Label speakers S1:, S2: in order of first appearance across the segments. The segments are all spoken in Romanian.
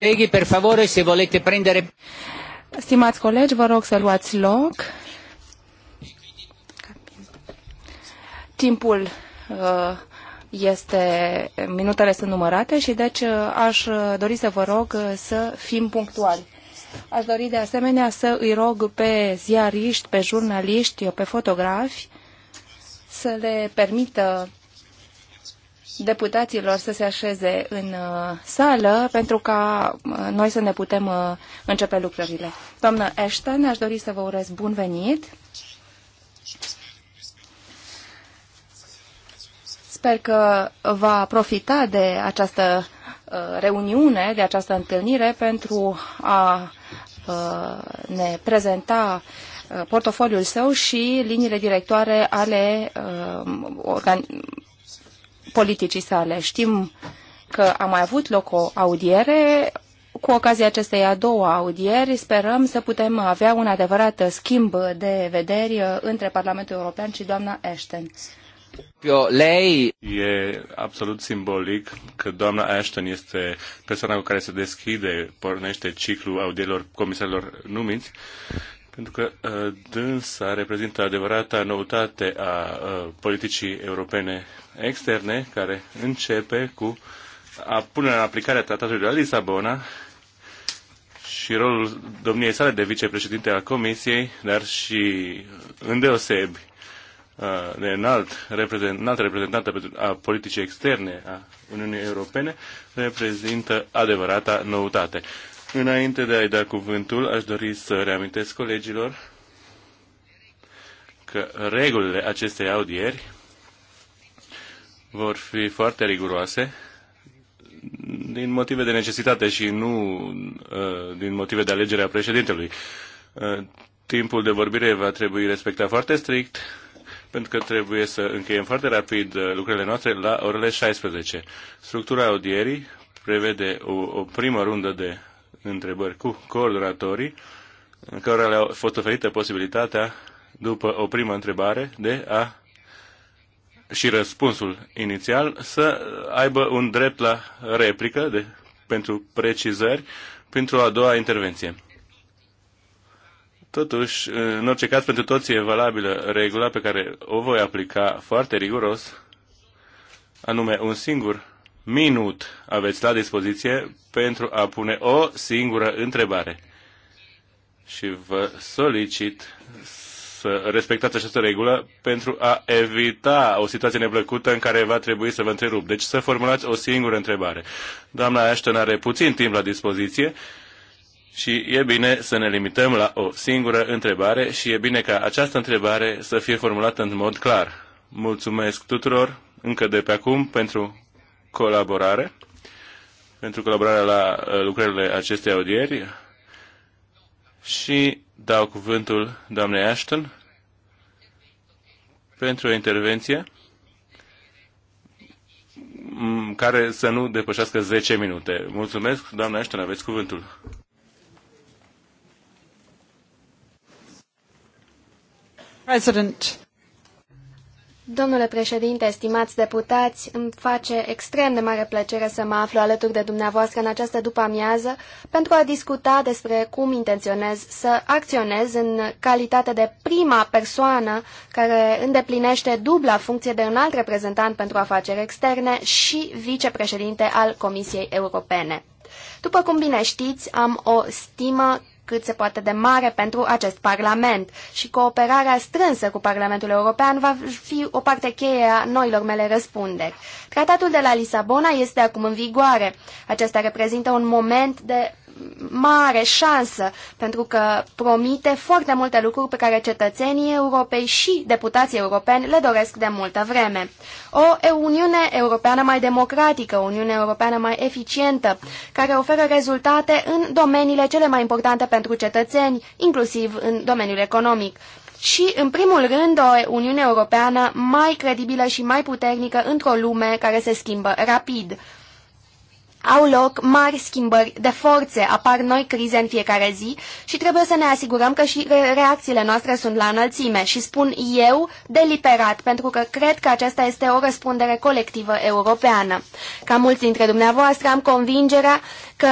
S1: Colegi, per favore, se volete prendere...
S2: Stimați colegi, vă rog să luați loc. Timpul uh, este, minutele sunt numărate și deci uh, aș uh, dori să vă rog să fim punctuali. Aș dori de asemenea să îi rog pe ziariști, pe jurnaliști, pe fotografi să le permită deputaților să se așeze în uh, sală pentru ca uh, noi să ne putem uh, începe lucrările. Doamnă Ashton, aș dori să vă urez bun venit. Sper că va profita de această reuniune, de această întâlnire pentru a ne prezenta portofoliul său și liniile directoare ale politicii sale. Știm că a mai avut loc o audiere. Cu ocazia acestei a doua audieri, sperăm să putem avea un adevărat schimb de vederi între Parlamentul European și doamna Ashton.
S3: Lei. E absolut simbolic că doamna Ashton este persoana cu care se deschide, pornește ciclul audierilor comisarilor numiți pentru că uh, dânsa reprezintă adevărata noutate a uh, politicii europene externe, care începe cu a pune în aplicare tratatului de la Lisabona și rolul domniei sale de vicepreședinte al Comisiei, dar și îndeosebi uh, de înalt, reprezent, înalt reprezentantă a politicii externe a Uniunii Europene, reprezintă adevărata noutate. Înainte de a-i da cuvântul, aș dori să reamintesc colegilor că regulile acestei audieri vor fi foarte riguroase din motive de necesitate și nu uh, din motive de alegere a președintelui. Uh, timpul de vorbire va trebui respectat foarte strict pentru că trebuie să încheiem foarte rapid uh, lucrurile noastre la orele 16. Structura audierii prevede o, o primă rundă de întrebări cu coordonatorii, în care le-a fost oferită posibilitatea, după o primă întrebare, de a și răspunsul inițial, să aibă un drept la replică de, pentru precizări pentru a doua intervenție. Totuși, în orice caz, pentru toți e valabilă regula pe care o voi aplica foarte riguros, anume un singur minut aveți la dispoziție pentru a pune o singură întrebare. Și vă solicit să respectați această regulă pentru a evita o situație neplăcută în care va trebui să vă întrerup. Deci să formulați o singură întrebare. Doamna Ashton are puțin timp la dispoziție și e bine să ne limităm la o singură întrebare și e bine ca această întrebare să fie formulată în mod clar. Mulțumesc tuturor încă de pe acum pentru colaborare, pentru colaborarea la uh, lucrările acestei audieri și dau cuvântul doamnei Ashton pentru o intervenție care să nu depășească 10 minute. Mulțumesc, doamna Ashton, aveți cuvântul.
S4: President. Domnule președinte, stimați deputați, îmi face extrem de mare plăcere să mă aflu alături de dumneavoastră în această după-amiază pentru a discuta despre cum intenționez să acționez în calitate de prima persoană care îndeplinește dubla funcție de înalt reprezentant pentru afaceri externe și vicepreședinte al Comisiei Europene. După cum bine știți, am o stimă cât se poate de mare pentru acest Parlament și cooperarea strânsă cu Parlamentul European va fi o parte cheie a noilor mele răspunderi. Tratatul de la Lisabona este acum în vigoare. Acesta reprezintă un moment de mare șansă, pentru că promite foarte multe lucruri pe care cetățenii Europei și deputații europeni le doresc de multă vreme. O Uniune Europeană mai democratică, o Uniune Europeană mai eficientă, care oferă rezultate în domeniile cele mai importante pentru cetățeni, inclusiv în domeniul economic și, în primul rând, o Uniune Europeană mai credibilă și mai puternică într-o lume care se schimbă rapid. Au loc mari schimbări de forțe, apar noi crize în fiecare zi și trebuie să ne asigurăm că și reacțiile noastre sunt la înălțime și spun eu deliberat, pentru că cred că aceasta este o răspundere colectivă europeană. Ca mulți dintre dumneavoastră am convingerea că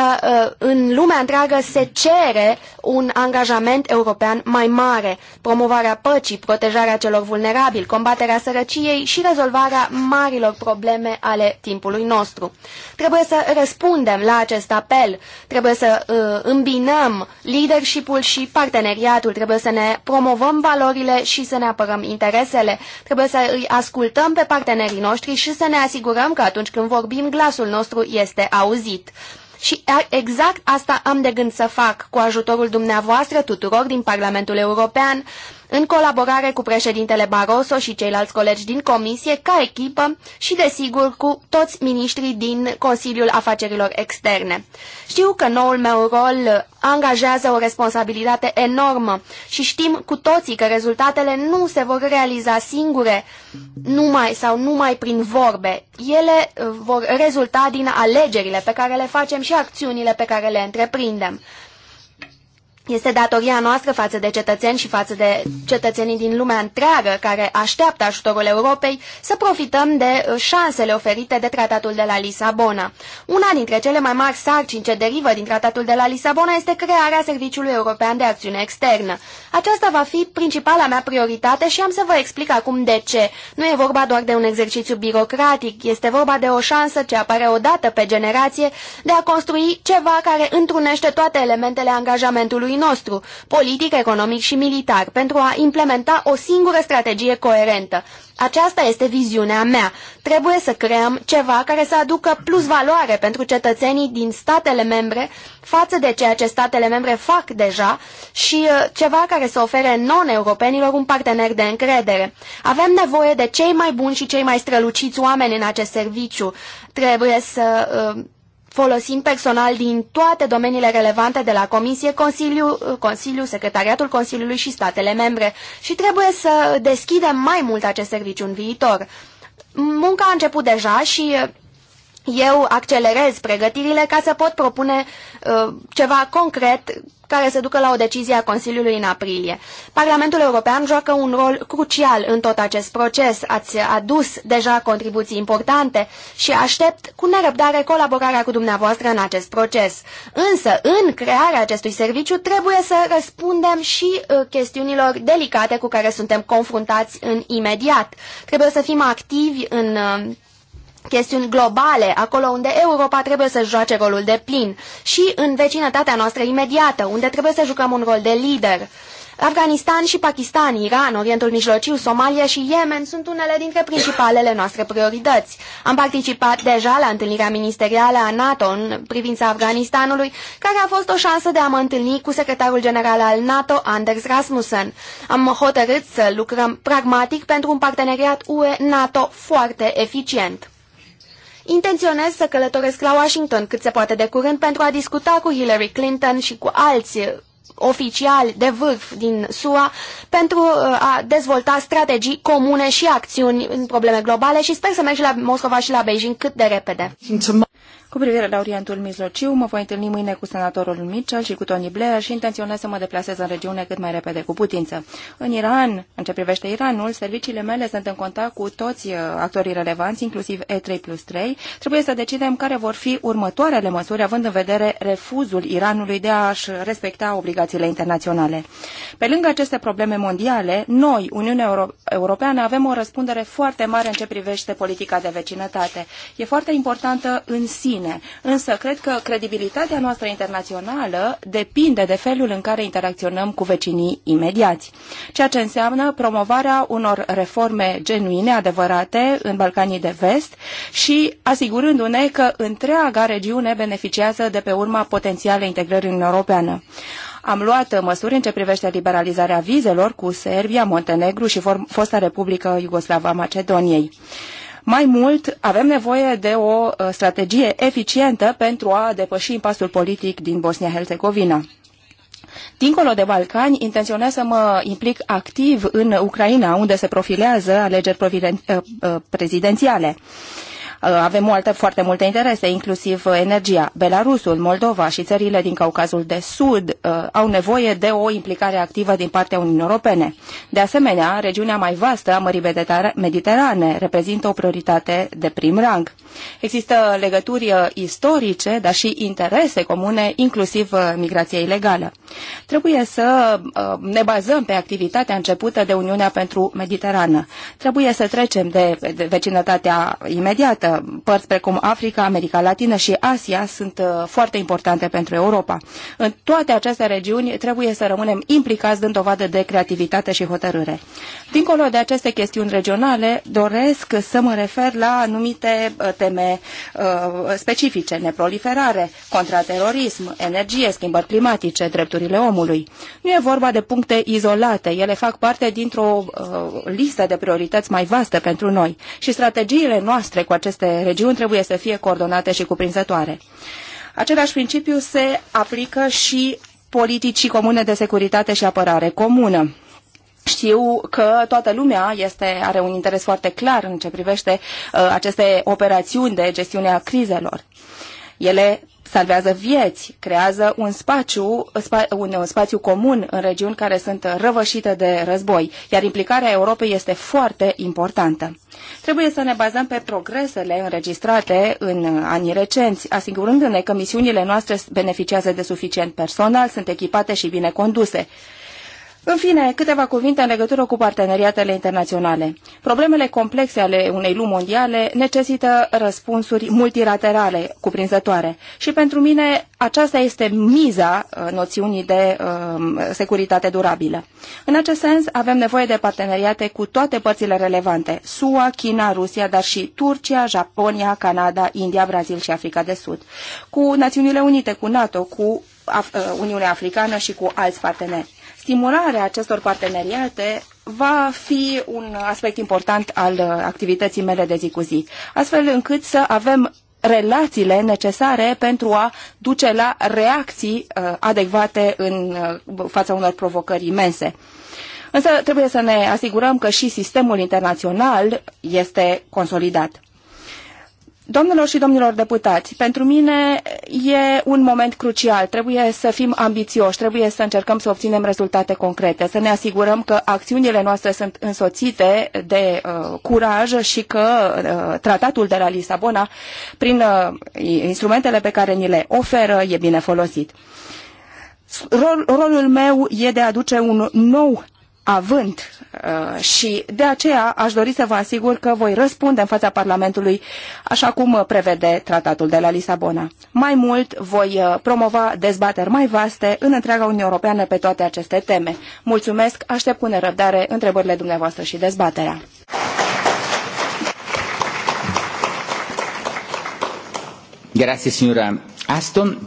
S4: uh, în lumea întreagă se cere un angajament european mai mare, promovarea păcii, protejarea celor vulnerabili, combaterea sărăciei și rezolvarea marilor probleme ale timpului nostru. Trebuie să răspundem la acest apel, trebuie să uh, îmbinăm leadership-ul și parteneriatul, trebuie să ne promovăm valorile și să ne apărăm interesele, trebuie să îi ascultăm pe partenerii noștri și să ne asigurăm că atunci când vorbim, glasul nostru este auzit. Și exact asta am de gând să fac cu ajutorul dumneavoastră tuturor din Parlamentul European în colaborare cu președintele Barroso și ceilalți colegi din comisie, ca echipă și, desigur, cu toți miniștrii din Consiliul Afacerilor Externe. Știu că noul meu rol angajează o responsabilitate enormă și știm cu toții că rezultatele nu se vor realiza singure numai sau numai prin vorbe. Ele uh, vor rezulta din alegerile pe care le facem și acțiunile pe care le întreprindem. Este datoria noastră față de cetățeni și față de cetățenii din lumea întreagă care așteaptă ajutorul Europei să profităm de uh, șansele oferite de tratatul de la Lisabona. Una dintre cele mai mari sarcini ce derivă din tratatul de la Lisabona este crearea Serviciului European de Acțiune Externă. Aceasta va fi principala mea prioritate și am să vă explic acum de ce. Nu e vorba doar de un exercițiu birocratic, este vorba de o șansă ce apare odată pe generație de a construi ceva care întrunește toate elementele angajamentului mandatului nostru, politic, economic și militar, pentru a implementa o singură strategie coerentă. Aceasta este viziunea mea. Trebuie să creăm ceva care să aducă plus valoare pentru cetățenii din statele membre față de ceea ce statele membre fac deja și uh, ceva care să ofere non-europenilor un partener de încredere. Avem nevoie de cei mai buni și cei mai străluciți oameni în acest serviciu. Trebuie să uh, folosim personal din toate domeniile relevante de la Comisie, Consiliu, Consiliu, Secretariatul Consiliului și statele membre și trebuie să deschidem mai mult acest serviciu în viitor. Munca a început deja și eu accelerez pregătirile ca să pot propune uh, ceva concret care să ducă la o decizie a Consiliului în aprilie. Parlamentul European joacă un rol crucial în tot acest proces. Ați adus deja contribuții importante și aștept cu nerăbdare colaborarea cu dumneavoastră în acest proces. Însă, în crearea acestui serviciu trebuie să răspundem și uh, chestiunilor delicate cu care suntem confruntați în imediat. Trebuie să fim activi în uh, chestiuni globale, acolo unde Europa trebuie să joace rolul de plin și în vecinătatea noastră imediată, unde trebuie să jucăm un rol de lider. Afganistan și Pakistan, Iran, Orientul Mijlociu, Somalia și Yemen sunt unele dintre principalele noastre priorități. Am participat deja la întâlnirea ministerială a NATO în privința Afganistanului, care a fost o șansă de a mă întâlni cu secretarul general al NATO, Anders Rasmussen. Am hotărât să lucrăm pragmatic pentru un parteneriat UE-NATO foarte eficient. Intenționez să călătoresc la Washington cât se poate de curând pentru a discuta cu Hillary Clinton și cu alți uh, oficiali de vârf din SUA pentru uh, a dezvolta strategii comune și acțiuni în probleme globale și sper să merg și la Moscova și la Beijing cât de repede.
S2: Cu privire la Orientul Mijlociu, mă voi întâlni mâine cu senatorul Mitchell și cu Tony Blair și intenționez să mă deplasez în regiune cât mai repede cu putință. În Iran, în ce privește Iranul, serviciile mele sunt în contact cu toți uh, actorii relevanți, inclusiv E3 plus 3. Trebuie să decidem care vor fi următoarele măsuri, având în vedere refuzul Iranului de a-și respecta obligațiile internaționale. Pe lângă aceste probleme mondiale, noi, Uniunea Euro Europeană, avem o răspundere foarte mare în ce privește politica de vecinătate. E foarte importantă în sine bine, însă cred că credibilitatea noastră internațională depinde de felul în care interacționăm cu vecinii imediați, ceea ce înseamnă promovarea unor reforme genuine, adevărate, în Balcanii de Vest și asigurându-ne că întreaga regiune beneficiază de pe urma potențiale integrării în Europeană. Am luat măsuri în ce privește liberalizarea vizelor cu Serbia, Montenegru și fosta Republică Iugoslava Macedoniei. Mai mult, avem nevoie de o uh, strategie eficientă pentru a depăși impasul politic din Bosnia-Herzegovina. Dincolo de Balcani, intenționez să mă implic activ în Ucraina, unde se profilează alegeri uh, uh, prezidențiale. Uh, avem multe, foarte multe interese, inclusiv uh, energia. Belarusul, Moldova și țările din Caucazul de Sud uh, au nevoie de o implicare activă din partea Uniunii Europene. De asemenea, regiunea mai vastă a Mării Mediterane reprezintă o prioritate de prim rang. Există legături istorice, dar și interese comune, inclusiv migrația ilegală. Trebuie să ne bazăm pe activitatea începută de Uniunea pentru Mediterană. Trebuie să trecem de vecinătatea imediată părți precum Africa, America Latină și Asia sunt uh, foarte importante pentru Europa. În toate aceste regiuni trebuie să rămânem implicați dând dovadă de creativitate și hotărâre. Dincolo de aceste chestiuni regionale, doresc să mă refer la anumite uh, teme uh, specifice, neproliferare, contraterorism, energie, schimbări climatice, drepturile omului. Nu e vorba de puncte izolate, ele fac parte dintr-o listă de priorități mai vastă pentru noi și strategiile noastre cu aceste aceste regiuni trebuie să fie coordonate și cuprinzătoare. Același principiu se aplică și politicii comune de securitate și apărare comună. Știu că toată lumea este, are un interes foarte clar în ce privește uh, aceste operațiuni de gestiune a crizelor. Ele salvează vieți, creează un spațiu, un spațiu comun în regiuni care sunt răvășite de război, iar implicarea Europei este foarte importantă. Trebuie să ne bazăm pe progresele înregistrate în anii recenți, asigurându-ne că misiunile noastre beneficiază de suficient personal, sunt echipate și bine conduse. În fine, câteva cuvinte în legătură cu parteneriatele internaționale. Problemele complexe ale unei lumi mondiale necesită răspunsuri multilaterale cuprinzătoare și pentru mine aceasta este miza uh, noțiunii de um, securitate durabilă. În acest sens, avem nevoie de parteneriate cu toate părțile relevante, SUA, China, Rusia, dar și Turcia, Japonia, Canada, India, Brazil și Africa de Sud, cu Națiunile Unite, cu NATO, cu Af uh, Uniunea Africană și cu alți parteneri stimularea acestor parteneriate va fi un aspect important al uh, activității mele de zi cu zi, astfel încât să avem relațiile necesare pentru a duce la reacții uh, adecvate în uh, fața unor provocări imense. Însă trebuie să ne asigurăm că și sistemul internațional este consolidat. Domnilor și domnilor deputați, pentru mine e un moment crucial. Trebuie să fim ambițioși, trebuie să încercăm să obținem rezultate concrete, să ne asigurăm că acțiunile noastre sunt însoțite de uh, curaj și că uh, tratatul de la Lisabona, prin uh, instrumentele pe care ni le oferă, e bine folosit. Rol, rolul meu e de a aduce un nou având uh, și de aceea aș dori să vă asigur că voi răspunde în fața Parlamentului așa cum prevede tratatul de la Lisabona. Mai mult voi uh, promova dezbateri mai vaste în întreaga Uniune Europeană pe toate aceste teme. Mulțumesc, aștept cu nerăbdare întrebările dumneavoastră și dezbaterea.
S1: Grazie, signora Aston.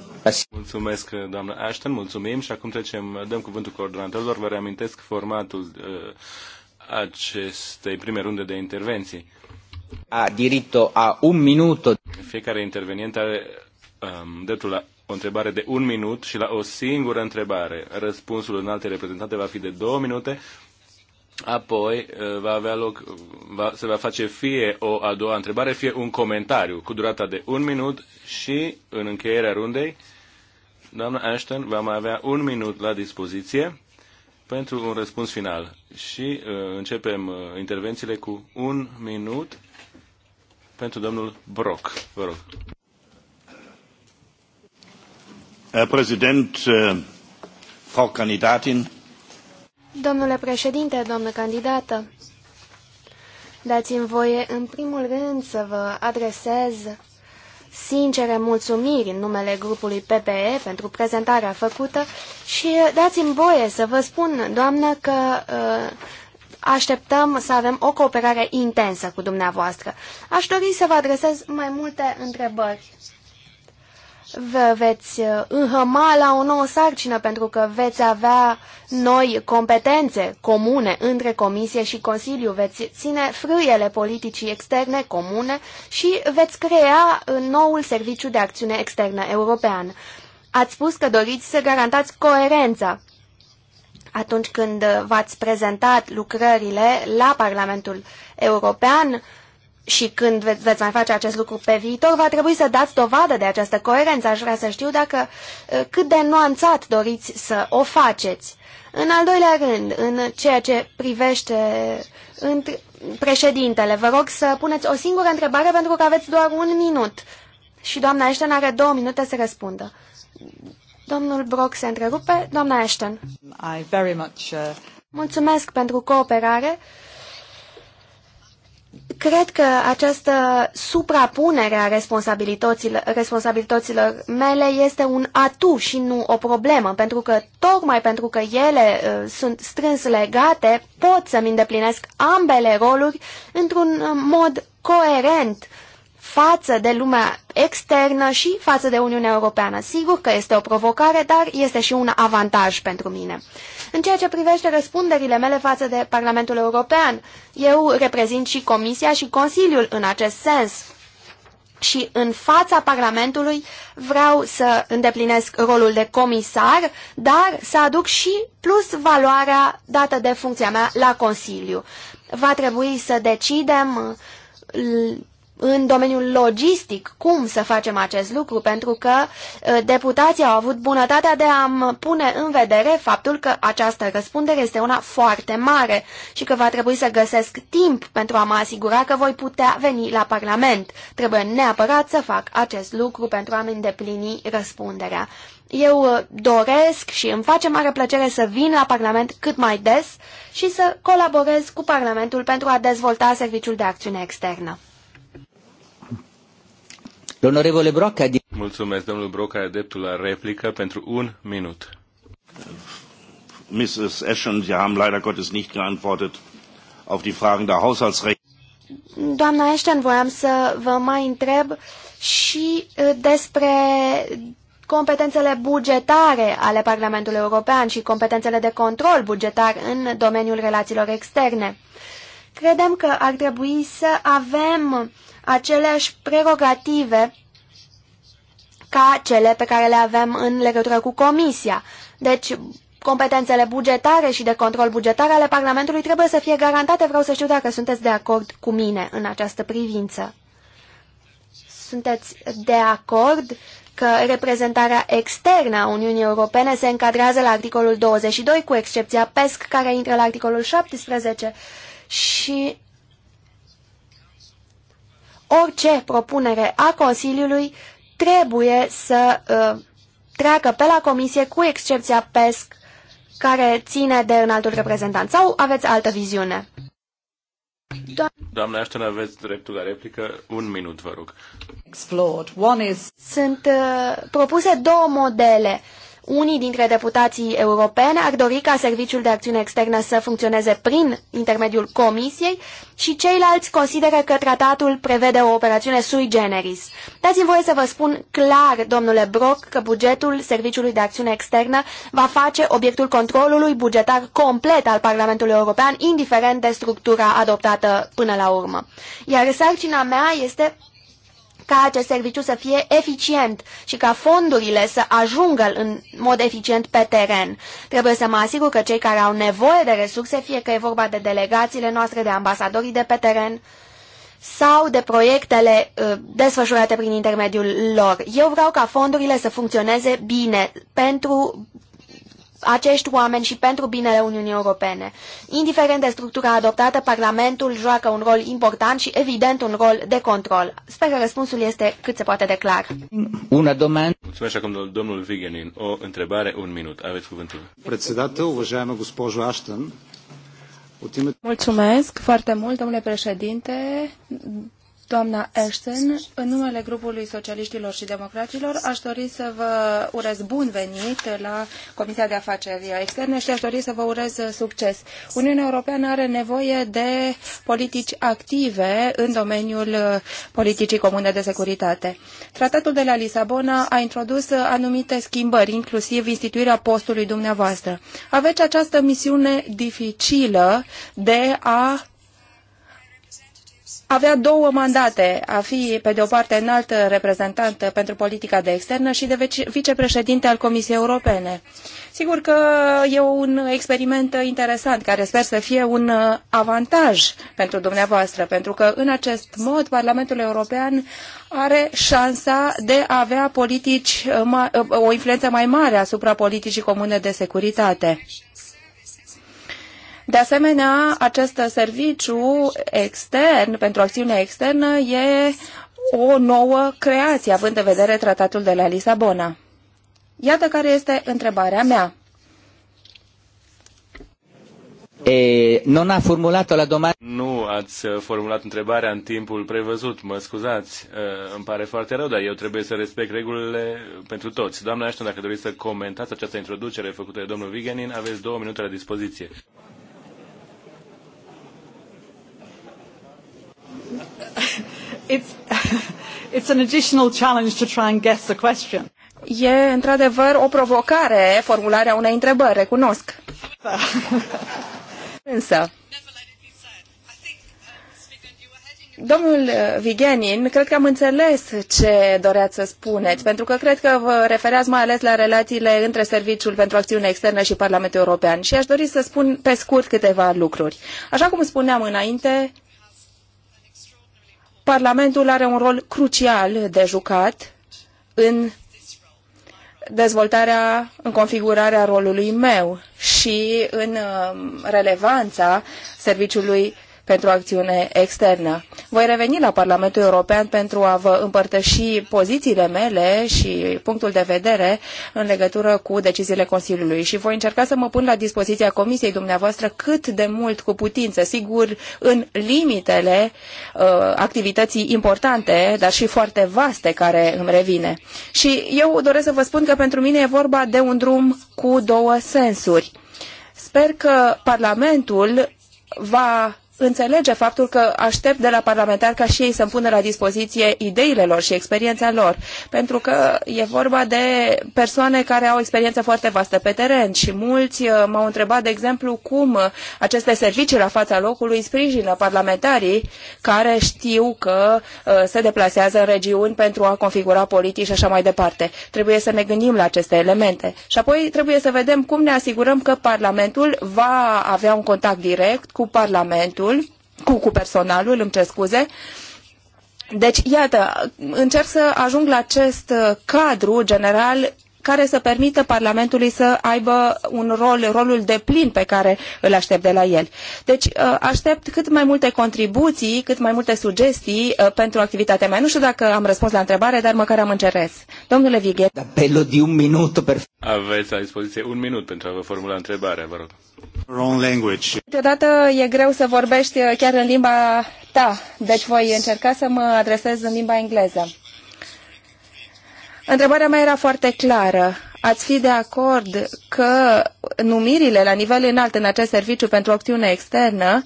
S3: Mulțumesc, doamnă Ashton, mulțumim și acum trecem, dăm cuvântul coordonatorilor. Vă reamintesc formatul uh, acestei prime runde de intervenții. A diritto a un minuto. Fiecare intervenient are um, dreptul la o întrebare de un minut și la o singură întrebare. Răspunsul în alte reprezentante va fi de două minute Apoi uh, va avea loc, va, se va face fie o a doua întrebare, fie un comentariu cu durata de un minut și în încheierea rundei, doamna Ashton va mai avea un minut la dispoziție pentru un răspuns final. Și uh, începem uh, intervențiile cu un minut pentru domnul Brock. Vă rog. Herr Präsident, uh, Frau Kandidatin,
S4: Domnule președinte, doamnă candidată, dați-mi voie în primul rând să vă adresez sincere mulțumiri în numele grupului PPE pentru prezentarea făcută și dați-mi voie să vă spun, doamnă, că uh, așteptăm să avem o cooperare intensă cu dumneavoastră. Aș dori să vă adresez mai multe întrebări vă veți uh, înhăma la o nouă sarcină pentru că veți avea noi competențe comune între Comisie și Consiliu, veți ține frâiele politicii externe comune și veți crea uh, noul Serviciu de Acțiune Externă European. Ați spus că doriți să garantați coerența atunci când uh, v-ați prezentat lucrările la Parlamentul European, și când ve veți mai face acest lucru pe viitor, va trebui să dați dovadă de această coerență. Aș vrea să știu dacă cât de nuanțat doriți să o faceți. În al doilea rând, în ceea ce privește președintele, vă rog să puneți o singură întrebare pentru că aveți doar un minut. Și doamna Ashton are două minute să răspundă. Domnul Brock se întrerupe. Doamna Ashton. I very much, uh... Mulțumesc pentru cooperare. Uh, Cred că această suprapunere a responsabilităților, responsabilităților mele este un atu și nu o problemă, pentru că tocmai pentru că ele uh, sunt strâns legate, pot să-mi îndeplinesc ambele roluri într-un uh, mod coerent față de lumea externă și față de Uniunea Europeană. Sigur că este o provocare, dar este și un avantaj pentru mine. În ceea ce privește răspunderile mele față de Parlamentul European, eu reprezint și Comisia și Consiliul în acest sens. Și în fața Parlamentului vreau să îndeplinesc rolul de comisar, dar să aduc și plus valoarea dată de funcția mea la Consiliu. Va trebui să decidem în domeniul logistic cum să facem acest lucru, pentru că uh, deputații au avut bunătatea de a pune în vedere faptul că această răspundere este una foarte mare și că va trebui să găsesc timp pentru a mă asigura că voi putea veni la Parlament. Trebuie neapărat să fac acest lucru pentru a-mi îndeplini răspunderea. Eu uh, doresc și îmi face mare plăcere să vin la Parlament cât mai des și să colaborez cu Parlamentul pentru a dezvolta Serviciul de Acțiune Externă.
S3: L'onorevole Broc a Mulțumesc, domnul Broca, are dreptul la replică pentru un minut. Mrs. Ashton, Sie haben leider Gottes nicht geantwortet auf die Fragen der Haushaltsrechte.
S4: Doamna Ashton, voiam să vă mai întreb și despre competențele bugetare ale Parlamentului European și competențele de control bugetar în domeniul relațiilor externe. Credem că ar trebui să avem aceleași prerogative ca cele pe care le avem în legătură cu Comisia. Deci, competențele bugetare și de control bugetar ale Parlamentului trebuie să fie garantate. Vreau să știu dacă sunteți de acord cu mine în această privință. Sunteți de acord că reprezentarea externă a Uniunii Europene se încadrează la articolul 22, cu excepția PESC, care intră la articolul 17 și orice propunere a Consiliului trebuie să uh, treacă pe la Comisie, cu excepția PESC, care ține de înaltul reprezentant. Sau aveți altă viziune? Do
S3: Doamna nu aveți dreptul la replică. Un minut, vă rog.
S4: Explored. One is... Sunt uh, propuse două modele. Uh, unii dintre deputații europeni ar dori ca Serviciul de Acțiune Externă să funcționeze prin intermediul Comisiei și ceilalți consideră că tratatul prevede o operațiune sui generis. Dați-mi voie să vă spun clar, domnule Brock, că bugetul Serviciului de Acțiune Externă va face obiectul controlului bugetar complet al Parlamentului European, indiferent de structura adoptată până la urmă. Iar sarcina mea este ca acest serviciu să fie eficient și ca fondurile să ajungă în mod eficient pe teren. Trebuie să mă asigur că cei care au nevoie de resurse, fie că e vorba de delegațiile noastre, de ambasadorii de pe teren, sau de proiectele uh, desfășurate prin intermediul lor. Eu vreau ca fondurile să funcționeze bine pentru acești oameni și pentru binele Uniunii Europene. Indiferent de structura adoptată, Parlamentul joacă un rol important și, evident, un rol de control. Sper că răspunsul este cât se poate de clar.
S3: Una domandă. Mulțumesc acum, domnul Vigenin. O întrebare, un minut. Aveți cuvântul. Председател, uvăjeamă госпожо Аштън,
S2: Mulțumesc foarte mult, domnule președinte, Doamna Ashton, în numele grupului socialiștilor și democraților, aș dori să vă urez bun venit la Comisia de Afaceri Externe și aș dori să vă urez succes. Uniunea Europeană are nevoie de politici active în domeniul politicii comune de securitate. Tratatul de la Lisabona a introdus anumite schimbări, inclusiv instituirea postului dumneavoastră. Aveți această misiune dificilă de a avea două mandate, a fi, pe de o parte, înalt reprezentant pentru politica de externă și de vicepreședinte al Comisiei Europene. Sigur că e un experiment interesant, care sper să fie un avantaj pentru dumneavoastră, pentru că, în acest mod, Parlamentul European are șansa de a avea politici, o influență mai mare asupra politicii comune de securitate. De asemenea, acest serviciu extern, pentru acțiune externă, e o nouă creație, având în vedere tratatul de la Lisabona. Iată care este întrebarea mea.
S3: E, non a formulat la domani. Nu ați formulat întrebarea în timpul prevăzut, mă scuzați. Îmi pare foarte rău, dar eu trebuie să respect regulile pentru toți. Doamna Ashton, dacă doriți să comentați această introducere făcută de domnul Vigenin, aveți două minute la dispoziție.
S1: it's, it's an additional challenge to try and guess the question. E într-adevăr o provocare
S2: formularea unei întrebări, recunosc. Însă, Domnul Vigenin, cred că am înțeles ce doreați să spuneți, pentru că cred că vă refereați mai ales la relațiile între Serviciul pentru Acțiune Externă și Parlamentul European și aș dori să spun pe scurt câteva lucruri. Așa cum spuneam înainte, Parlamentul are un rol crucial de jucat în dezvoltarea, în configurarea rolului meu și în um, relevanța serviciului pentru acțiune externă. Voi reveni la Parlamentul European pentru a vă împărtăși pozițiile mele și punctul de vedere în legătură cu deciziile Consiliului și voi încerca să mă pun la dispoziția Comisiei dumneavoastră cât de mult cu putință, sigur în limitele uh, activității importante, dar și foarte vaste care îmi revine. Și eu doresc să vă spun că pentru mine e vorba de un drum cu două sensuri. Sper că Parlamentul va înțelege faptul că aștept de la parlamentari ca și ei să-mi pună la dispoziție ideile lor și experiența lor, pentru că e vorba de persoane care au experiență foarte vastă pe teren și mulți uh, m-au întrebat, de exemplu, cum aceste servicii la fața locului sprijină parlamentarii care știu că uh, se deplasează în regiuni pentru a configura politici și așa mai departe. Trebuie să ne gândim la aceste elemente și apoi trebuie să vedem cum ne asigurăm că Parlamentul va avea un contact direct cu Parlamentul personalul, cu, cu personalul, îmi cer scuze, deci, iată, încerc să ajung la acest uh, cadru general care să permită Parlamentului să aibă un rol, rolul de plin pe care îl aștept de la el. Deci uh, aștept cât mai multe contribuții, cât mai multe sugestii uh, pentru activitatea mea. Nu știu dacă am răspuns la întrebare, dar măcar am încercat. Domnule Vighe.
S1: Apelul de un minut. Per...
S3: Aveți la dispoziție un minut pentru a vă formula întrebarea, vă rog. Wrong language.
S2: Câteodată e greu să vorbești uh, chiar în limba ta, deci voi încerca să mă adresez în limba engleză. Întrebarea mea era foarte clară. Ați fi de acord că numirile la nivel înalt în acest serviciu pentru acțiune externă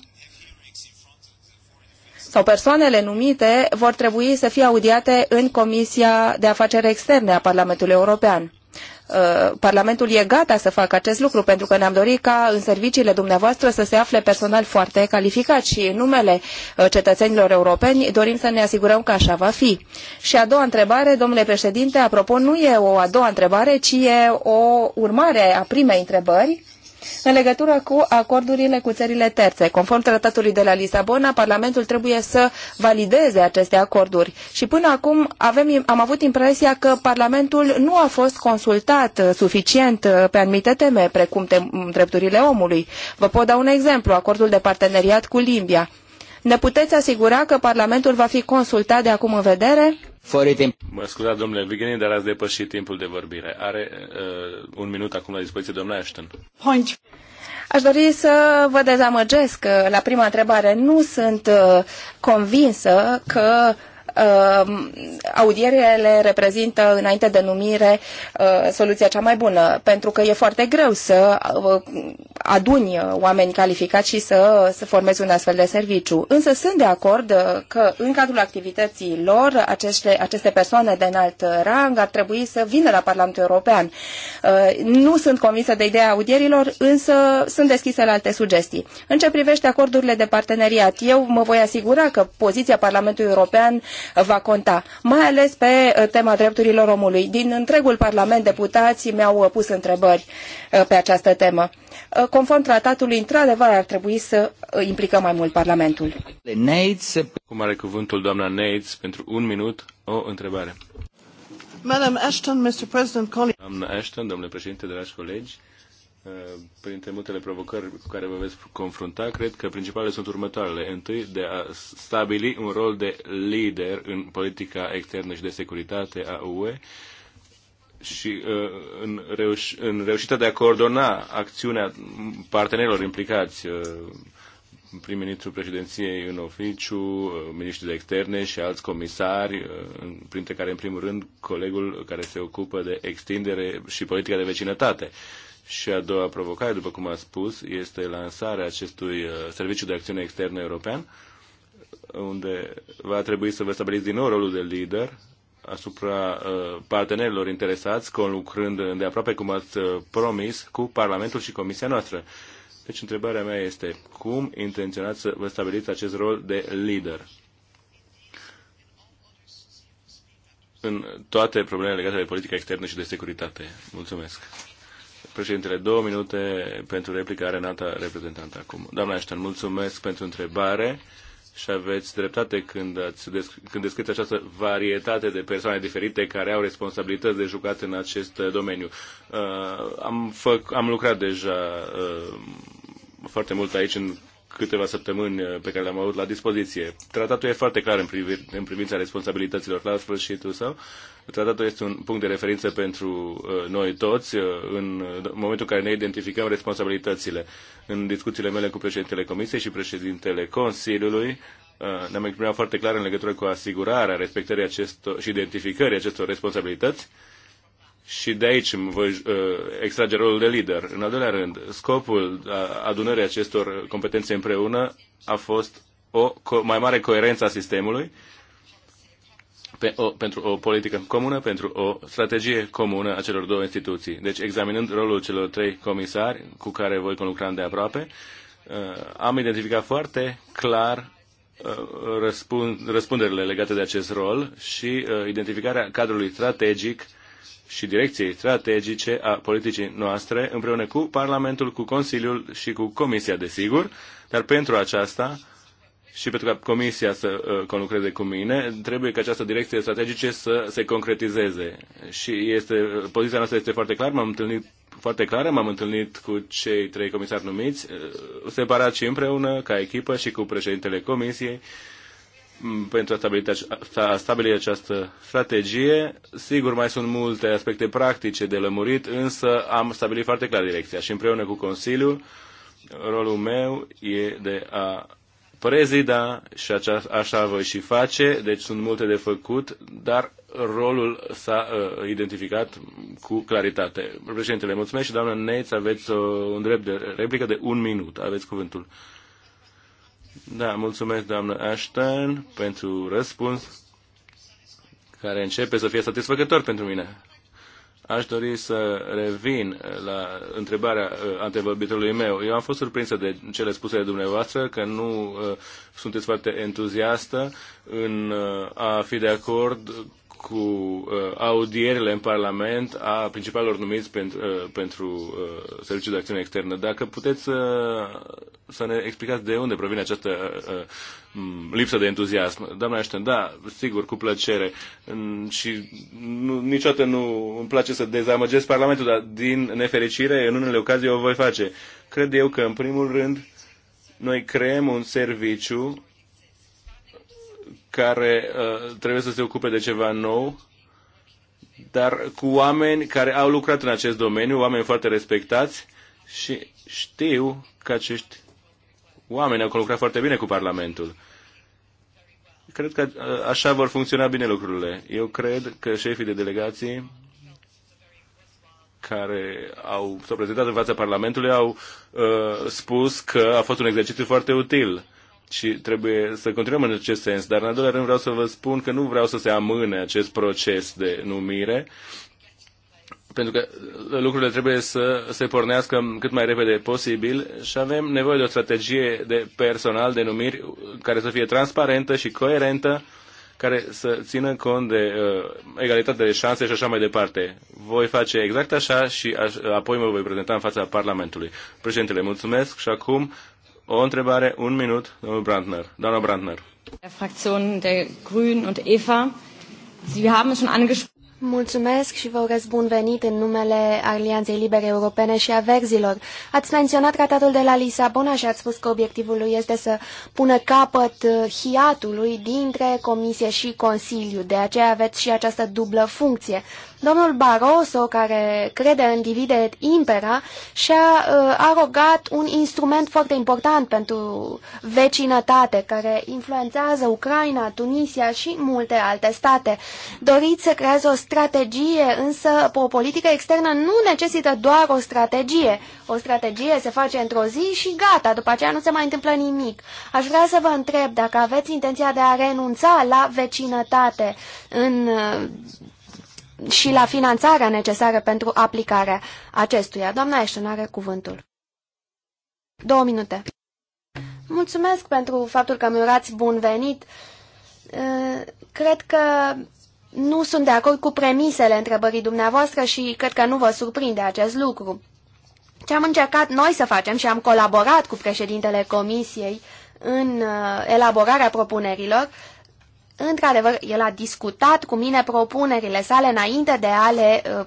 S2: sau persoanele numite vor trebui să fie audiate în Comisia de Afaceri Externe a Parlamentului European. Uh, Parlamentul e gata să facă acest lucru pentru că ne-am dorit ca în serviciile dumneavoastră să se afle personal foarte calificat și în numele uh, cetățenilor europeni dorim să ne asigurăm că așa va fi. Și a doua întrebare, domnule președinte, apropo, nu e o a doua întrebare, ci e o urmare a primei întrebări în legătură cu acordurile cu țările terțe. Conform tratatului de la Lisabona, Parlamentul trebuie să valideze aceste acorduri și până acum avem, am avut impresia că Parlamentul nu a fost consultat uh, suficient uh, pe anumite teme, precum drepturile omului. Vă pot da un exemplu, acordul de parteneriat cu Limbia ne puteți asigura că Parlamentul va fi consultat de acum în vedere?
S3: Fără timp. Mă scuzați, domnule Vigenin, dar ați depășit timpul de vorbire. Are uh, un minut acum la dispoziție, domnule Ashton.
S2: Point. Aș dori să vă dezamăgesc că uh, la prima întrebare. Nu sunt uh, convinsă că uh, Ehm, audierele reprezintă înainte de numire eh, soluția cea mai bună, pentru că e foarte greu să eh, aduni oameni calificați și să, să formezi un astfel de serviciu. Însă sunt de acord eh, că în cadrul activității lor aceste, aceste persoane de înalt rang ar trebui să vină la Parlamentul European. Nu sunt convinsă de ideea audierilor, însă sunt deschise la alte sugestii. În ce privește acordurile de parteneriat, eu mă voi asigura că poziția Parlamentului European va conta, mai ales pe uh, tema drepturilor omului. Din întregul Parlament, deputații mi-au uh, pus întrebări uh, pe această temă. Conform tratatului, într-adevăr, ar trebui să implicăm mai mult Parlamentul.
S3: Cum are cuvântul doamna Neitz pentru un minut o întrebare.
S2: Madam Ashton, Mr. President, colleagues.
S3: Doamna Ashton, domnule președinte, dragi colegi, printre multele provocări cu care vă veți confrunta, cred că principalele sunt următoarele. Întâi, de a stabili un rol de lider în politica externă și de securitate a UE și uh, în, reuș- în reușita de a coordona acțiunea partenerilor implicați, uh, prim-ministru președinției în oficiu, uh, miniștri de externe și alți comisari, printre care, în primul rând, colegul care se ocupă de extindere și politica de vecinătate. Și a doua provocare, după cum a spus, este lansarea acestui uh, serviciu de acțiune externă european, unde va trebui să vă stabiliți din nou rolul de lider asupra uh, partenerilor interesați, conlucrând aproape, cum ați uh, promis, cu Parlamentul și Comisia noastră. Deci întrebarea mea este, cum intenționați să vă stabiliți acest rol de lider? în toate problemele legate de politica externă și de securitate. Mulțumesc. Președintele, două minute pentru replică are înalta reprezentantă acum. Doamna Ashton, mulțumesc pentru întrebare și aveți dreptate când, ați desc- când descriți această varietate de persoane diferite care au responsabilități de jucat în acest uh, domeniu. Uh, am, am lucrat deja uh, foarte mult aici în câteva săptămâni uh, pe care le-am avut la dispoziție. Tratatul e foarte clar în, privi- în privința responsabilităților la sfârșitul său. Tratatul este un punct de referință pentru uh, noi toți uh, în momentul în care ne identificăm responsabilitățile. În discuțiile mele cu președintele Comisiei și președintele Consiliului, uh, ne-am exprimat foarte clar în legătură cu asigurarea respectării acestor, și identificării acestor responsabilități și de aici îmi voi extrage rolul de lider. În al doilea rând, scopul adunării acestor competențe împreună a fost o mai mare coerență a sistemului pe o, pentru o politică comună, pentru o strategie comună a celor două instituții. Deci, examinând rolul celor trei comisari cu care voi conlucra de aproape, uh, am identificat foarte clar uh, răspund, răspunderile legate de acest rol și uh, identificarea cadrului strategic și direcției strategice a politicii noastre împreună cu Parlamentul, cu Consiliul și cu Comisia, desigur, dar pentru aceasta și pentru ca Comisia să uh, conlucreze cu mine, trebuie ca această direcție strategice să se concretizeze. Și este, uh, poziția noastră este foarte clară, m-am întâlnit foarte clară, m-am întâlnit cu cei trei comisari numiți, uh, separat și împreună, ca echipă și cu președintele Comisiei, pentru a stabili, a stabili această strategie. Sigur, mai sunt multe aspecte practice de lămurit, însă am stabilit foarte clar direcția și împreună cu Consiliul, rolul meu e de a prezida și acea, așa voi și face, deci sunt multe de făcut, dar rolul s-a uh, identificat cu claritate. Președintele, mulțumesc și doamna Neitz, aveți o, uh, un drept de replică de un minut, aveți cuvântul. Da, mulțumesc doamnă Ashton pentru răspuns care începe să fie satisfăcător pentru mine. Aș dori să revin la întrebarea uh, antevorbitorului meu. Eu am fost surprinsă de cele spuse de dumneavoastră, că nu uh, sunteți foarte entuziastă în uh, a fi de acord cu uh, audierile în Parlament a principalilor numiți pentru, uh, pentru uh, Serviciul de Acțiune Externă. Dacă puteți uh, să ne explicați de unde provine această uh, lipsă de entuziasm. Doamna Ashton, da, sigur, cu plăcere. Mm, și nu, niciodată nu îmi place să dezamăgesc Parlamentul, dar din nefericire, în unele ocazii o voi face. Cred eu că, în primul rând, noi creăm un serviciu care uh, trebuie să se ocupe de ceva nou, dar cu oameni care au lucrat în acest domeniu, oameni foarte respectați și știu că acești oameni au lucrat foarte bine cu Parlamentul. Cred că uh, așa vor funcționa bine lucrurile. Eu cred că șefii de delegații care au, s-au prezentat în fața Parlamentului au uh, spus că a fost un exercițiu foarte util și trebuie să continuăm în acest sens. Dar, în al doilea rând, vreau să vă spun că nu vreau să se amâne acest proces de numire, pentru că lucrurile trebuie să se pornească cât mai repede posibil și avem nevoie de o strategie de personal, de numiri, care să fie transparentă și coerentă, care să țină cont de uh, egalitatea de șanse și așa mai departe. Voi face exact așa și aș, apoi mă voi prezenta în fața Parlamentului. Președintele, mulțumesc și acum o întrebare, un minut, domnul Brandner. Doamna Brandner. Fraktionen der Grünen und Eva.
S4: Sie haben schon angesprochen. Mulțumesc și vă urez bun venit în numele Alianței Libere Europene și a Verzilor. Ați menționat tratatul de la Lisabona și ați spus că obiectivul lui este să pună capăt uh, hiatului dintre Comisie și Consiliu. De aceea aveți și această dublă funcție. Domnul Barroso, care crede în divide impera, și-a uh, arogat un instrument foarte important pentru vecinătate, care influențează Ucraina, Tunisia și multe alte state. Doriți să creează o strategie, însă o politică externă nu necesită doar o strategie. O strategie se face într-o zi și gata, după aceea nu se mai întâmplă nimic. Aș vrea să vă întreb dacă aveți intenția de a renunța la vecinătate în uh, și la finanțarea necesară pentru aplicarea acestuia. Doamna Ashton are cuvântul. Două minute. Mulțumesc pentru faptul că mi urați bun venit. Cred că nu sunt de acord cu premisele întrebării dumneavoastră și cred că nu vă surprinde acest lucru. Ce am încercat noi să facem și am colaborat cu președintele Comisiei în elaborarea propunerilor Într-adevăr, el a discutat cu mine propunerile sale înainte de a le uh,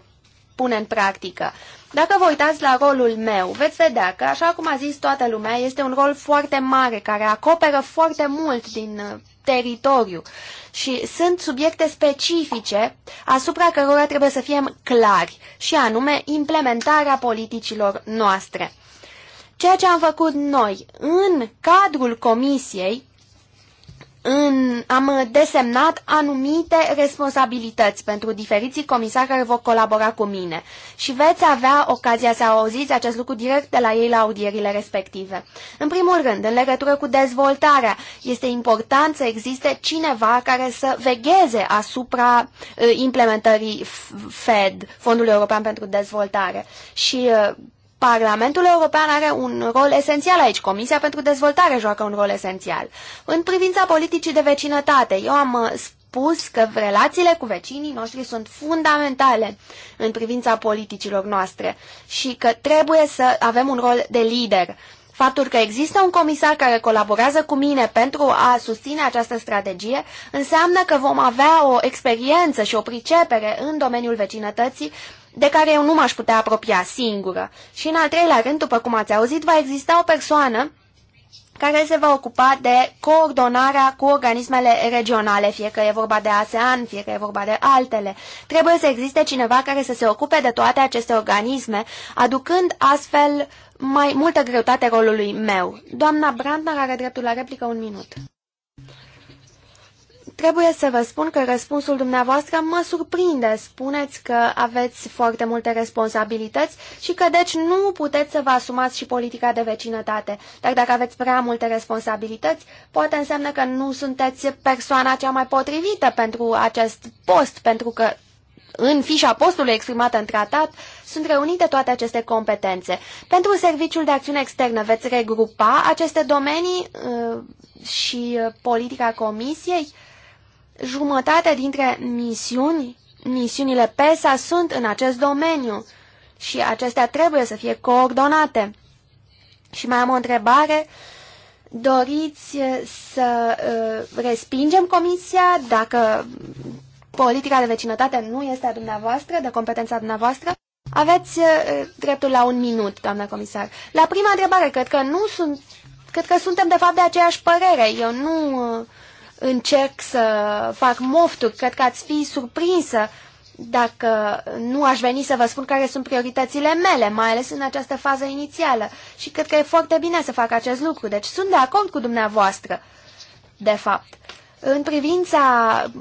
S4: pune în practică. Dacă vă uitați la rolul meu, veți vedea că, așa cum a zis toată lumea, este un rol foarte mare, care acoperă foarte mult din uh, teritoriu și sunt subiecte specifice asupra cărora trebuie să fim clari, și anume implementarea politicilor noastre. Ceea ce am făcut noi în cadrul comisiei în, am desemnat anumite responsabilități pentru diferiții comisari care vor colabora cu mine și veți avea ocazia să auziți acest lucru direct de la ei la audierile respective. În primul rând, în legătură cu dezvoltarea, este important să existe cineva care să vegheze asupra uh, implementării FED, Fondului European pentru Dezvoltare. Și uh, Parlamentul European are un rol esențial aici. Comisia pentru Dezvoltare joacă un rol esențial. În privința politicii de vecinătate, eu am uh, spus că relațiile cu vecinii noștri sunt fundamentale în privința politicilor noastre și că trebuie să avem un rol de lider. Faptul că există un comisar care colaborează cu mine pentru a susține această strategie înseamnă că vom avea o experiență și o pricepere în domeniul vecinătății de care eu nu m-aș putea apropia singură. Și în al treilea rând, după cum ați auzit, va exista o persoană care se va ocupa de coordonarea cu organismele regionale, fie că e vorba de ASEAN, fie că e vorba de altele. Trebuie să existe cineva care să se ocupe de toate aceste organisme, aducând astfel mai multă greutate rolului meu. Doamna Brandner are dreptul la replică un minut. Trebuie să vă spun că răspunsul dumneavoastră mă surprinde. Spuneți că aveți foarte multe responsabilități și că deci nu puteți să vă asumați și politica de vecinătate. Dar dacă aveți prea multe responsabilități, poate înseamnă că nu sunteți persoana cea mai potrivită pentru acest post, pentru că în fișa postului exprimată în tratat, sunt reunite toate aceste competențe. Pentru Serviciul de Acțiune Externă veți regrupa aceste domenii uh, și uh, politica Comisiei? jumătate dintre misiuni, misiunile PESA sunt în acest domeniu și acestea trebuie să fie coordonate. Și mai am o întrebare. Doriți eh, să uh, respingem comisia dacă politica de vecinătate nu este a dumneavoastră, de competența dumneavoastră? Aveți uh, dreptul la un minut, doamna comisar. La prima întrebare, cred că nu sunt, cred că suntem de fapt de aceeași părere. Eu nu uh, încerc să fac mofturi. Cred că ați fi surprinsă dacă nu aș veni să vă spun care sunt prioritățile mele, mai ales în această fază inițială. Și cred că e foarte bine să fac acest lucru. Deci sunt de acord cu dumneavoastră, de fapt. În privința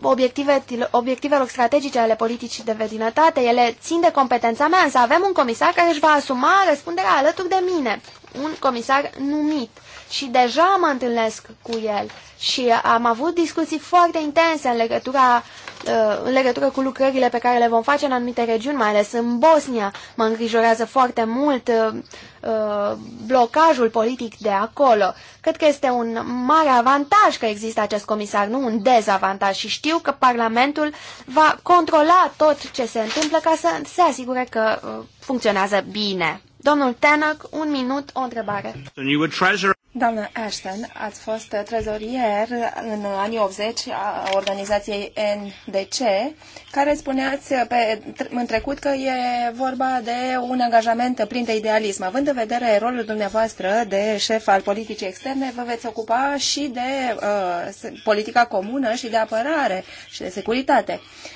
S4: obiective, obiectivelor strategice ale politicii de vedinătate, ele țin de competența mea, însă avem un comisar care își va asuma răspunderea alături de mine, un comisar numit și deja mă întâlnesc cu el și am avut discuții foarte intense în legătura, uh, în legătură cu lucrările pe care le vom face în anumite regiuni, mai ales în Bosnia. Mă îngrijorează foarte mult uh, uh, blocajul politic de acolo. Cred că este un mare avantaj că există acest comisar, nu un dezavantaj și știu că Parlamentul va controla tot ce se întâmplă ca să se asigure că funcționează bine. Domnul Tenac, un minut, o întrebare. Doamnă Ashton, ați
S2: fost trezorier în anii 80 a organizației NDC, care spuneați pe, în trecut că e vorba de un angajament plin de idealism. Având în vedere rolul dumneavoastră de șef al politicii externe, vă veți ocupa și de uh, politica comună și de apărare și de securitate. Uh,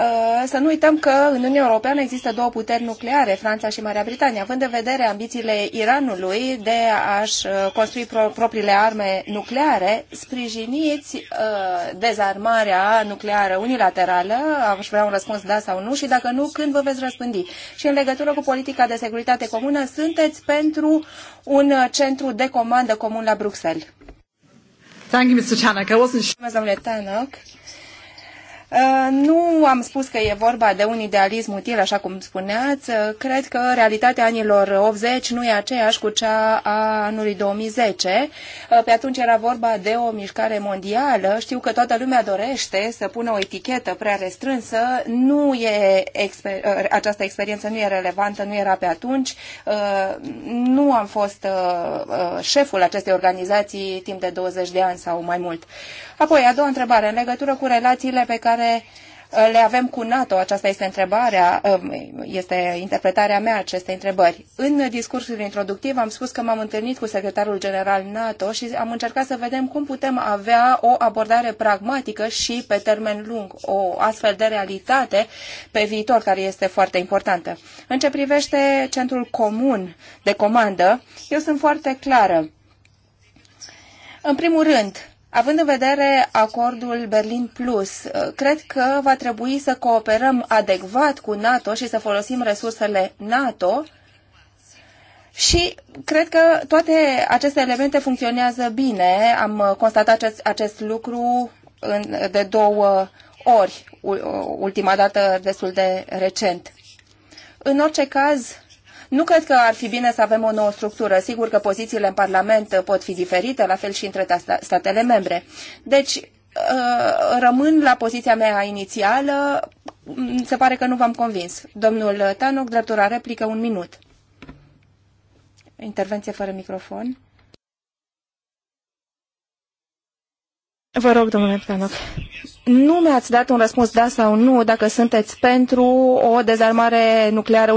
S2: Uh, să nu uităm că în Uniunea Europeană există două puteri nucleare, Franța și Marea Britanie, având în vedere ambițiile Iranului de a-și uh, construi pro- propriile arme nucleare, sprijiniți uh, dezarmarea nucleară unilaterală, aș vrea un răspuns da sau nu și dacă nu, când vă veți răspândi. Și în legătură cu politica de securitate comună, sunteți pentru un centru de comandă comun la Bruxelles. Thank you, Mr. Tanak. I wasn't sure. Uh, nu am spus că e vorba de un idealism util, așa cum spuneați. Uh, cred că realitatea anilor 80 nu e aceeași cu cea a anului 2010. Uh, pe atunci era vorba de o mișcare mondială. Știu că toată lumea dorește să pună o etichetă prea restrânsă. Nu e exper- această experiență nu e relevantă, nu era pe atunci. Nu am fost șeful acestei organizații timp de 20 de ani sau mai mult. Apoi, a doua întrebare, în legătură cu relațiile pe care care uh, le avem cu NATO? Aceasta este întrebarea, um, este interpretarea mea acestei întrebări. În discursul introductiv am spus că m-am întâlnit cu secretarul general NATO și am încercat să vedem cum putem avea o abordare pragmatică și pe termen lung, o astfel de realitate pe viitor care este foarte importantă. În ce privește centrul comun de comandă, eu sunt foarte clară. În primul rând, Având în vedere acordul Berlin Plus, cred că va trebui să cooperăm adecvat cu NATO și să folosim resursele NATO și cred că toate aceste elemente funcționează bine. Am constatat acest, acest lucru în, de două ori, ultima dată destul de recent. În orice caz, nu cred că ar fi bine să avem o nouă structură. Sigur că pozițiile în Parlament pot fi diferite, la fel și între statele membre. Deci, uh, rămân la poziția mea inițială, mm, se pare că nu v-am convins. Domnul Tanoc, dreptura replică, un minut. Intervenție fără microfon. Vă rog, domnule Tanoc nu mi-ați dat un răspuns da sau nu dacă sunteți pentru o dezarmare nucleară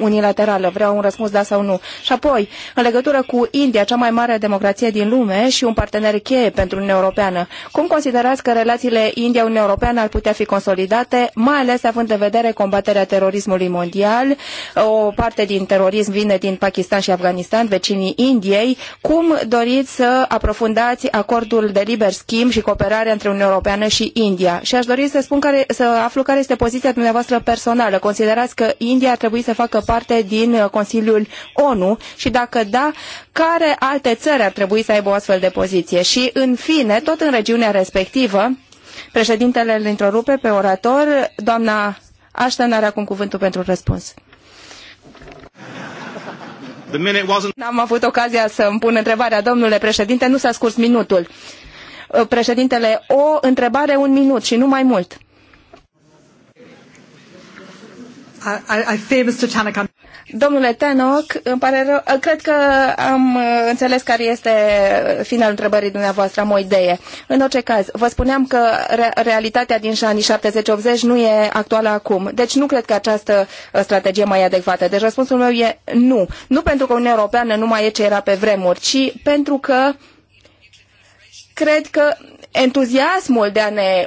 S2: unilaterală. Vreau un răspuns da sau nu. Și apoi, în legătură cu India, cea mai mare democrație din lume și un partener cheie pentru Uniunea Europeană, cum considerați că relațiile India-Uniunea Europeană ar putea fi consolidate, mai ales având în vedere combaterea terorismului mondial? O parte din terorism vine din Pakistan și Afganistan, vecinii Indiei. Cum doriți să aprofundați acordul de liber schimb și cooperare între Uniunea Europeană și India? India și aș dori să, spun care, să aflu care este poziția dumneavoastră personală. Considerați că India ar trebui să facă parte din uh, Consiliul ONU și dacă da, care alte țări ar trebui să aibă o astfel de poziție? Și în fine, tot în regiunea respectivă, președintele îl întrerupe pe orator, doamna Ashton are acum cuvântul pentru răspuns. N-am avut ocazia să îmi pun întrebarea, domnule președinte, nu s-a scurs minutul. Eh, președintele, o întrebare, un minut și nu mai mult. Domnule Tenoc, îmi pare rău, eh, cred că am eh, înțeles care este finalul întrebării dumneavoastră, am o idee. În orice caz, vă spuneam că re- realitatea din anii 70-80 nu e actuală acum, deci nu cred că această strategie mai e adecvată. Deci răspunsul meu e nu. Nu pentru că Uniunea Europeană nu mai e ce era pe vremuri, ci pentru că uh, cred că entuziasmul de a ne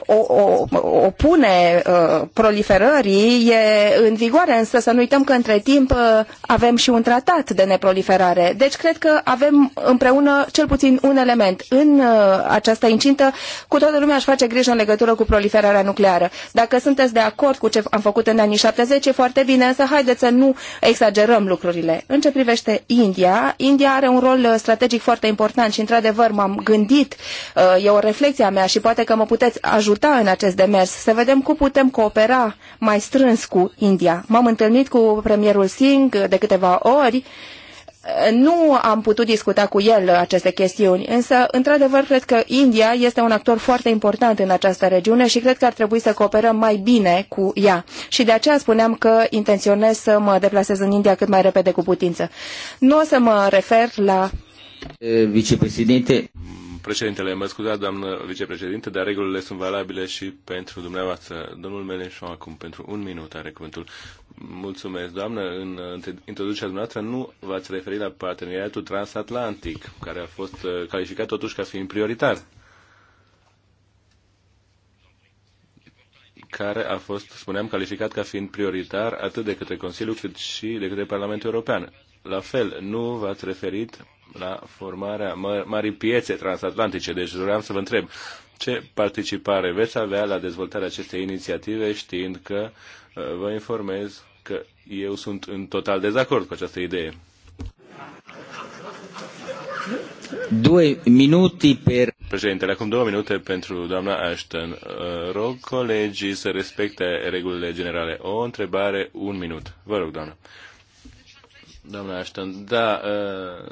S2: opune uh, proliferării e în vigoare, însă să nu uităm că între timp uh, avem și un tratat de neproliferare. Deci cred că avem împreună cel puțin un element. În uh, această incintă, cu toată lumea aș face grijă în legătură cu proliferarea nucleară. Dacă sunteți de acord cu ce am făcut în anii 70, e foarte bine, însă haideți să nu exagerăm lucrurile. În ce privește India, India are un rol strategic foarte important și, într-adevăr, m-am gândit e o reflexie a mea și poate că mă puteți ajuta în acest demers, să vedem cum putem coopera mai strâns cu India. M-am întâlnit cu premierul Singh de câteva ori, nu am putut discuta cu el aceste chestiuni, însă, într-adevăr, cred că India este un actor foarte important în această regiune și cred că ar trebui să cooperăm mai bine cu ea. Și de aceea spuneam că intenționez să mă deplasez în India cât mai repede cu putință. Nu o să mă refer la...
S3: Eh, vicepreședinte... Președintele, mă scuzați, doamnă vicepreședinte, dar regulile sunt valabile și pentru dumneavoastră. Domnul Meleșon, acum, pentru un minut, are cuvântul. Mulțumesc, doamnă. În introducerea dumneavoastră nu v-ați referit la parteneriatul transatlantic, care a fost uh, calificat totuși ca fiind prioritar. care a fost, spuneam, calificat ca fiind prioritar atât de către Consiliu cât și de către Parlamentul European. La fel, nu v-ați referit la formarea marii piețe transatlantice. Deci vreau să vă întreb, ce participare veți avea la dezvoltarea acestei inițiative știind că uh, vă informez că eu sunt în total dezacord cu această idee. Due minute per... Președintele, acum două minute pentru doamna Ashton. Uh, rog colegii să respecte regulile generale. O întrebare, un minut. Vă rog, doamnă. Doamna Ashton, da, uh,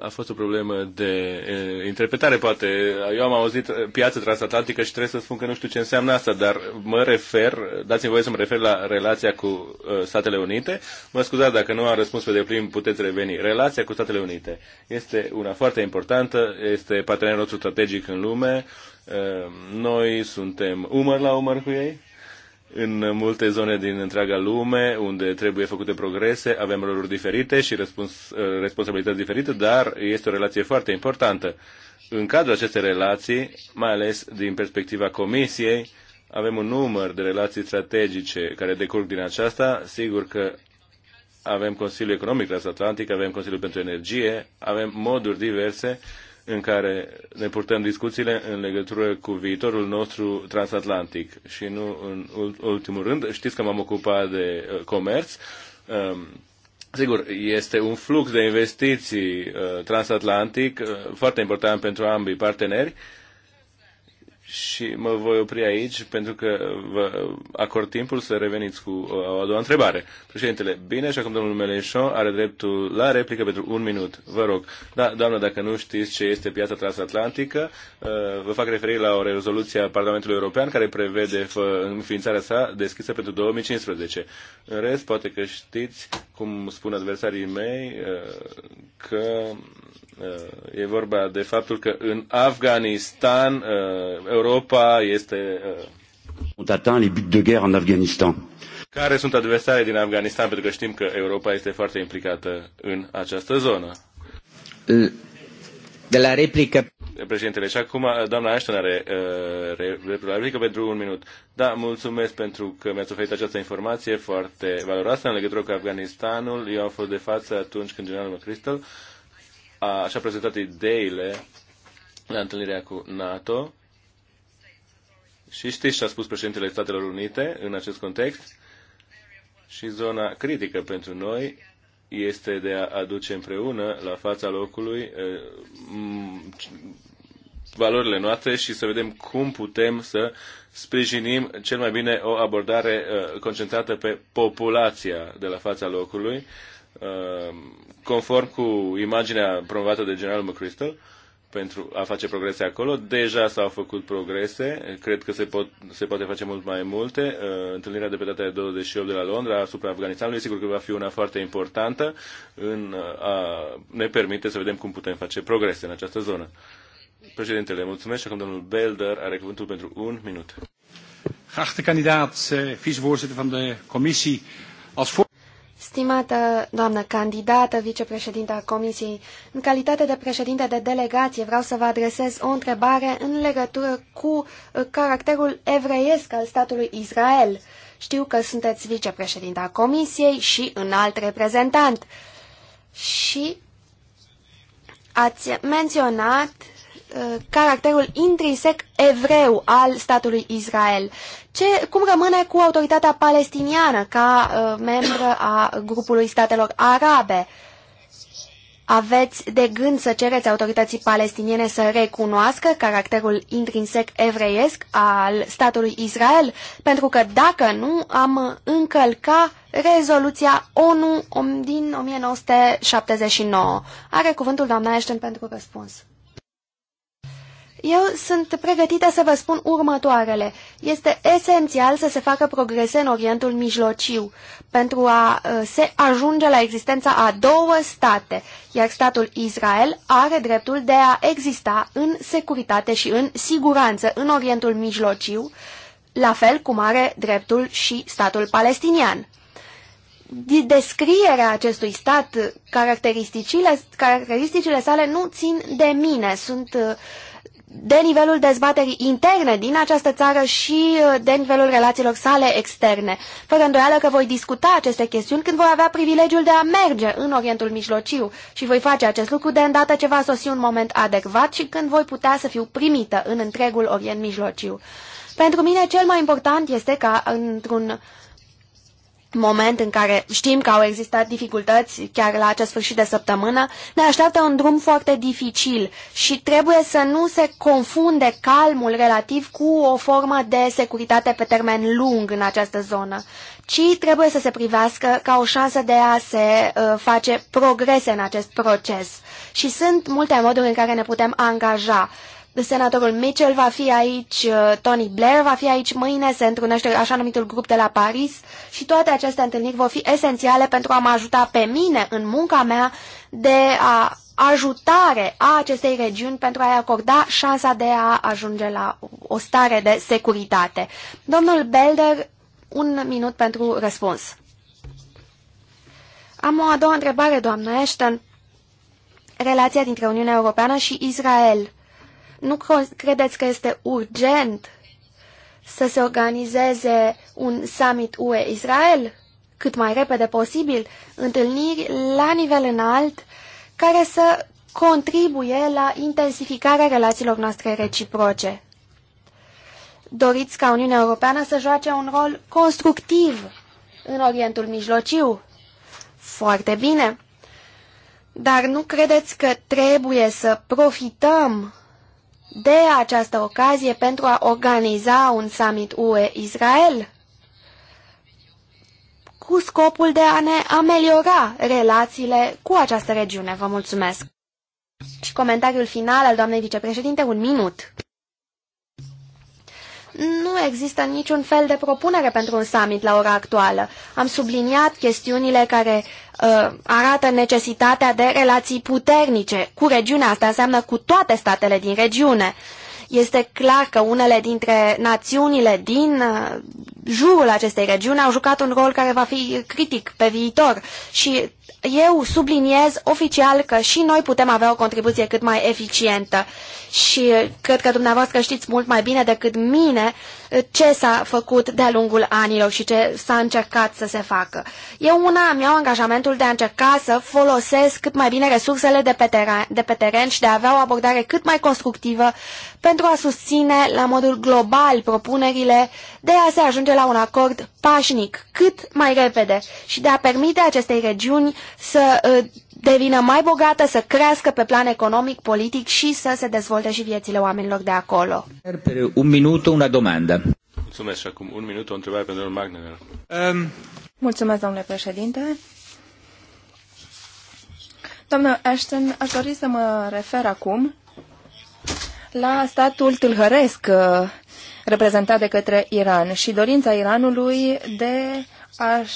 S3: a fost o problemă de e, interpretare, poate. Eu am auzit piață transatlantică și trebuie să spun că nu știu ce înseamnă asta, dar mă refer, dați-mi voie să mă refer la relația cu uh, Statele Unite. Mă scuzați dacă nu am răspuns pe deplin, puteți reveni. Relația cu Statele Unite este una foarte importantă, este partenerul nostru strategic în lume. Uh, noi suntem umăr la umăr cu ei în multe zone din întreaga lume unde trebuie făcute progrese, avem roluri diferite și răspuns, uh, responsabilități diferite, dar este o relație foarte importantă. În cadrul acestei relații, mai ales din perspectiva Comisiei, avem un număr de relații strategice care decurg din aceasta. Sigur că avem Consiliul Economic Transatlantic, avem Consiliul pentru Energie, avem moduri diverse uh, în care ne purtăm discuțiile în legătură cu viitorul nostru transatlantic. Și nu în ultimul rând, știți că m-am ocupat de uh, comerț. Um, sigur, este un flux de investiții uh, transatlantic uh, foarte important pentru ambii parteneri și mă voi opri aici pentru că vă acord timpul să reveniți cu uh, o a doua întrebare. Președintele, bine, și acum domnul Melenchon are dreptul la replică pentru un minut. Vă rog. Da, doamnă, dacă nu știți ce este piața transatlantică, uh, vă fac referire la o rezoluție a Parlamentului European care prevede înființarea sa deschisă pentru 2015. În rest, poate că știți, cum spun adversarii mei, uh, că E vorba de faptul că în Afganistan uh, Europa este... Uh,
S2: les buts
S1: de guerre în Afganistan.
S3: Care sunt adversarii din Afganistan? Pentru că știm că Europa este foarte implicată în această zonă.
S1: De la replică.
S3: Președintele, și acum uh, doamna Ashton are uh, replică pentru un minut. Da, mulțumesc pentru că mi-ați oferit această informație foarte valoroasă în legătură cu Afganistanul. Eu am fost de față atunci când generalul McChrystal uh, a, și-a prezentat ideile la întâlnirea cu NATO. Și știți ce a spus președintele Statelor Unite în acest context? Și zona critică pentru noi este de a aduce împreună la fața locului valorile noastre și să vedem cum putem să sprijinim cel mai bine o abordare concentrată pe populația de la fața locului Uh, conform cu imaginea promovată de General McChrystal, pentru a face progrese acolo. Deja s-au făcut progrese, cred că se, pot, se poate face mult mai multe. Uh, întâlnirea de pe data de 28 de la Londra asupra Afganistanului, sigur că va fi una foarte importantă, în uh, a ne permite să vedem cum putem face progrese în această zonă. Președintele, mulțumesc și acum domnul Belder are cuvântul pentru un minut. Geachte candidaat, eh, vicevoorzitter van de comisie, als
S4: Stimată doamnă candidată, vicepreședinte a Comisiei, în calitate de președinte de delegație vreau să vă adresez o întrebare în legătură cu uh, caracterul evreiesc al statului Israel. Știu că sunteți vicepreședinte a Comisiei și înalt reprezentant. Și ați menționat Uh, caracterul intrinsec evreu al statului Israel. Ce, cum rămâne cu autoritatea palestiniană ca uh, membră a grupului statelor arabe? Aveți de gând să cereți autorității palestiniene să recunoască caracterul intrinsec evreiesc al statului Israel? Pentru că dacă nu, am încălca rezoluția ONU um, din 1979. Are cuvântul doamna Ashton pentru răspuns. Eu sunt pregătită să vă spun următoarele. Este esențial să se facă progrese în Orientul Mijlociu pentru a uh, se ajunge la existența a două state, iar statul Israel are dreptul de a exista în securitate și în siguranță în Orientul Mijlociu, la fel cum are dreptul și statul palestinian descrierea acestui stat, caracteristicile, caracteristicile sale nu țin de mine, sunt uh, de nivelul dezbaterii interne din această țară și uh, de nivelul relațiilor sale externe. Fără îndoială că voi discuta aceste chestiuni când voi avea privilegiul de a merge în Orientul Mijlociu și voi face acest lucru de îndată ce va sosi un moment adecvat și când voi putea să fiu primită în întregul Orient Mijlociu. Pentru mine cel mai important este ca într-un moment în care știm că au existat dificultăți chiar la acest sfârșit de săptămână, ne așteaptă un drum foarte dificil și trebuie să nu se confunde calmul relativ cu o formă de securitate pe termen lung în această zonă, ci trebuie să se privească ca o șansă de a se uh, face progrese în acest proces. Și sunt multe moduri în care ne putem angaja. Uh, Senatorul Mitchell va fi aici, uh, Tony Blair va fi aici, mâine se întrunește așa numitul grup de la Paris și toate aceste întâlniri vor fi esențiale pentru a mă ajuta pe mine în munca mea de a ajutare a acestei regiuni pentru a-i acorda șansa de a ajunge la o stare de securitate. Domnul Belder, un minut pentru răspuns. Am o a doua întrebare, doamnă Ashton. Relația dintre Uniunea Europeană și Israel. Nu credeți că este urgent să se organizeze un summit UE-Israel cât mai repede posibil, întâlniri la nivel înalt care să contribuie la intensificarea relațiilor noastre reciproce. Doriți ca Uniunea Europeană să joace un rol constructiv în Orientul Mijlociu? Foarte bine! Dar nu credeți că trebuie să profităm de această ocazie pentru a organiza un summit UE-Israel cu scopul de a ne ameliora relațiile cu această regiune. Vă mulțumesc! Și comentariul final al doamnei vicepreședinte, un minut nu există niciun fel de propunere pentru un summit la ora actuală. Am subliniat chestiunile care uh, arată necesitatea de relații puternice cu regiunea. Asta înseamnă cu toate statele din regiune. Este clar că unele dintre națiunile din uh, jurul acestei regiuni au jucat un rol care va fi critic pe viitor și eu subliniez oficial că și noi putem avea o contribuție cât mai eficientă și cred că dumneavoastră știți mult mai bine decât mine ce s-a făcut de-a lungul anilor și ce s-a încercat să se facă. Eu una mi-au angajamentul de a încerca să folosesc cât mai bine resursele de pe, teren, de pe teren și de a avea o abordare cât mai constructivă pentru a susține la modul global propunerile de a se ajunge la un acord pașnic cât mai repede și de a permite acestei regiuni să uh, devină mai bogată, să crească pe plan economic, politic și să se dezvolte și viețile oamenilor de acolo.
S1: un minut, una domandă.
S3: Mulțumesc și acum un minut o întrebare pentru domnul Magner. Um...
S2: Mulțumesc, domnule președinte. Doamnă Ashton, aș dori să mă refer acum la statul tâlhăresc uh, reprezentat de către Iran și dorința Iranului de aș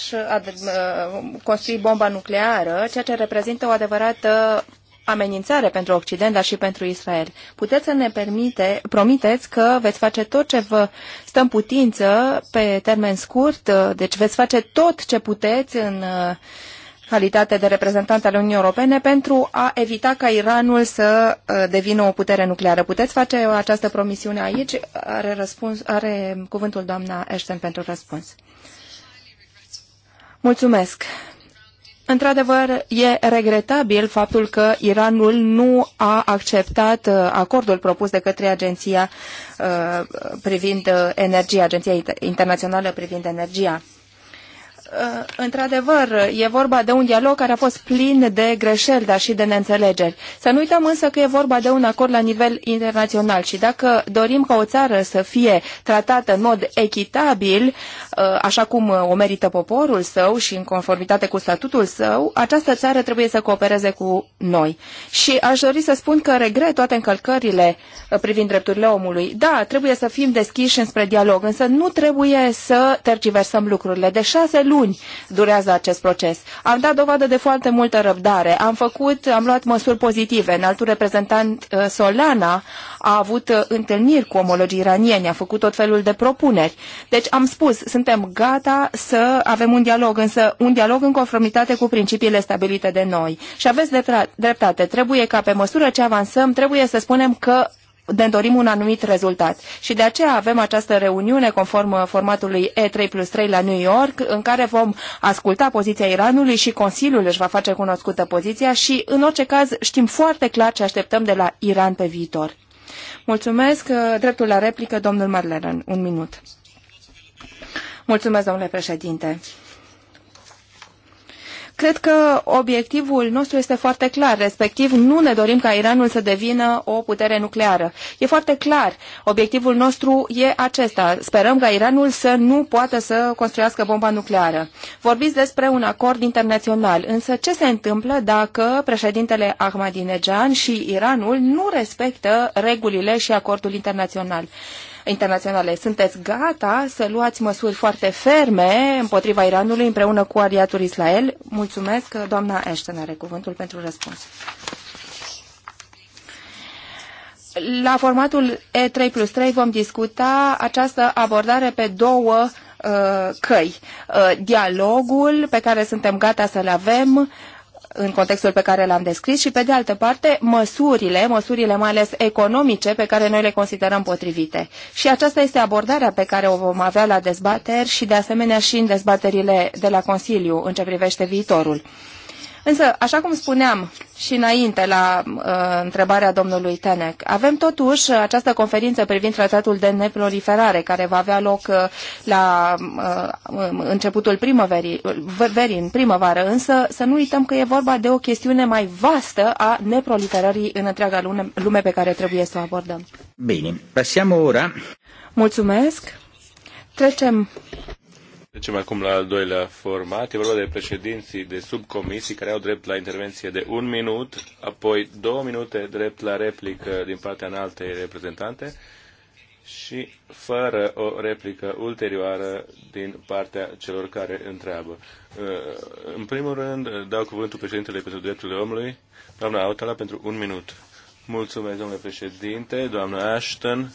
S2: construi bomba nucleară, ceea ce reprezintă o adevărată amenințare pentru Occident, dar și pentru Israel. Puteți să ne permite, promiteți că veți face tot ce vă stă în putință pe termen scurt, deci veți face tot ce puteți în uh, calitate de reprezentant al Uniunii Europene pentru a evita ca Iranul să uh, devină o putere nucleară. Puteți face această promisiune aici? Are, răspuns, are cuvântul doamna Ashton pentru răspuns. Mulțumesc. Într-adevăr, e regretabil faptul că Iranul nu a acceptat uh, acordul propus de către agenția uh, privind uh, energia, Agenția Internațională privind energia. Uh, într-adevăr, e vorba de un dialog care a fost plin de greșeli, dar și de neînțelegeri. Să nu uităm însă că e vorba de un acord la nivel internațional și dacă dorim ca o țară să fie tratată în mod echitabil, uh, așa cum o merită poporul său și în conformitate cu statutul său, această țară trebuie să coopereze cu noi. Și aș dori să spun că regret toate încălcările uh, privind drepturile omului. Da, trebuie să fim deschiși înspre dialog, însă nu trebuie să tergiversăm lucrurile. De șase luni luni durează acest proces. Am dat dovadă de foarte multă răbdare. Am făcut, am luat măsuri pozitive. În altul reprezentant uh, Solana a avut uh, întâlniri cu omologii iranieni, a făcut tot felul de propuneri. Deci am spus, suntem gata să avem un dialog, însă un dialog în conformitate cu principiile stabilite de noi. Și aveți dreptate, trebuie ca pe măsură ce avansăm, trebuie să spunem că ne dorim un anumit rezultat. Și de aceea avem această reuniune conform uh, formatului E3 plus 3 la New York, în care vom asculta poziția Iranului și Consiliul își va face cunoscută poziția și, în orice caz, știm foarte clar ce așteptăm de la Iran pe viitor. Mulțumesc. Uh, dreptul la replică, domnul Marleran Un minut. Mulțumesc, domnule președinte. Cred că obiectivul nostru este foarte clar, respectiv nu ne dorim ca Iranul să devină o putere nucleară. E foarte clar, obiectivul nostru e acesta. Sperăm ca Iranul să nu poată să construiască bomba nucleară. Vorbiți despre un acord internațional, însă ce se întâmplă dacă președintele Ahmadinejad și Iranul nu respectă regulile și acordul internațional? internaționale. Sunteți gata să luați măsuri foarte ferme împotriva Iranului împreună cu aliatul Israel? Mulțumesc, doamna Ashton are cuvântul pentru răspuns. La formatul E3 plus 3 vom discuta această abordare pe două uh, căi. Uh, dialogul pe care suntem gata să-l avem în contextul pe care l-am descris și, pe de altă parte, măsurile, măsurile mai ales economice pe care noi le considerăm potrivite. Și aceasta este abordarea pe care o vom avea la dezbateri și, de asemenea, și în dezbaterile de la Consiliu în ce privește viitorul. Însă, așa cum spuneam, și înainte la uh, întrebarea domnului Tenec. Avem totuși această conferință privind tratatul de neproliferare care va avea loc uh, la uh, începutul primăverii, verii, în primăvară, însă să nu uităm că e vorba de o chestiune mai vastă a neproliferării în întreaga lume, lume pe care trebuie să o abordăm.
S3: Bine, pasiamo ora.
S2: Mulțumesc. Trecem
S3: Trecem acum la al doilea format. E vorba de președinții de subcomisii care au drept la intervenție de un minut, apoi două minute drept la replică din partea în alte reprezentante și fără o replică ulterioară din partea celor care întreabă. Uh, în primul rând, uh, dau cuvântul președintele pentru drepturile omului, doamna Autala, pentru un minut. Mulțumesc, domnule președinte, doamna Ashton.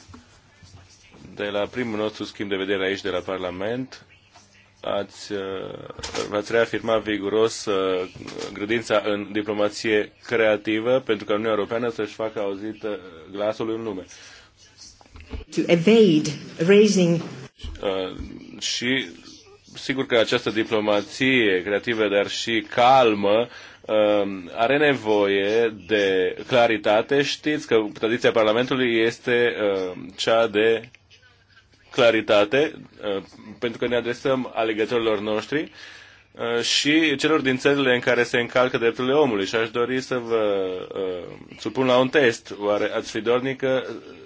S3: De la primul nostru schimb de vedere aici de la Parlament, ați, uh, v-ați reafirmat viguros uh, grădința în diplomație creativă pentru ca Uniunea Europeană să-și facă auzit uh, glasul în lume.
S2: To evade raising...
S3: Și sigur că această diplomație creativă, dar și calmă, are nevoie de claritate. Știți că tradiția Parlamentului este cea de claritate, uh, pentru că ne adresăm alegătorilor noștri uh, și celor din țările în care se încalcă drepturile omului. Și aș dori să vă uh, supun la un test. Oare ați fi dornică,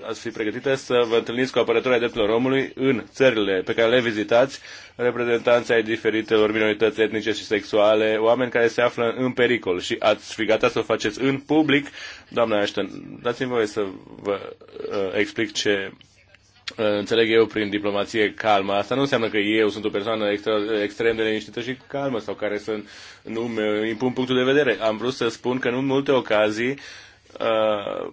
S3: ați fi pregătită să vă întâlniți cu apărătorii drepturilor omului în țările pe care le vizitați, reprezentanții ai diferitelor minorități etnice și sexuale, oameni care se află în pericol și ați fi gata să o faceți în public? Doamna Ashton, dați-mi voie să vă uh, explic ce Eh, înțeleg eu prin diplomație calmă. Asta nu înseamnă că eu sunt o persoană extra, extrem de liniștită și calmă sau care să nu îmi impun punctul de vedere. Am vrut să spun că în multe ocazii uh,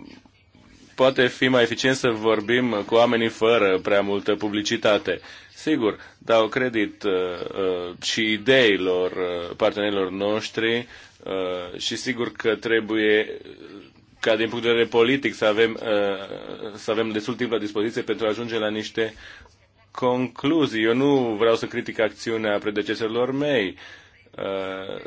S3: poate fi mai eficient să vorbim cu oamenii fără prea multă publicitate. Sigur, dau credit uh, și ideilor uh, partenerilor noștri uh, și sigur că trebuie ca din punct de vedere politic să avem, uh, să avem destul timp la dispoziție pentru a ajunge la niște concluzii. Eu nu vreau să critic acțiunea predecesorilor mei, uh,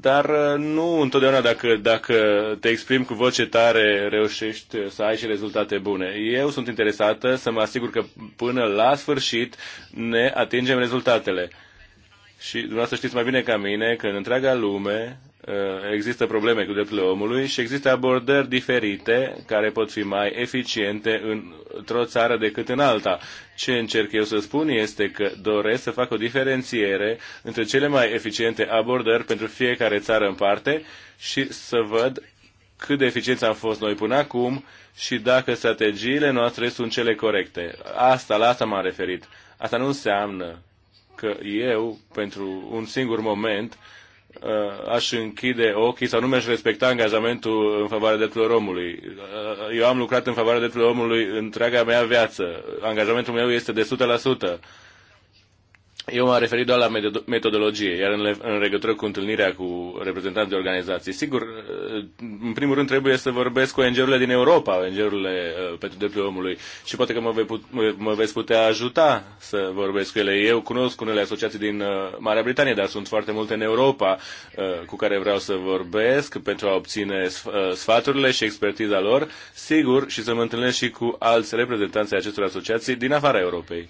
S3: dar uh, nu întotdeauna dacă, dacă te exprim cu voce tare reușești să ai și rezultate bune. Eu sunt interesată să mă asigur că până la sfârșit ne atingem rezultatele. Și dumneavoastră știți mai bine ca mine că în întreaga lume Eh, există probleme cu drepturile omului și există abordări diferite care pot fi mai eficiente într-o țară decât în alta. Ce încerc eu să spun este că doresc să fac o diferențiere între cele mai eficiente abordări pentru fiecare țară în parte și să văd cât de eficienți am fost noi până acum și dacă strategiile noastre sunt cele corecte. Asta, la asta m-am referit. Asta nu înseamnă că eu, pentru un singur moment, Uh, aș închide ochii sau nu mi-aș respecta angajamentul în favoarea drepturilor omului. Uh, eu am lucrat în favoarea drepturilor omului întreaga mea viață. Angajamentul meu este de eu m-am referit doar la metodologie, iar în, în legătură cu întâlnirea cu reprezentanți de organizații. Sigur, în primul rând trebuie să vorbesc cu ONG-urile din Europa, ONG-urile uh, pentru dreptul omului și poate că mă, put- mă veți putea ajuta să vorbesc cu ele. Eu cunosc unele asociații din uh, Marea Britanie, dar sunt foarte multe în Europa uh, cu care vreau să vorbesc pentru a obține sfaturile și expertiza lor, sigur, și să mă întâlnesc și cu alți reprezentanți ai acestor asociații din afara Europei.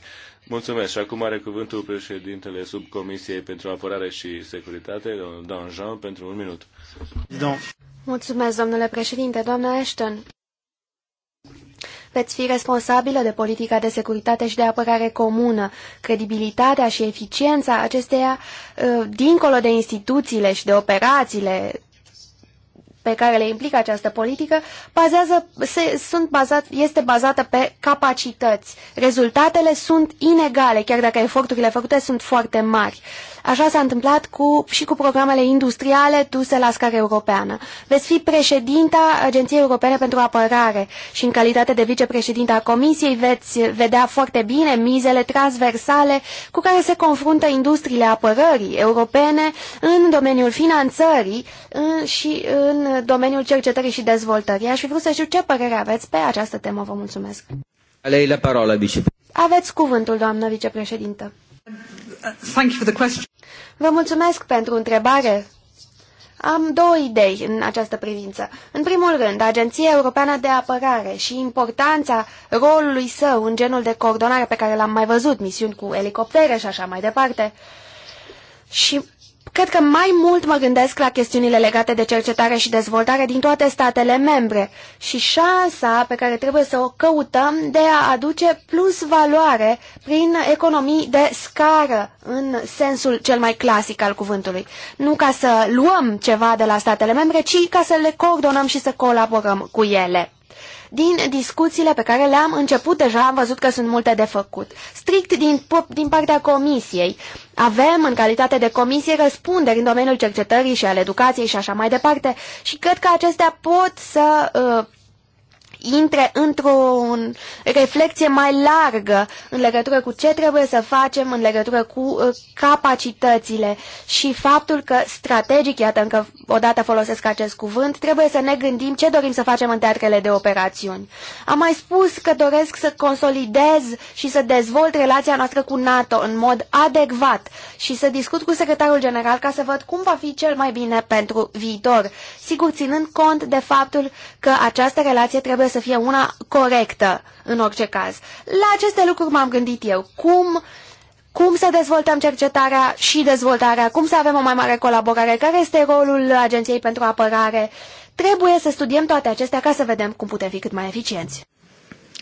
S3: Mulțumesc. Și acum are cuvântul președintele Subcomisiei pentru Apărare și Securitate, domnul Jean, pentru un minut. Don.
S4: Mulțumesc, domnule președinte, doamna Ashton. Veți fi responsabilă de politica de securitate și de apărare comună. Credibilitatea și eficiența acesteia, ă, dincolo de instituțiile și de operațiile pe care le implică această politică bazează, se, sunt bazat, este bazată pe capacități. Rezultatele sunt inegale, chiar dacă eforturile făcute sunt foarte mari. Uh, Așa s-a întâmplat cu, și cu programele industriale duse la scară europeană. Veți fi președinta Agenției Europene pentru Apărare și în calitate de vicepreședinta a Comisiei veți vedea foarte bine mizele transversale cu care se confruntă industriile apărării europene în domeniul finanțării și în domeniul cercetării și dezvoltării. Aș fi vrut să știu ce părere aveți pe această temă. Vă mulțumesc.
S1: Alei la parola, vicepreședinte.
S4: Aveți cuvântul, doamnă vicepreședintă. Thank you for the question. Vă mulțumesc pentru întrebare. Am două idei în această privință. În primul rând, Agenția Europeană de Apărare și importanța rolului său în genul de coordonare pe care l-am mai văzut, misiuni cu elicoptere și așa mai departe. Și Cred că mai mult mă gândesc la chestiunile legate de cercetare și dezvoltare din toate statele membre și șansa pe care trebuie să o căutăm de a aduce plus valoare prin economii de scară, în sensul cel mai clasic al cuvântului. Nu ca să luăm ceva de la statele membre, ci ca să le coordonăm și să colaborăm cu ele din discuțiile pe care le-am început deja, am văzut că sunt multe de făcut. Strict din, din partea comisiei, avem în calitate de comisie răspunderi în domeniul cercetării și al educației și așa mai departe și cred că acestea pot să uh, intre într-o reflexie mai largă în legătură cu ce trebuie să facem în legătură cu uh, capacitățile și faptul că strategic, iată încă odată folosesc acest cuvânt, trebuie să ne gândim ce dorim să facem în teatrele de operațiuni. Am mai spus că doresc să consolidez și să dezvolt relația noastră cu NATO în mod adecvat și să discut cu secretarul general ca să văd cum va fi cel mai bine pentru viitor, sigur ținând cont de faptul că această relație trebuie să să fie una corectă în orice caz. La aceste lucruri m-am gândit eu. Cum, cum să dezvoltăm cercetarea și dezvoltarea, cum să avem o mai mare colaborare, care este rolul Agenției pentru Apărare. Trebuie să studiem toate acestea ca să vedem cum putem fi cât mai eficienți.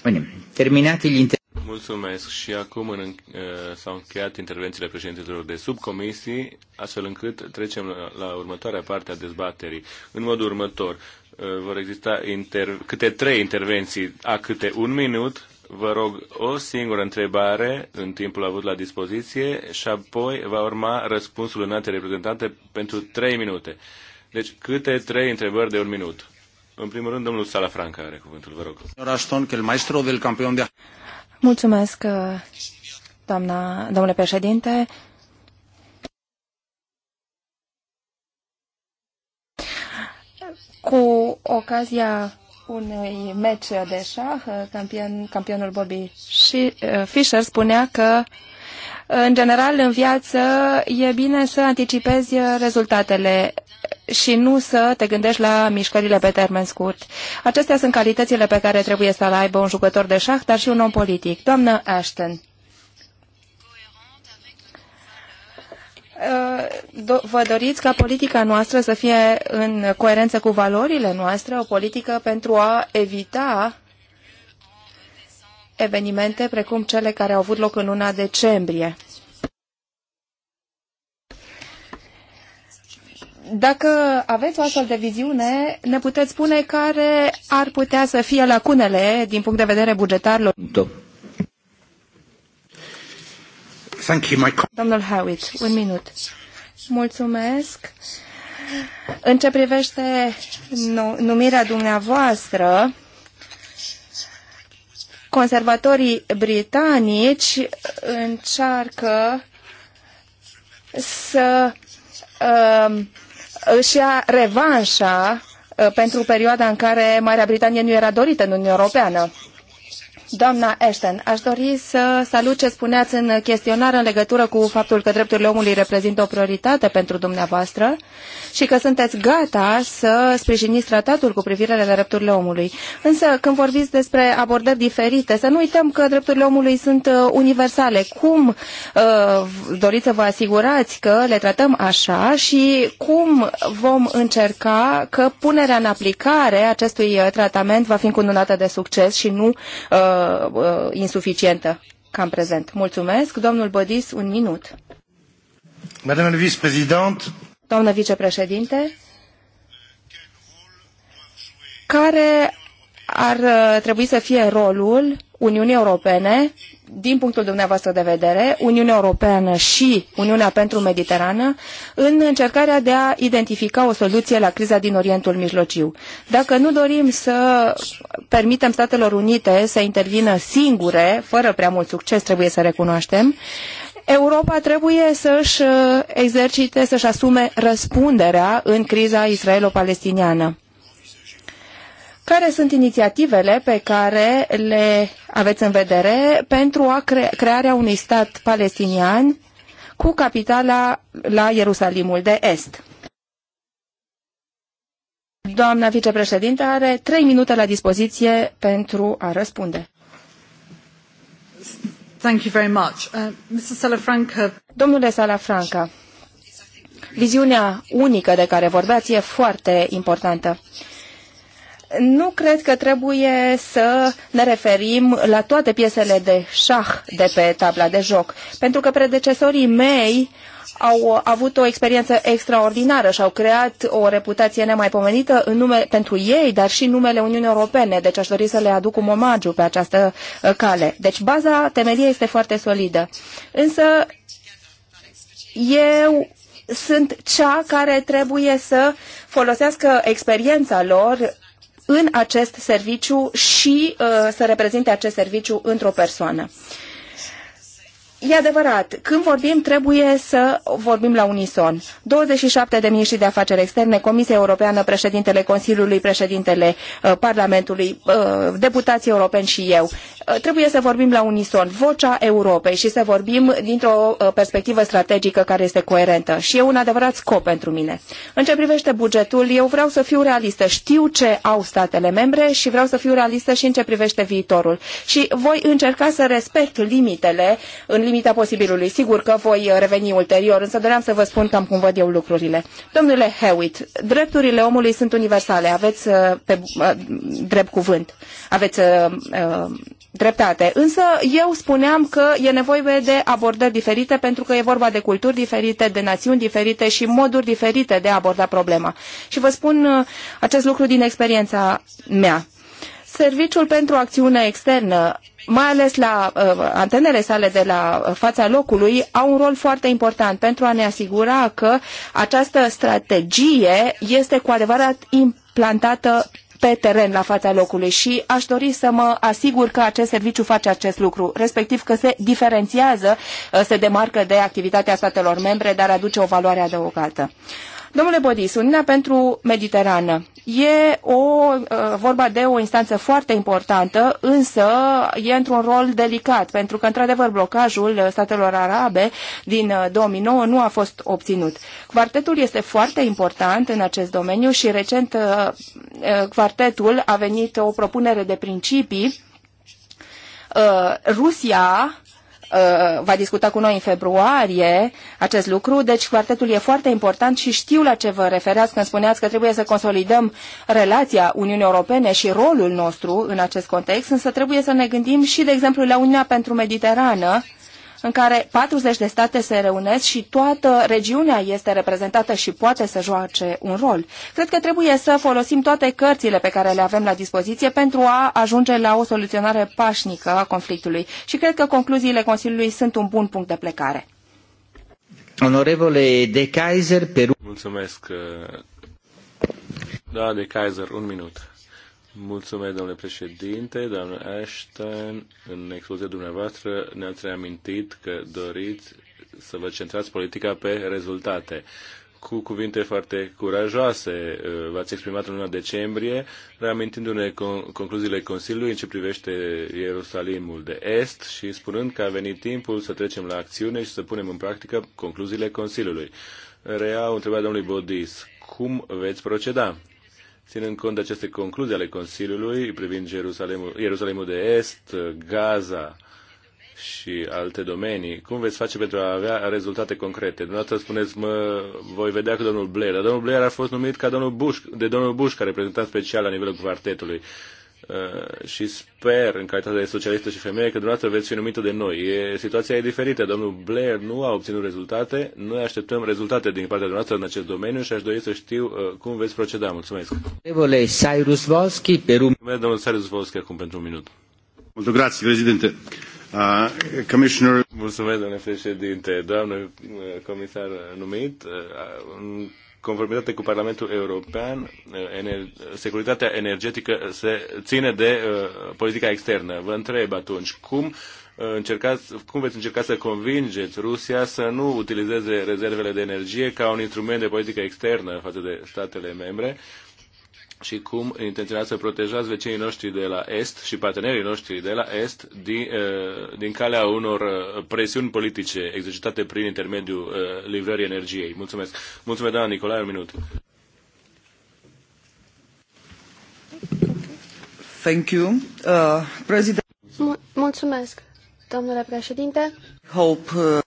S3: Bine, terminat inter... Mulțumesc și acum în, uh, s-au încheiat intervențiile președintelor de subcomisii, astfel încât trecem la, la următoarea parte a dezbaterii. În modul următor, Eh, vor exista inter- câte trei intervenții, a câte un minut. Vă rog o singură întrebare în timpul avut la dispoziție și apoi va urma răspunsul în alte reprezentante pentru trei minute. Deci câte trei întrebări de un minut. În primul rând, domnul Salafranca are cuvântul, vă rog. el maestro del
S2: Mulțumesc, eh, doamna, domnule președinte. Cu ocazia unui meci de șah, campion, campionul Bobby uh, Fischer spunea că în general, în viață, e bine să anticipezi rezultatele și nu să te gândești la mișcările pe termen scurt. Acestea sunt calitățile pe care trebuie să le aibă un jucător de șah, dar și un om politic. Doamnă Ashton, Uh, do vă doriți ca politica noastră să fie în coerență cu valorile noastre, o politică pentru a evita evenimente precum cele care au avut loc în luna decembrie. Dacă aveți o astfel de viziune, ne puteți spune care ar putea să fie lacunele din punct de vedere bugetar. Thank you, my... Domnul Howitt, un minut. Mulțumesc. În ce privește numirea dumneavoastră, conservatorii britanici încearcă să uh, își ia revanșa uh, pentru perioada în care Marea Britanie nu era dorită în Uniunea Europeană. Doamna Ashton, aș dori să salut ce spuneați în chestionar în legătură cu faptul că drepturile omului reprezintă o prioritate pentru dumneavoastră și că sunteți gata să sprijiniți tratatul cu privire la drepturile omului. Însă, când vorbiți despre abordări diferite, să nu uităm că drepturile omului sunt uh, universale. Cum uh, doriți să vă asigurați că le tratăm așa și cum vom încerca că punerea în aplicare acestui uh, tratament va fi încununată de succes și nu uh, Uh, uh, insuficientă ca în prezent. Mulțumesc. Domnul Bădis, un minut. Madame Doamnă vicepreședinte, care ar uh, trebui să fie rolul Uniunii Europene, din punctul dumneavoastră de vedere, Uniunea Europeană și Uniunea pentru Mediterană, în încercarea de a identifica o soluție la criza din Orientul Mijlociu. Dacă nu dorim să permitem Statelor Unite să intervină singure, fără prea mult succes, trebuie să recunoaștem, Europa trebuie să-și uh, exercite, să-și asume răspunderea în criza israelo-palestiniană care sunt inițiativele pe care le aveți în vedere pentru a cre crearea unui stat palestinian cu capitala la Ierusalimul de Est? Doamna vicepreședinte are trei minute la dispoziție pentru a răspunde.
S1: Thank you very much. Uh, Mr. Salafranca... Domnule
S2: Salafranca, viziunea unică de care vorbeați e foarte importantă nu cred că trebuie să ne referim la toate piesele de șah de pe tabla de joc, pentru că predecesorii mei au avut o experiență extraordinară și au creat o reputație nemaipomenită în nume, pentru ei, dar și în numele Uniunii Europene. Deci aș dori să le aduc un omagiu pe această uh, cale. Deci baza, temelia este foarte solidă. Însă eu sunt cea care trebuie să folosească experiența lor în acest serviciu și uh, să reprezinte acest serviciu într-o persoană. Uh, E adevărat, când vorbim, trebuie să vorbim la unison. 27 de miniștri de afaceri externe, Comisia Europeană, președintele Consiliului, președintele uh, Parlamentului, uh, deputații europeni și eu. Uh, trebuie să vorbim la unison, vocea Europei și să vorbim dintr-o uh, perspectivă strategică care este coerentă. Și e un adevărat scop pentru mine. În ce privește bugetul, eu vreau să fiu realistă. Știu ce au statele membre și vreau să fiu realistă și în ce privește viitorul. Și voi încerca să respect limitele în lim limita posibilului. Sigur că voi reveni ulterior, însă doream să vă spun cam cum văd eu lucrurile. Domnule Hewitt, drepturile omului sunt universale, aveți uh, pe uh, drept cuvânt, aveți uh, dreptate. Însă eu spuneam că e nevoie de abordări diferite pentru că e vorba de culturi diferite, de națiuni diferite și moduri diferite de a aborda problema. Și vă spun acest lucru din experiența mea. Serviciul pentru acțiune externă mai ales la uh, antenele sale de la fața locului, au un rol foarte important pentru a ne asigura că această strategie este cu adevărat implantată pe teren la fața locului și aș dori să mă asigur că acest serviciu face acest lucru, respectiv că se diferențiază, uh, se demarcă de activitatea statelor membre, dar aduce o valoare adăugată. Domnule Bodis, Uniunea pentru Mediterană E o, uh, vorba de o instanță foarte importantă, însă e într-un rol delicat, pentru că, într-adevăr, blocajul uh, statelor arabe din 2009 uh, nu a fost obținut. Quartetul este foarte important în acest domeniu și recent quartetul a venit o propunere de principii Rusia Uh, va discuta cu noi în februarie acest lucru, deci quartetul e foarte important și știu la ce vă referați când spuneați că trebuie să consolidăm relația Uniunii Europene și rolul nostru în acest context, însă trebuie să ne gândim și, de exemplu, la Uniunea pentru Mediterană, în care 40 de state se reunesc și toată regiunea este reprezentată și poate să joace un rol. Cred că trebuie să folosim toate cărțile pe care le avem la dispoziție pentru a ajunge la o soluționare pașnică a conflictului și cred că concluziile Consiliului sunt un bun punct de plecare.
S1: Onorevole De Kaiser, Peru.
S3: Mulțumesc. Da, De Kaiser, un minut. Mulțumesc, domnule președinte, doamnă Ashton. În expoziția dumneavoastră ne-ați reamintit că doriți să vă centrați politica pe rezultate. Cu cuvinte foarte curajoase uh, v-ați exprimat în luna decembrie, reamintindu-ne concluziile Consiliului în ce privește Ierusalimul de Est și spunând că a venit timpul să trecem la acțiune și să punem în practică concluziile Consiliului. Reau întrebarea domnului Bodis, cum veți proceda? ținând cont de aceste concluzii ale Consiliului privind Ierusalimul, Ierusalimul de Est, Gaza și alte domenii, cum veți face pentru a avea rezultate concrete? Dumneavoastră spuneți, mă voi vedea cu domnul Blair, dar domnul Blair a fost numit ca domnul Bush, de domnul Bush, ca reprezentant special la nivelul quartetului. Uh, și sper, în calitate de socialistă și femeie, că dumneavoastră veți fi numită de noi. E, situația e diferită. Domnul Blair nu a obținut rezultate. Noi așteptăm rezultate din partea dumneavoastră în acest domeniu și aș dori să știu uh, cum veți proceda. Mulțumesc.
S1: Cyrus Volski, per
S3: Mulțumesc, domnul Cyrus Volski, acum pentru un minut. Mulțumesc, grație, președinte. Uh, commissioner... Mulțumesc, domnule președinte. Doamnă uh, comisar numit, uh, conformitate cu Parlamentul European, eh, ener- securitatea energetică se ține de uh, politica externă. Vă întreb atunci, cum eh, încercați, cum veți încerca să convingeți Rusia să nu utilizeze rezervele de energie ca un instrument de politică externă față de statele membre și cum intenționați să protejați vecinii noștri de la Est și partenerii noștri de la Est din, uh, din calea unor uh, presiuni politice exercitate prin intermediul uh, livrării energiei. Mulțumesc. Mulțumesc, doamna Nicolae, un minut. Thank you. Uh, president...
S4: Mulțumesc, domnule președinte.
S3: Hope. Uh,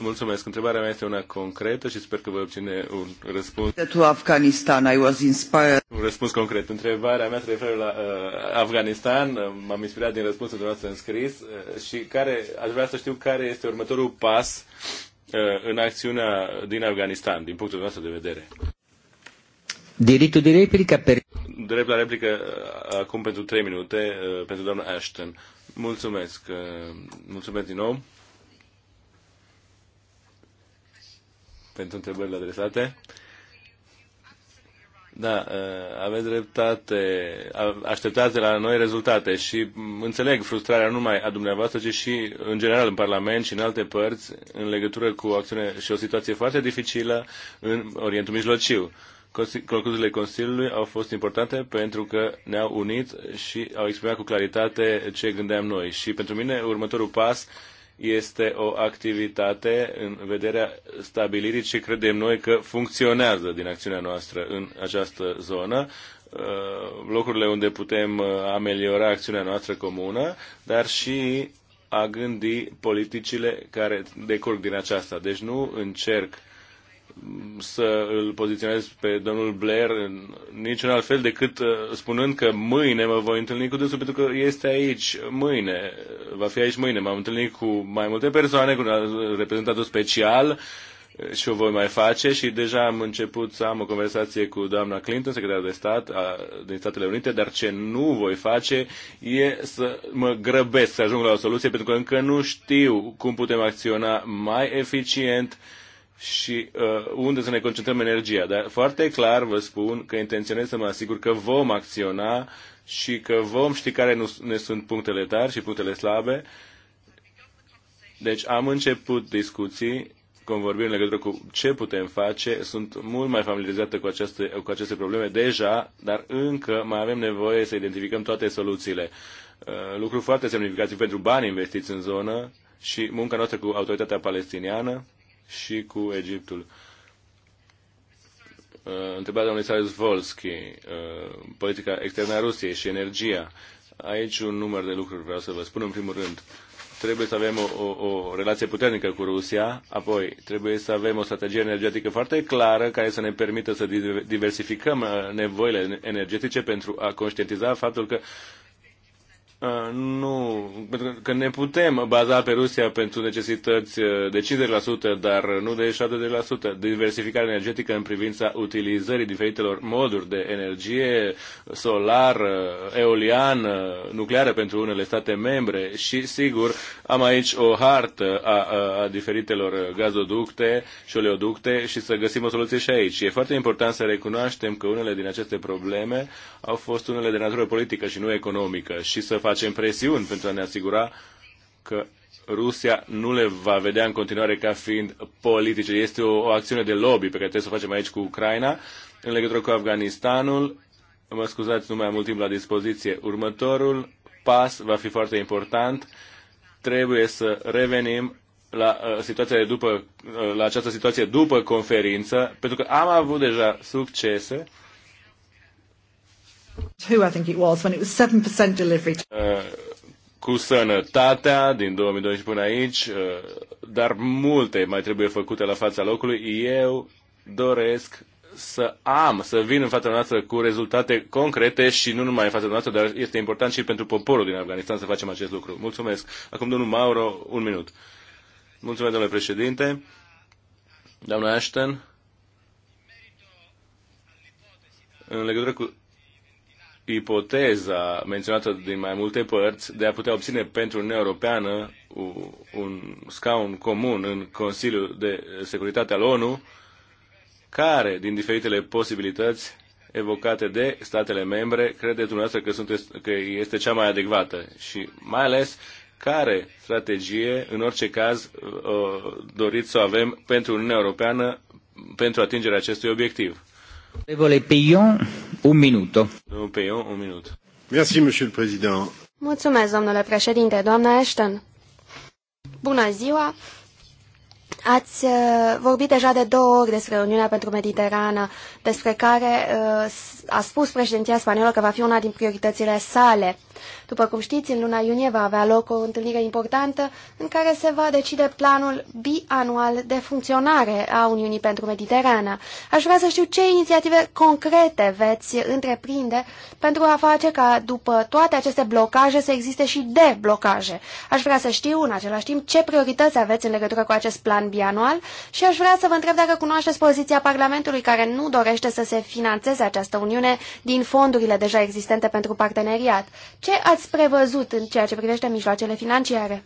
S3: mulțumesc. Întrebarea mea este una concretă și sper că voi obține un răspuns.
S1: To Afghanistan, I was inspired. Un
S3: răspuns concret. Întrebarea mea se referă la uh, Afganistan. M-am inspirat din răspunsul dumneavoastră în scris uh, și care, aș vrea să știu care este următorul pas uh, în acțiunea din Afganistan, din punctul nostru de vedere.
S1: Dreptul de replică
S3: per... Drept la replică uh, acum pentru trei minute, uh, pentru doamna Ashton. Mulțumesc. Mulțumesc din nou. pentru întrebările adresate. Da, ă, aveți dreptate. Așteptați la noi rezultate și înțeleg frustrarea nu numai a dumneavoastră, ci și în general în Parlament și în alte părți în legătură cu o acțiune și o situație foarte dificilă în Orientul Mijlociu. Concluziile Consiliului au fost importante pentru că ne-au unit și au exprimat cu claritate ce gândeam noi. Și pentru mine următorul pas este o activitate în vederea stabilirii și credem noi că funcționează din acțiunea noastră în această zonă uh, locurile unde putem uh, ameliora acțiunea noastră comună, dar și a gândi politicile care decurg din aceasta. Deci nu încerc să îl poziționez pe domnul Blair în niciun alt fel decât uh, spunând că mâine mă voi întâlni cu dânsul, pentru că este aici mâine, va fi aici mâine. M-am întâlnit cu mai multe persoane, cu un reprezentant special uh, și o voi mai face și deja am început să am o conversație cu doamna Clinton, secretar de stat a, din Statele Unite, dar ce nu voi face e să mă grăbesc să ajung la o soluție, pentru că încă nu știu cum putem acționa mai eficient uh, și uh, unde să ne concentrăm energia. Dar foarte clar vă spun că intenționez să mă asigur că vom acționa și că vom ști care nu, ne sunt punctele tari și punctele slabe. Deci am început discuții, vorbim în legătură cu ce putem face. Sunt mult mai familiarizată cu aceste, cu aceste probleme deja, dar încă mai avem nevoie să identificăm toate soluțiile. Uh, lucru foarte semnificativ pentru bani investiți în zonă și munca noastră cu autoritatea palestiniană și cu Egiptul. Uh, întrebarea domnului Sarius Volski, uh, politica externă a Rusiei și energia. Aici un număr de lucruri vreau să vă spun. În primul rând, trebuie să avem o, o, o relație puternică cu Rusia, apoi trebuie să avem o strategie energetică foarte clară care să ne permită să diversificăm uh, nevoile energetice pentru a conștientiza faptul că uh, Uh, nu, pentru că ne putem baza pe Rusia pentru necesități uh, de 50%, dar nu de 70%. Diversificarea energetică în privința utilizării diferitelor moduri de energie, solar, uh, eolian, nucleară pentru unele state membre și, sigur, am aici o hartă a, a, a diferitelor gazoducte și oleoducte și să găsim o soluție și aici. E foarte important să recunoaștem că unele din aceste probleme au fost unele de natură politică și nu economică și să facem facem presiuni pentru a ne asigura că Rusia nu le va vedea în continuare ca fiind politice. Este o, o acțiune de lobby pe care trebuie să o facem aici cu Ucraina. În legătură cu Afganistanul, mă scuzați, nu mai am mult timp la dispoziție. Următorul pas va fi foarte important. Trebuie să revenim la uh, situația de după, uh, la această situație după conferință, pentru că am avut deja succese
S1: Who I think it was, when it was 7% delivery.
S3: Uh, cu sănătatea din 2012 până aici, uh, dar multe mai trebuie făcute la fața locului. Eu doresc să am, să vin în fața noastră cu rezultate concrete și nu numai în fața noastră, dar este important și pentru poporul din Afganistan să facem acest lucru. Mulțumesc. Acum, domnul Mauro, un minut. Mulțumesc, domnule președinte. Doamna Ashton, în legătură cu ipoteza menționată din mai multe părți de a putea obține pentru Uniunea Europeană un scaun comun în Consiliul de Securitate al ONU, care din diferitele posibilități evocate de statele membre, credeți dumneavoastră că, sunteți, că este cea mai adecvată și mai ales care strategie, în orice caz, uh, doriți să o avem pentru Uniunea Europeană pentru atingerea acestui obiectiv? Domnule Peion, un minut. Domnul un minut. Merci, monsieur le président.
S4: Mulțumesc, domnule președinte, doamna Ashton. Bună ziua! Ați uh, vorbit deja de două ori despre Uniunea pentru Mediterană, despre care uh, a spus președinția spaniolă că va fi una din prioritățile sale. După cum știți, în luna iunie va avea loc o întâlnire importantă în care se va decide planul bianual de funcționare a Uniunii pentru Mediterana. Aș vrea să știu ce inițiative concrete veți întreprinde pentru a face ca după toate aceste blocaje să existe și deblocaje. Aș vrea să știu în același timp ce priorități aveți în legătură cu acest plan bianual și aș vrea să vă întreb dacă cunoașteți poziția Parlamentului care nu dorește să se financeze această Uniune din fondurile deja existente pentru parteneriat. Ce ați prevăzut în ceea ce privește mijloacele financiare?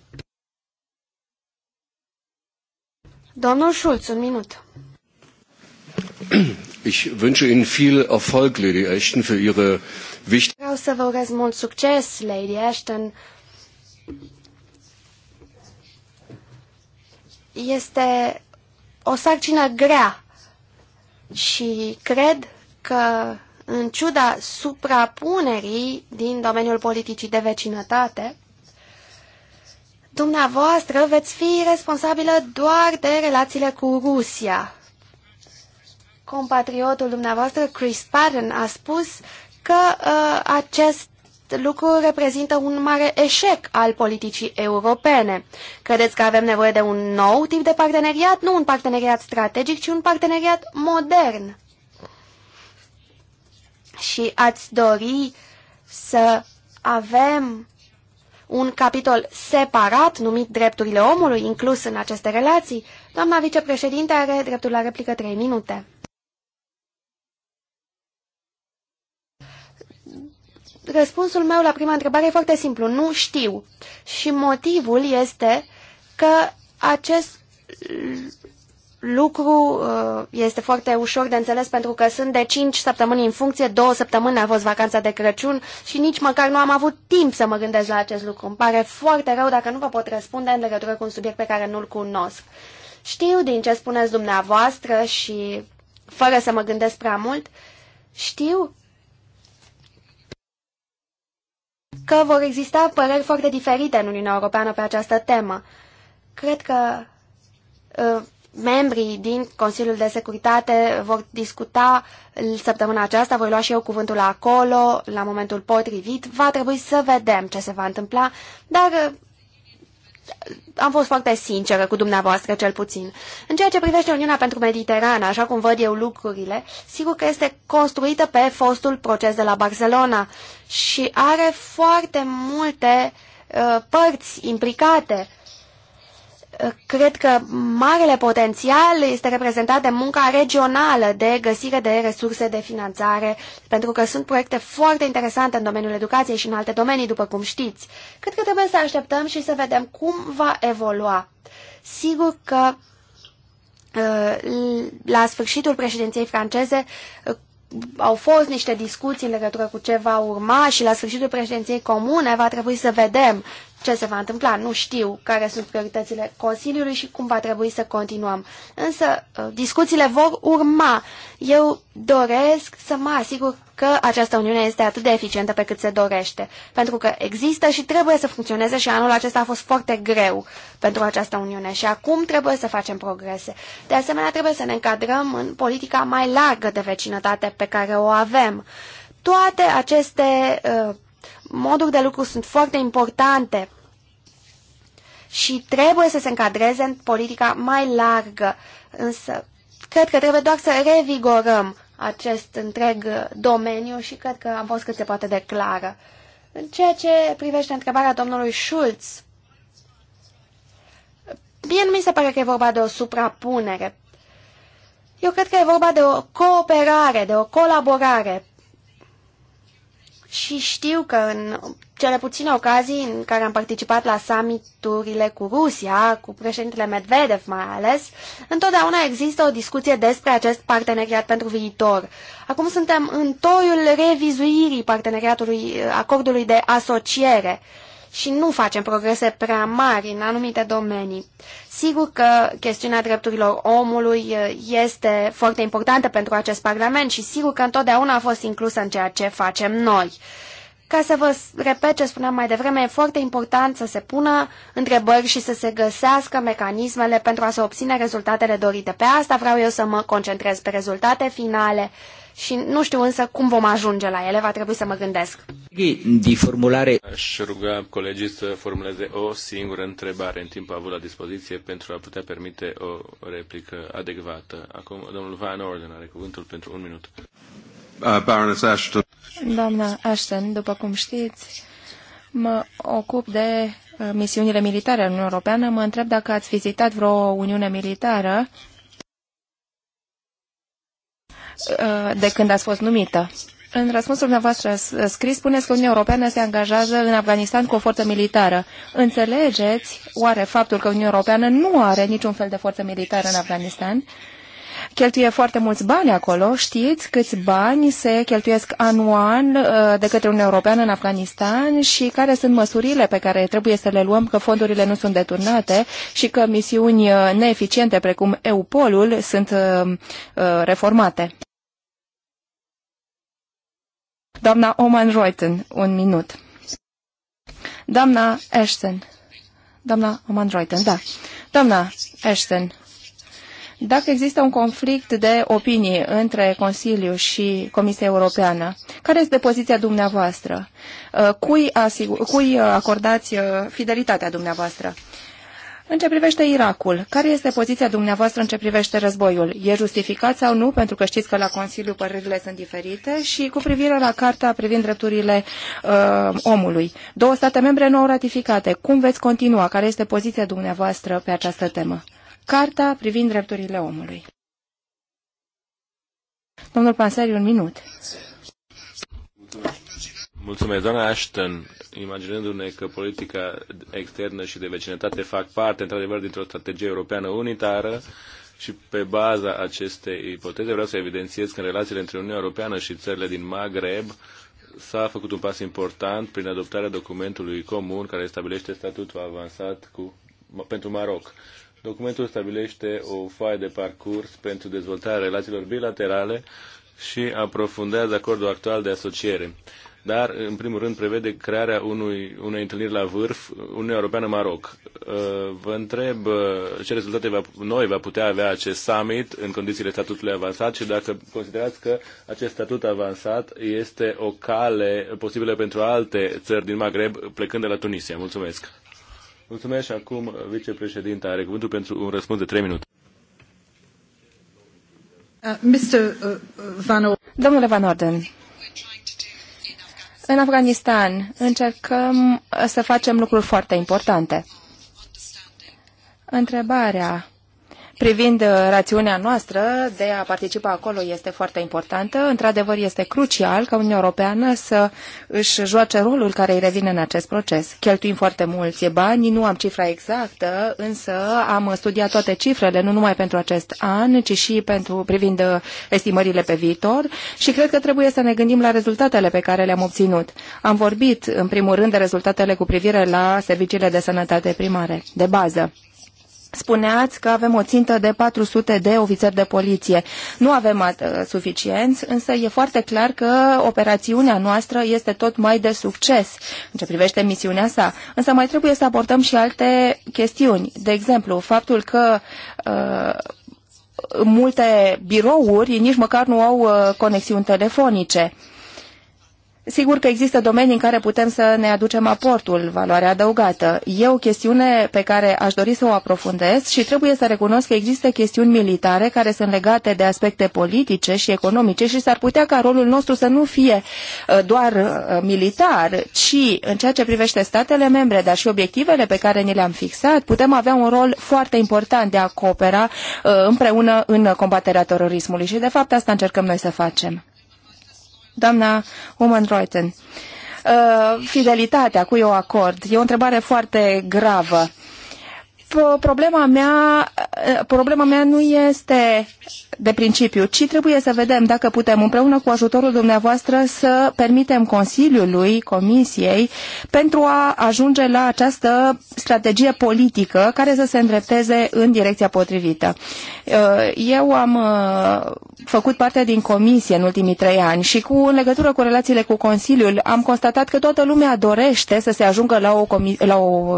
S4: Domnul Schulz, un minut.
S1: Ich wünsche Ihnen viel Erfolg, Lady Ashton, für Ihre wichtige...
S4: Vreau să vă urez mult succes, Lady Ashton. Este o sarcină grea și cred că în ciuda suprapunerii din domeniul politicii de vecinătate, dumneavoastră veți fi responsabilă doar de relațiile cu Rusia. Compatriotul dumneavoastră, Chris Patton, a spus că uh, acest lucru reprezintă un mare eșec al politicii europene. Credeți că avem nevoie de un nou tip de parteneriat? Nu un parteneriat strategic, ci un parteneriat modern și ați dori să avem un capitol separat numit drepturile omului inclus în aceste relații, doamna vicepreședinte are dreptul la replică 3 minute. Răspunsul meu la prima întrebare e foarte simplu, nu știu. Și motivul este că acest lucru uh, este foarte ușor de înțeles pentru că sunt de 5 săptămâni în funcție, două săptămâni a fost vacanța de Crăciun și nici măcar nu am avut timp să mă gândesc la acest lucru. Îmi pare foarte rău dacă nu vă pot răspunde în legătură cu un subiect pe care nu-l cunosc. Știu din ce spuneți dumneavoastră și fără să mă gândesc prea mult, știu că vor exista păreri foarte diferite în Uniunea Europeană pe această temă. Cred că uh, membrii din Consiliul de Securitate vor discuta săptămâna aceasta, voi lua și eu cuvântul acolo, la momentul potrivit. Va trebui să vedem ce se va întâmpla, dar eh, am fost foarte sinceră cu dumneavoastră, cel puțin. În ceea ce privește Uniunea pentru Mediterana, așa cum văd eu lucrurile, sigur că este construită pe fostul proces de la Barcelona și are foarte multe eh, părți implicate Cred că marele potențial este reprezentat de munca regională, de găsire de resurse de finanțare, pentru că sunt proiecte foarte interesante în domeniul educației și în alte domenii, după cum știți. Cred că trebuie să așteptăm și să vedem cum va evolua. Sigur că uh, la sfârșitul președinției franceze uh, au fost niște discuții în legătură cu ce va urma și la sfârșitul președinției comune va trebui să vedem ce se va întâmpla. Nu știu care sunt prioritățile Consiliului și cum va trebui să continuăm. Însă uh, discuțiile vor urma. Eu doresc să mă asigur că această Uniune este atât de eficientă pe cât se dorește. Pentru că există și trebuie să funcționeze și anul acesta a fost foarte greu pentru această Uniune și acum trebuie să facem progrese. De asemenea, trebuie să ne încadrăm în politica mai largă de vecinătate pe care o avem. Toate aceste uh, moduri de lucru sunt foarte importante și trebuie să se încadreze în politica mai largă, însă cred că trebuie doar să revigorăm acest întreg domeniu și cred că am fost cât se poate de clară. În ceea ce privește întrebarea domnului Schulz, mie nu mi se pare că e vorba de o suprapunere. Eu cred că e vorba de o cooperare, de o colaborare și știu că în cele puține ocazii în care am participat la summiturile cu Rusia, cu președintele Medvedev mai ales, întotdeauna există o discuție despre acest parteneriat pentru viitor. Acum suntem în toiul revizuirii parteneriatului, acordului de asociere. Uh, și nu facem progrese prea mari în anumite domenii. Sigur că chestiunea drepturilor omului este foarte importantă pentru acest Parlament și sigur că întotdeauna a fost inclusă în ceea ce facem noi. Ca să vă repet ce spuneam mai devreme, e foarte important să se pună întrebări și să se găsească mecanismele pentru a se obține rezultatele dorite. Pe asta vreau eu să mă concentrez, pe rezultate finale și nu știu însă cum vom ajunge la ele, va trebui să mă gândesc.
S3: De formulare... Aș ruga colegii să formuleze o singură întrebare în timp avut la dispoziție pentru a putea permite o replică adecvată. Acum, domnul Van Orden are cuvântul pentru un minut
S1: uh, Baroness Ashton.
S2: Doamna Ashton, după cum știți, mă ocup de uh, misiunile militare în Uniunea Europeană. Mă întreb dacă ați vizitat vreo Uniune militară uh, de când ați fost numită. În răspunsul dumneavoastră uh, scris, spuneți că Uniunea Europeană se angajează în Afganistan cu o forță militară. Înțelegeți oare faptul că Uniunea Europeană nu are niciun fel de forță militară în Afganistan? cheltuie foarte mulți bani acolo. Știți câți bani se cheltuiesc anual uh, de către un european în Afganistan și care sunt măsurile pe care trebuie să le luăm că fondurile nu sunt deturnate și că misiuni uh, neeficiente precum EUPOL-ul sunt uh, reformate. Doamna Oman Reuten, un minut. Doamna Ashton. Doamna Oman Reuten, da. Doamna Ashton, dacă există un conflict de opinii între Consiliu și Comisia Europeană, care este poziția dumneavoastră? Uh, cui, asigur, cui uh, acordați uh, fidelitatea dumneavoastră? În ce privește Irakul, care este poziția dumneavoastră în ce privește războiul? E justificat sau nu? Pentru că știți că la Consiliu părerile sunt diferite și cu privire la Carta privind drepturile uh, omului. Două state membre nu au ratificate. Cum veți continua? Care este poziția dumneavoastră pe această temă? Carta privind drepturile omului. Domnul Pansari, un minut.
S3: Mulțumesc. doamna Ashton. Imaginându-ne că politica externă și de vecinătate fac parte, într-adevăr, dintr-o strategie europeană unitară și pe baza acestei ipoteze vreau să evidențiez că în relațiile între Uniunea Europeană și țările din Maghreb s-a făcut un pas important prin adoptarea documentului comun care stabilește statutul avansat cu, pentru Maroc. Documentul stabilește o foaie de parcurs pentru dezvoltarea relațiilor bilaterale și aprofundează acordul actual de asociere. Dar, în primul rând, prevede crearea unui, unei întâlniri la vârf Uniunea Europeană-Maroc. Uh, vă întreb uh, ce rezultate va, noi va putea avea acest summit în condițiile statutului avansat și dacă considerați că acest statut avansat este o cale posibilă pentru alte țări din Maghreb plecând de la Tunisia. Mulțumesc! Mulțumesc și acum vicepreședinta are cuvântul pentru un răspuns de 3 minute.
S2: Uh, uh, uh, Domnule Van Orden, în Afganistan încercăm să facem lucruri foarte importante. Întrebarea privind uh, rațiunea noastră de a participa acolo este foarte importantă. Într-adevăr, este crucial ca Uniunea Europeană să își joace rolul care îi revine în acest proces. Cheltuim foarte mulți bani, nu am cifra exactă, însă am studiat toate cifrele, nu numai pentru acest an, ci și pentru privind uh, estimările pe viitor și cred că trebuie să ne gândim la rezultatele pe care le-am obținut. Am vorbit, în primul rând, de rezultatele cu privire la serviciile de sănătate primare, de bază. Spuneați că avem o țintă de 400 de ofițeri de poliție. Nu avem uh, suficienți, însă e foarte clar că operațiunea noastră este tot mai de succes în ce privește misiunea sa. Însă mai trebuie să abordăm și alte chestiuni. De exemplu, faptul că uh, multe birouri nici măcar nu au uh, conexiuni telefonice. Uh, Sigur că există domenii în care putem să ne aducem aportul, valoarea adăugată. E o chestiune pe care aș dori să o aprofundez și trebuie să recunosc că există chestiuni militare care sunt legate de aspecte politice și economice și s-ar putea ca rolul nostru să nu fie uh, doar uh, militar, ci în ceea ce privește statele membre, dar și obiectivele pe care ni le-am fixat, putem avea un rol foarte important de a coopera uh, împreună în combaterea terorismului și de fapt asta încercăm noi să facem doamna Woman Reuten. Uh, fidelitatea, cui o acord? E o întrebare foarte gravă problema mea, eh, problema mea nu este de principiu, ci trebuie să vedem dacă putem împreună cu ajutorul dumneavoastră să permitem Consiliului, Comisiei, pentru a ajunge la această strategie politică care să se îndrepteze în direcția potrivită. Eh, eu am eh, făcut parte din Comisie în ultimii trei ani și cu, în legătură cu relațiile cu Consiliul am constatat că toată lumea dorește să se ajungă la, o, la o,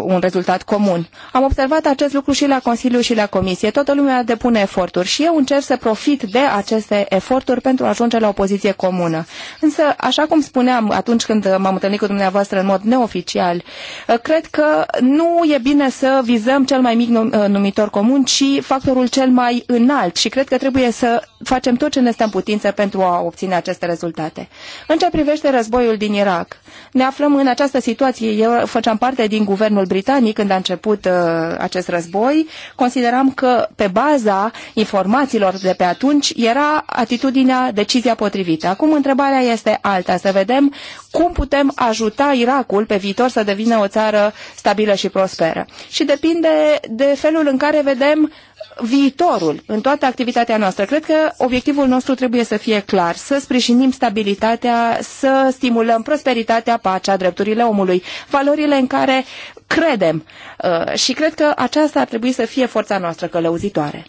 S2: un rezultat rezultat comun. Am observat acest lucru și la Consiliu și la Comisie. Toată lumea depune eforturi și eu încerc să profit de aceste eforturi pentru a ajunge la o poziție comună. Însă, așa cum spuneam atunci când m-am întâlnit cu dumneavoastră în mod neoficial, uh, cred că nu e bine să vizăm cel mai mic uh, numitor comun, ci factorul cel mai înalt și cred că trebuie să facem tot ce ne stă în putință pentru a obține aceste rezultate. În ce privește războiul din Irak, ne aflăm în această situație. Eu făceam parte din guvernul britanic Uniunii când a început uh, acest război, consideram că pe baza informațiilor de pe atunci era atitudinea, decizia potrivită. Acum întrebarea este alta, să vedem cum putem ajuta Irakul pe viitor să devină o țară stabilă și prosperă. Și depinde de felul în care vedem viitorul în toată activitatea noastră. Cred că obiectivul nostru trebuie să fie clar, să sprijinim stabilitatea, să stimulăm prosperitatea, pacea, drepturile omului, valorile în care credem. Uh, și cred că aceasta ar trebui să fie forța noastră călăuzitoare.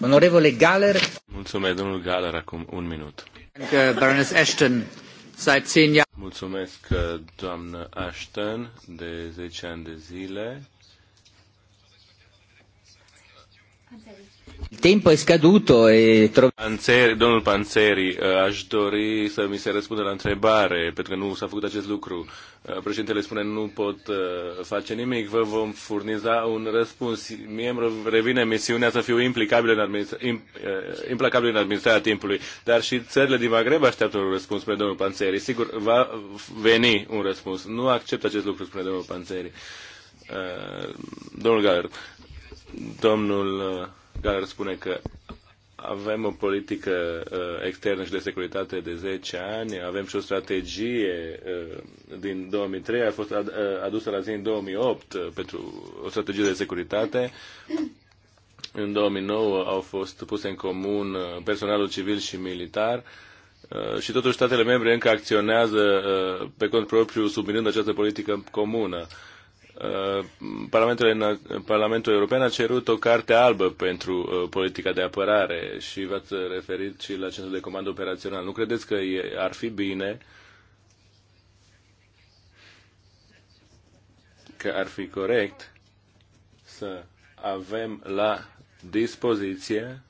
S1: Onorevole Galler.
S3: Mulțumesc, domnul Galler, acum un minut. Mulțumesc, doamnă Ashton, de 10 ani de zile. Tempo
S1: e scaduto
S3: e... Panzeri, domnul Panzeri, eh, aș dori să mi se răspundă la întrebare, pentru că nu s-a făcut acest lucru. Eh, președintele spune nu pot eh, face nimic, vă vom furniza un răspuns. Mie îmi revine misiunea să fiu implicabil în administra- implacabil în administrarea timpului, dar și țările din Maghreb așteaptă un răspuns, spune domnul Panzeri. Sigur, va veni un răspuns. Nu accept acest lucru, spune domnul Panzeri. Domnul Galer, domnul care ar spune că avem o politică uh, externă și de securitate de 10 ani, avem și o strategie uh, din 2003, a fost ad, uh, adusă la zi în 2008 uh, pentru o strategie de securitate. În 2009 au fost puse în comun uh, personalul civil și militar uh, și totuși statele membre încă acționează uh, pe cont propriu subminând această politică comună. Uh, Parlamentul, Parlamentul European a cerut o carte albă pentru uh, politica de apărare și v-ați referit și la centrul de comandă operațional. Nu credeți că ar fi bine că ar fi corect să avem la dispoziție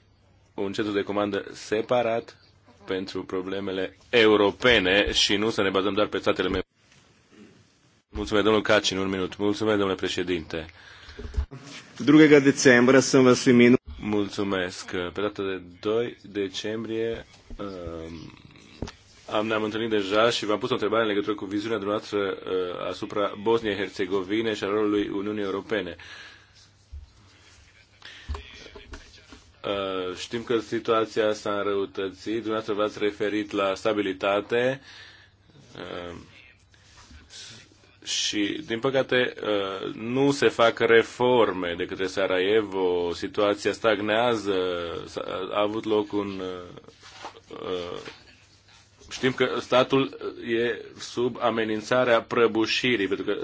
S3: un centru de comandă separat pentru problemele europene și nu să ne bazăm doar pe statele membre. Mulțumesc, domnul Cacin, un minut. Mulțumesc, domnule președinte. 2 decembrie să vă Mulțumesc. Pe data de 2 decembrie um, am, ne-am întâlnit deja și v-am pus o întrebare în legătură cu viziunea dumneavoastră uh, asupra Bosniei-Herzegovine și a rolului Uniunii Europene. Uh, știm că situația s-a înrăutățit, dumneavoastră v-ați referit la stabilitate. Uh, și, din păcate, uh, nu se fac reforme de către Sarajevo, situația stagnează, a avut loc un uh, uh, Știm că statul e sub amenințarea prăbușirii, pentru că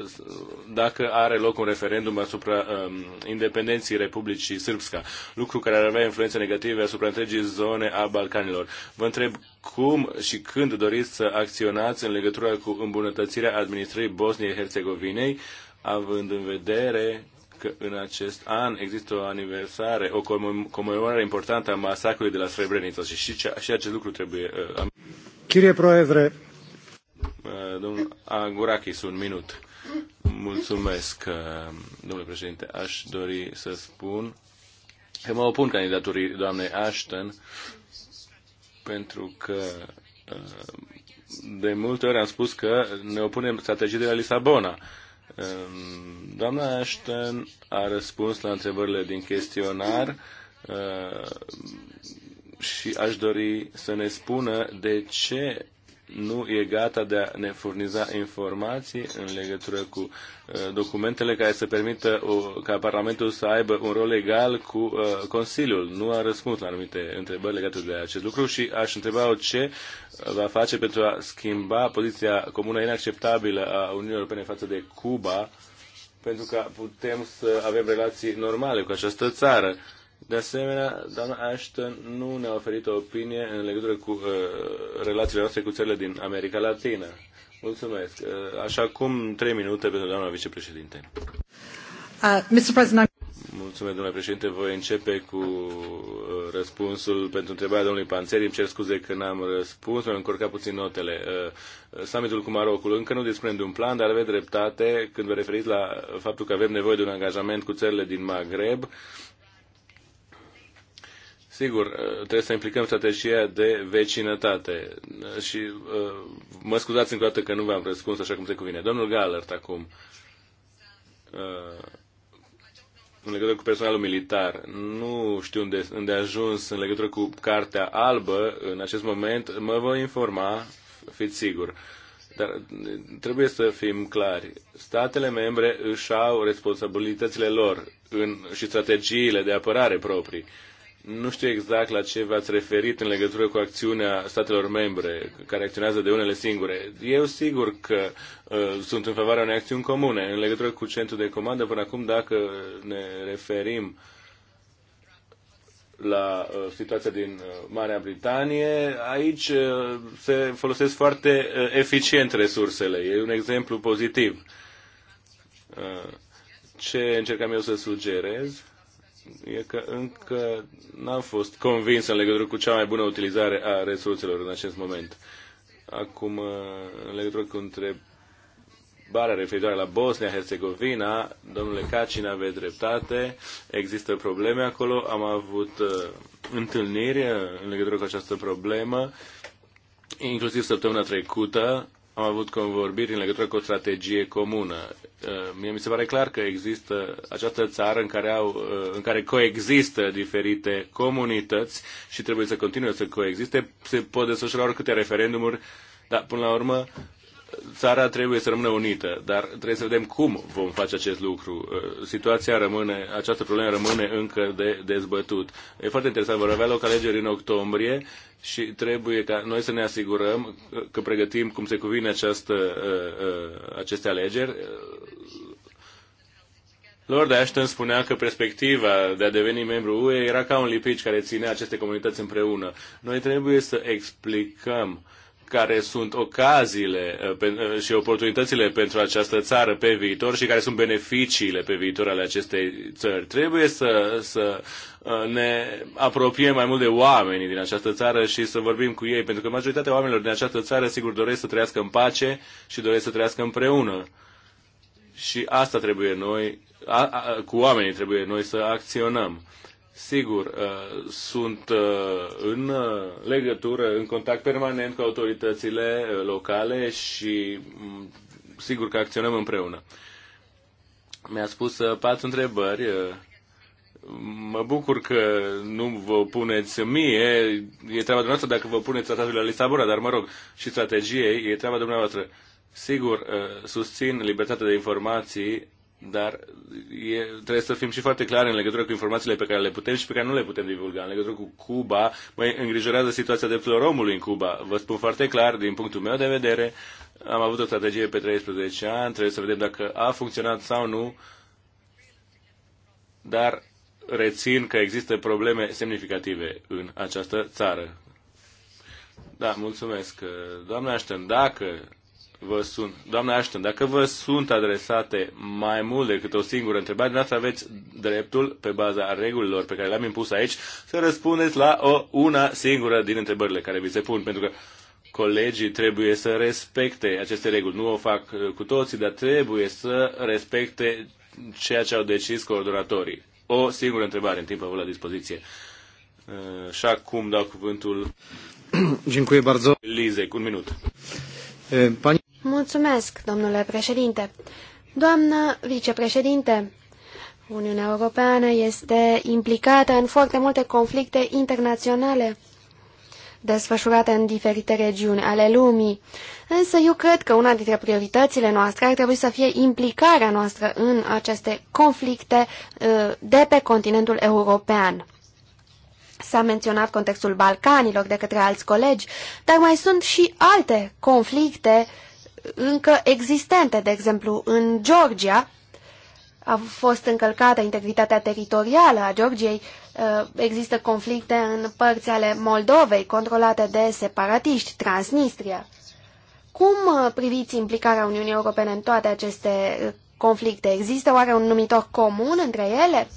S3: dacă are loc un referendum asupra um, independenței Republicii Sârbska, lucru care ar avea influențe negative asupra întregii zone a Balcanilor. Vă întreb cum și când doriți să acționați în legătură cu îmbunătățirea administrării Bosniei-Herzegovinei, având în vedere că în acest an există o aniversare, o comemorare importantă a masacrului de la Srebrenica și, și, și acest lucru trebuie uh,
S1: Chirie Proevre.
S3: Domnul Angurakis, un minut. Mulțumesc, uh, domnule președinte. Aș dori să spun că mă opun candidaturii doamnei Ashton pentru că uh, de multe ori am spus că ne opunem strategiei de la Lisabona. Um, doamna Ashton a răspuns la întrebările din chestionar uh, și aș dori să ne spună de ce nu e gata de a ne furniza informații în legătură cu uh, documentele care să permită o, ca Parlamentul să aibă un rol legal cu uh, Consiliul. Nu a răspuns la anumite întrebări legate de acest lucru și aș întreba-o ce va face pentru a schimba poziția comună inacceptabilă a Uniunii Europene față de Cuba pentru că putem să avem relații normale cu această țară. Uh, de asemenea, doamna Ashton nu ne-a oferit o opinie în legătură cu uh, relațiile noastre cu țările din America Latină. Mulțumesc. Uh, așa cum trei minute pentru doamna vicepreședinte.
S2: Uh, Mr. President,
S3: Mulțumesc, domnule președinte. Voi începe cu uh, răspunsul pentru întrebarea domnului Panțeri. Îmi cer scuze că n-am răspuns, mi-am încurcat puțin notele. Uh, summitul cu Marocul. Încă nu dispunem de un plan, dar aveți dreptate când vă referiți la faptul că avem nevoie de un angajament cu țările din Maghreb Sigur, uh, trebuie să implicăm strategia de vecinătate. Uh, și uh, mă scuzați încă o dată că nu v-am răspuns așa cum se cuvine. Domnul Gallert acum în legătură cu personalul militar. Nu știu unde, unde ajuns în legătură cu Cartea Albă în acest moment. Mă voi informa, fiți sigur. Dar trebuie să fim clari. Statele membre își au responsabilitățile lor în, și strategiile de apărare proprii. Uh, nu știu exact la ce v-ați referit în legătură cu acțiunea statelor membre, care acționează de unele singure. Eu sigur că uh, sunt în favoarea unei acțiuni comune. În legătură cu centru de comandă, până acum, dacă ne referim la uh, situația din uh, Marea Britanie, aici uh, se folosesc foarte uh, eficient resursele. E un exemplu pozitiv. Uh, ce încercam eu să sugerez e că încă n-am fost convins în legătură cu cea mai bună utilizare a resurselor în acest moment. Acum, uh, în legătură cu întrebarea referitoare la Bosnia-Herzegovina, domnule Cacin aveți dreptate, există probleme acolo, am avut uh, întâlniri uh, în legătură cu această problemă, inclusiv săptămâna trecută, am avut convorbiri în legătură cu o strategie comună. Uh, mie mi se pare clar că există această țară în care, au, uh, în care coexistă diferite comunități și trebuie să continue să coexiste. Se pot desfășura oricâte referendumuri, dar până la urmă țara trebuie să rămână unită, dar trebuie să vedem cum vom face acest lucru. Uh, situația rămâne, această problemă rămâne încă de dezbătut. E foarte interesant, vor avea loc alegeri în octombrie și trebuie ca noi să ne asigurăm că pregătim cum se cuvine această, uh, uh, aceste alegeri. Lord Ashton spunea că perspectiva de a deveni membru UE era ca un lipici care ținea aceste comunități împreună. Noi trebuie să explicăm uh, care sunt ocaziile uh, uh, și oportunitățile pentru această țară pe viitor și care sunt beneficiile pe viitor ale acestei țări. Trebuie să, să uh, ne apropiem mai mult de oamenii din această țară și să vorbim cu ei, pentru că majoritatea oamenilor din această țară sigur doresc să trăiască în pace și doresc să trăiască împreună. Și asta trebuie noi, a, a, cu oamenii trebuie noi să acționăm. Sigur, uh, sunt uh, în uh, legătură, în contact permanent cu autoritățile locale și mm, sigur că acționăm împreună. Mi-a spus patru întrebări. Mă bucur că nu vă puneți mie, e treaba dumneavoastră dacă vă puneți tratatul la Lisabona, dar mă rog, și strategiei, e treaba dumneavoastră. Sigur, susțin libertatea de informații dar e, trebuie să fim și foarte clari în legătură cu informațiile pe care le putem și pe care nu le putem divulga. În legătură cu Cuba, mă îngrijorează situația de omului în Cuba. Vă spun foarte clar, din punctul meu de vedere, am avut o strategie pe 13 ani, trebuie să vedem dacă a funcționat sau nu, dar rețin că există probleme semnificative în această țară. Da, mulțumesc. Doamna Ashton, dacă vă sunt, doamna Ashton, dacă vă sunt adresate mai mult decât o singură întrebare, dumneavoastră aveți dreptul, pe baza regulilor pe care le-am impus aici, să răspundeți la o, una singură din întrebările care vi se pun, pentru că colegii trebuie să respecte aceste reguli. Nu o fac uh, cu toții, dar trebuie să respecte ceea ce au decis coordonatorii. O singură întrebare în timpul la dispoziție. Uh, și acum dau cuvântul Dziękuję bardzo. Lizek, un minut. Pani Mulțumesc,
S4: domnule președinte. Doamnă vicepreședinte, Uniunea Europeană este implicată în foarte multe conflicte internaționale desfășurate în diferite regiuni ale lumii. Însă eu cred că una dintre prioritățile noastre ar trebui să fie implicarea noastră în aceste conflicte uh, de pe continentul european. S-a menționat contextul Balcanilor de către alți colegi, dar mai sunt și alte conflicte uh, încă existente. De exemplu, în Georgia a fost încălcată integritatea teritorială a Georgiei, uh, există conflicte în părți ale Moldovei controlate de separatiști, Transnistria. Cum uh, priviți implicarea Uniunii Europene în toate aceste uh, conflicte? Există oare un numitor comun între ele?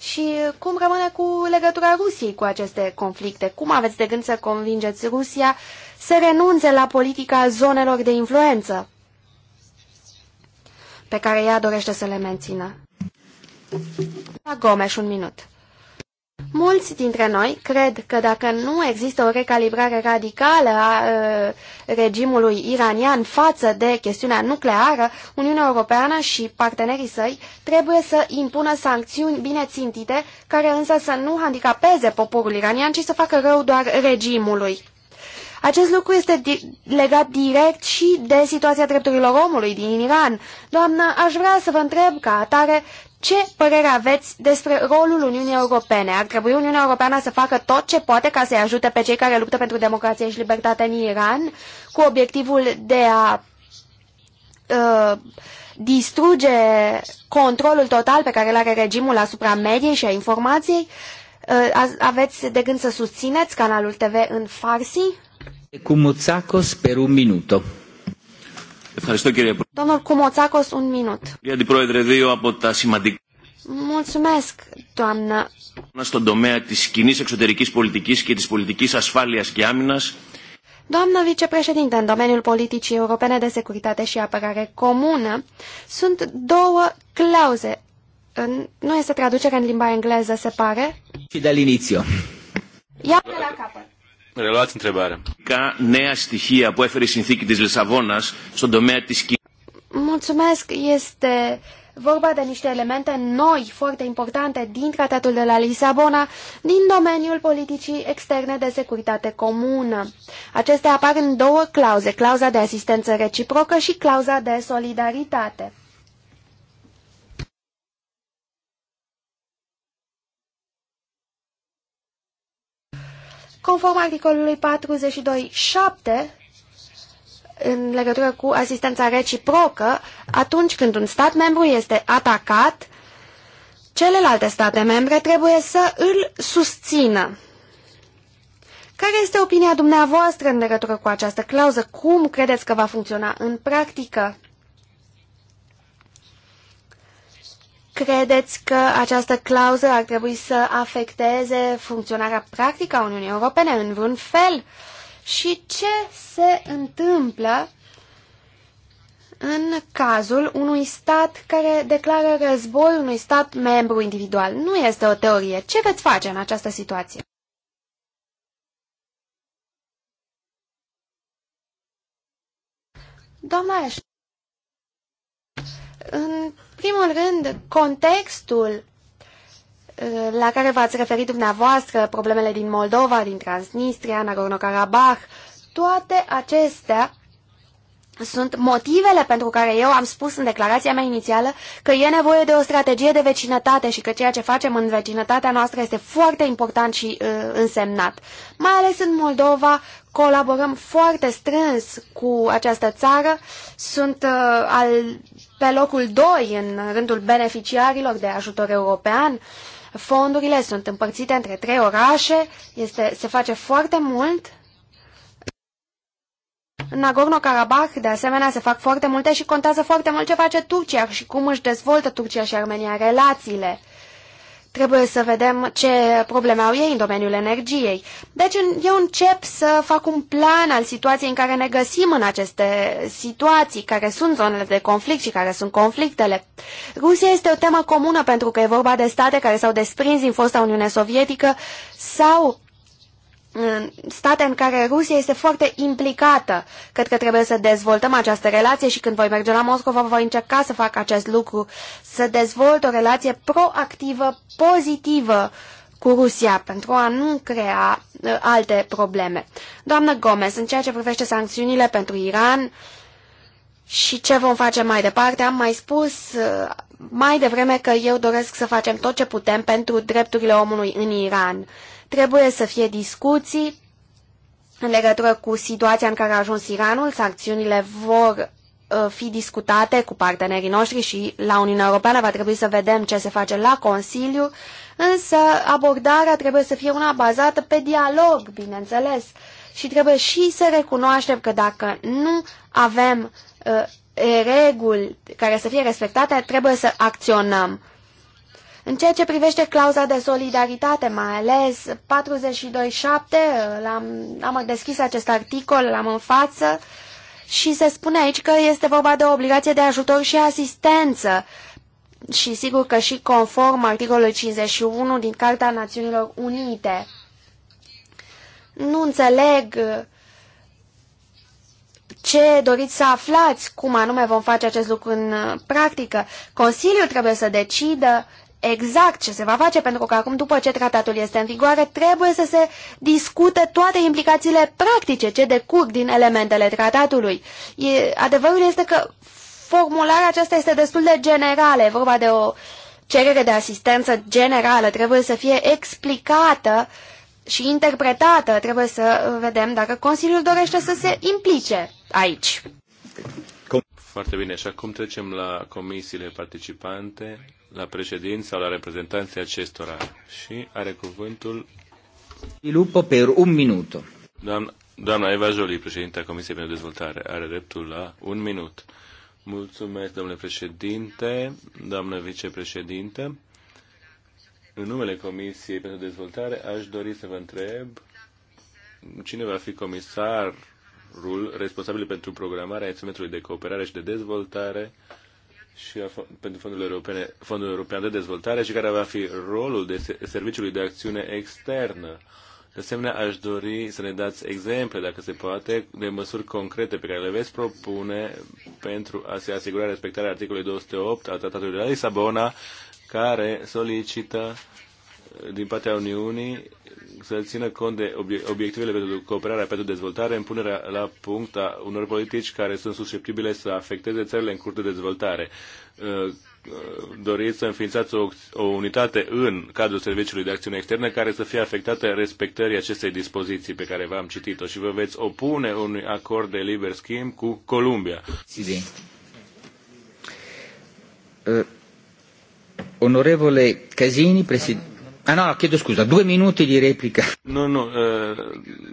S4: Și cum rămâne cu legătura Rusiei cu aceste conflicte? Cum aveți de gând să convingeți Rusia uh, să renunțe la politica zonelor de influență pe care ea dorește să le mențină. La da, Gomes, un minut. Mulți dintre noi cred că dacă nu există o recalibrare radicală a e, ă, regimului iranian față de chestiunea nucleară, Uniunea Europeană și partenerii săi trebuie să impună sancțiuni bine țintite, care însă să nu handicapeze poporul iranian, ci să facă rău doar regimului. Acest lucru este di legat direct și de situația drepturilor omului din Iran. Doamnă, aș vrea să vă întreb ca atare ce părere aveți despre rolul Uniunii Europene? Ar trebui Uniunea Europeană să facă tot ce poate ca să-i ajute pe cei care luptă pentru democrație și libertate în Iran cu obiectivul de a uh, distruge controlul total pe care îl are regimul asupra mediei și a informației? Ă, aveți de gând să susțineți canalul TV în Farsi?
S1: Cumuțacos, per un minut.
S4: Domnul Cumuțacos, un minut. Mulțumesc, doamnă.
S3: Στον τομέα της κοινής εξωτερικής πολιτικής και της πολιτικής ασφάλειας και άμυνας,
S4: Doamnă vicepreședinte, în domeniul politicii europene de securitate și apărare comună, sunt două clauze. Nu este traducere în limba engleză, se pare?
S1: Și de Ia
S4: de la capăt.
S3: Reluați întrebarea. Ca nea stihia που έφερε η συνθήκη της Λισαβόνας στον τομέα της
S4: Mulțumesc, este vorba de niște elemente noi foarte importante din Tratatul de la Lisabona, din domeniul politicii externe de securitate comună. Acestea apar în două clauze, clauza de asistență reciprocă și clauza de solidaritate. Conform articolului 42.7, în legătură cu asistența reciprocă, atunci când un stat membru este atacat, celelalte state membre trebuie să îl susțină. Care este opinia dumneavoastră în legătură cu această clauză? Cum credeți că va funcționa în practică? Credeți că această clauză ar trebui să afecteze funcționarea practică a Uniunii Europene în vreun fel? Și ce se întâmplă în cazul unui stat care declară război unui stat membru individual? Nu este o teorie. Ce veți face în această situație? Doamna în primul rând, contextul uh, la care v-ați referit dumneavoastră, problemele din Moldova, din Transnistria, Nagorno-Karabakh, toate acestea sunt motivele pentru care eu am spus în declarația mea inițială că e nevoie de o strategie de vecinătate și că ceea ce facem în vecinătatea noastră este foarte important și uh, însemnat. Mai ales în Moldova colaborăm foarte strâns cu această țară. Sunt uh, al pe locul 2 în rândul beneficiarilor de ajutor european. Fondurile sunt împărțite între trei orașe, este, se face foarte mult. În Nagorno-Karabakh, de asemenea, se fac foarte multe și contează foarte mult ce face Turcia și cum își dezvoltă Turcia și Armenia relațiile. Trebuie să vedem ce probleme au ei în domeniul energiei. Deci eu încep să fac un plan al situației în care ne găsim în aceste situații, care sunt zonele de conflict și care sunt conflictele. Rusia este o temă comună pentru că e vorba de state care s-au desprins din fosta Uniune Sovietică sau state în care Rusia este foarte implicată. Cred că trebuie să dezvoltăm această relație și când voi merge la Moscova voi încerca să fac acest lucru, să dezvolt o relație proactivă, pozitivă cu Rusia pentru a nu crea uh, alte probleme. Doamnă Gomez, în ceea ce privește sancțiunile pentru Iran și ce vom face mai departe, am mai spus uh, mai devreme că eu doresc să facem tot ce putem pentru drepturile omului în Iran. Uh, Trebuie să fie discuții în legătură cu situația în care a ajuns Iranul. Sancțiunile vor uh, fi discutate cu partenerii noștri și la Uniunea Europeană va trebui să vedem ce se face la Consiliu, însă abordarea trebuie să fie una bazată pe dialog, bineînțeles, și trebuie și să recunoaștem că dacă nu avem uh, reguli care să fie respectate, trebuie să acționăm. În ceea ce privește clauza de solidaritate, mai ales 42.7, am am deschis acest articol, l-am în față și se spune aici că este vorba de o obligație de ajutor și asistență și sigur că și conform articolului 51 din Carta Națiunilor Unite. Nu înțeleg ce doriți să aflați, cum anume vom face acest lucru în practică. Consiliul trebuie să decidă, exact ce se va face, pentru că acum, după ce tratatul este în vigoare, trebuie să se discute toate implicațiile practice ce decurg din elementele tratatului. E, adevărul este că formularea aceasta este destul de generală, e vorba de o cerere de asistență generală, trebuie să fie explicată și interpretată, trebuie să vedem dacă Consiliul dorește să se implice aici.
S3: Foarte bine. Și acum trecem la comisiile participante la președinți sau la reprezentanții acestora. Și are cuvântul...
S1: Lupo per un minut.
S3: Doamna, doamna Eva Jolie, președinta Comisiei pentru Dezvoltare, are dreptul la un minut. Mulțumesc, domnule președinte, doamnă vicepreședinte. În numele Comisiei pentru Dezvoltare aș dori să vă întreb cine va fi comisarul responsabil pentru programarea instrumentului de cooperare și de dezvoltare și a, pentru fondul, europene, fondul European de Dezvoltare și care va fi rolul de Serviciului de Acțiune Externă. De asemenea, aș dori să ne dați exemple, dacă se poate, de măsuri concrete pe care le veți propune pentru a se asigura respectarea articolului 208 al Tratatului de la Lisabona, care solicită din partea Uniunii să țină cont de obiectivele pentru cooperarea pentru dezvoltare în punerea la punct a unor politici care sunt susceptibile să afecteze țările în curs de dezvoltare. Uh, doriți să înființați o, o unitate în cadrul Serviciului de Acțiune Externă care să fie afectată respectării acestei dispoziții pe care v-am citit-o și vă veți opune unui acord de liber schimb cu Columbia.
S1: Uh, onorevole Casini, președinte. Ah, no, chiedo scusa, due minuti di replica.
S3: Nu, nu, eh,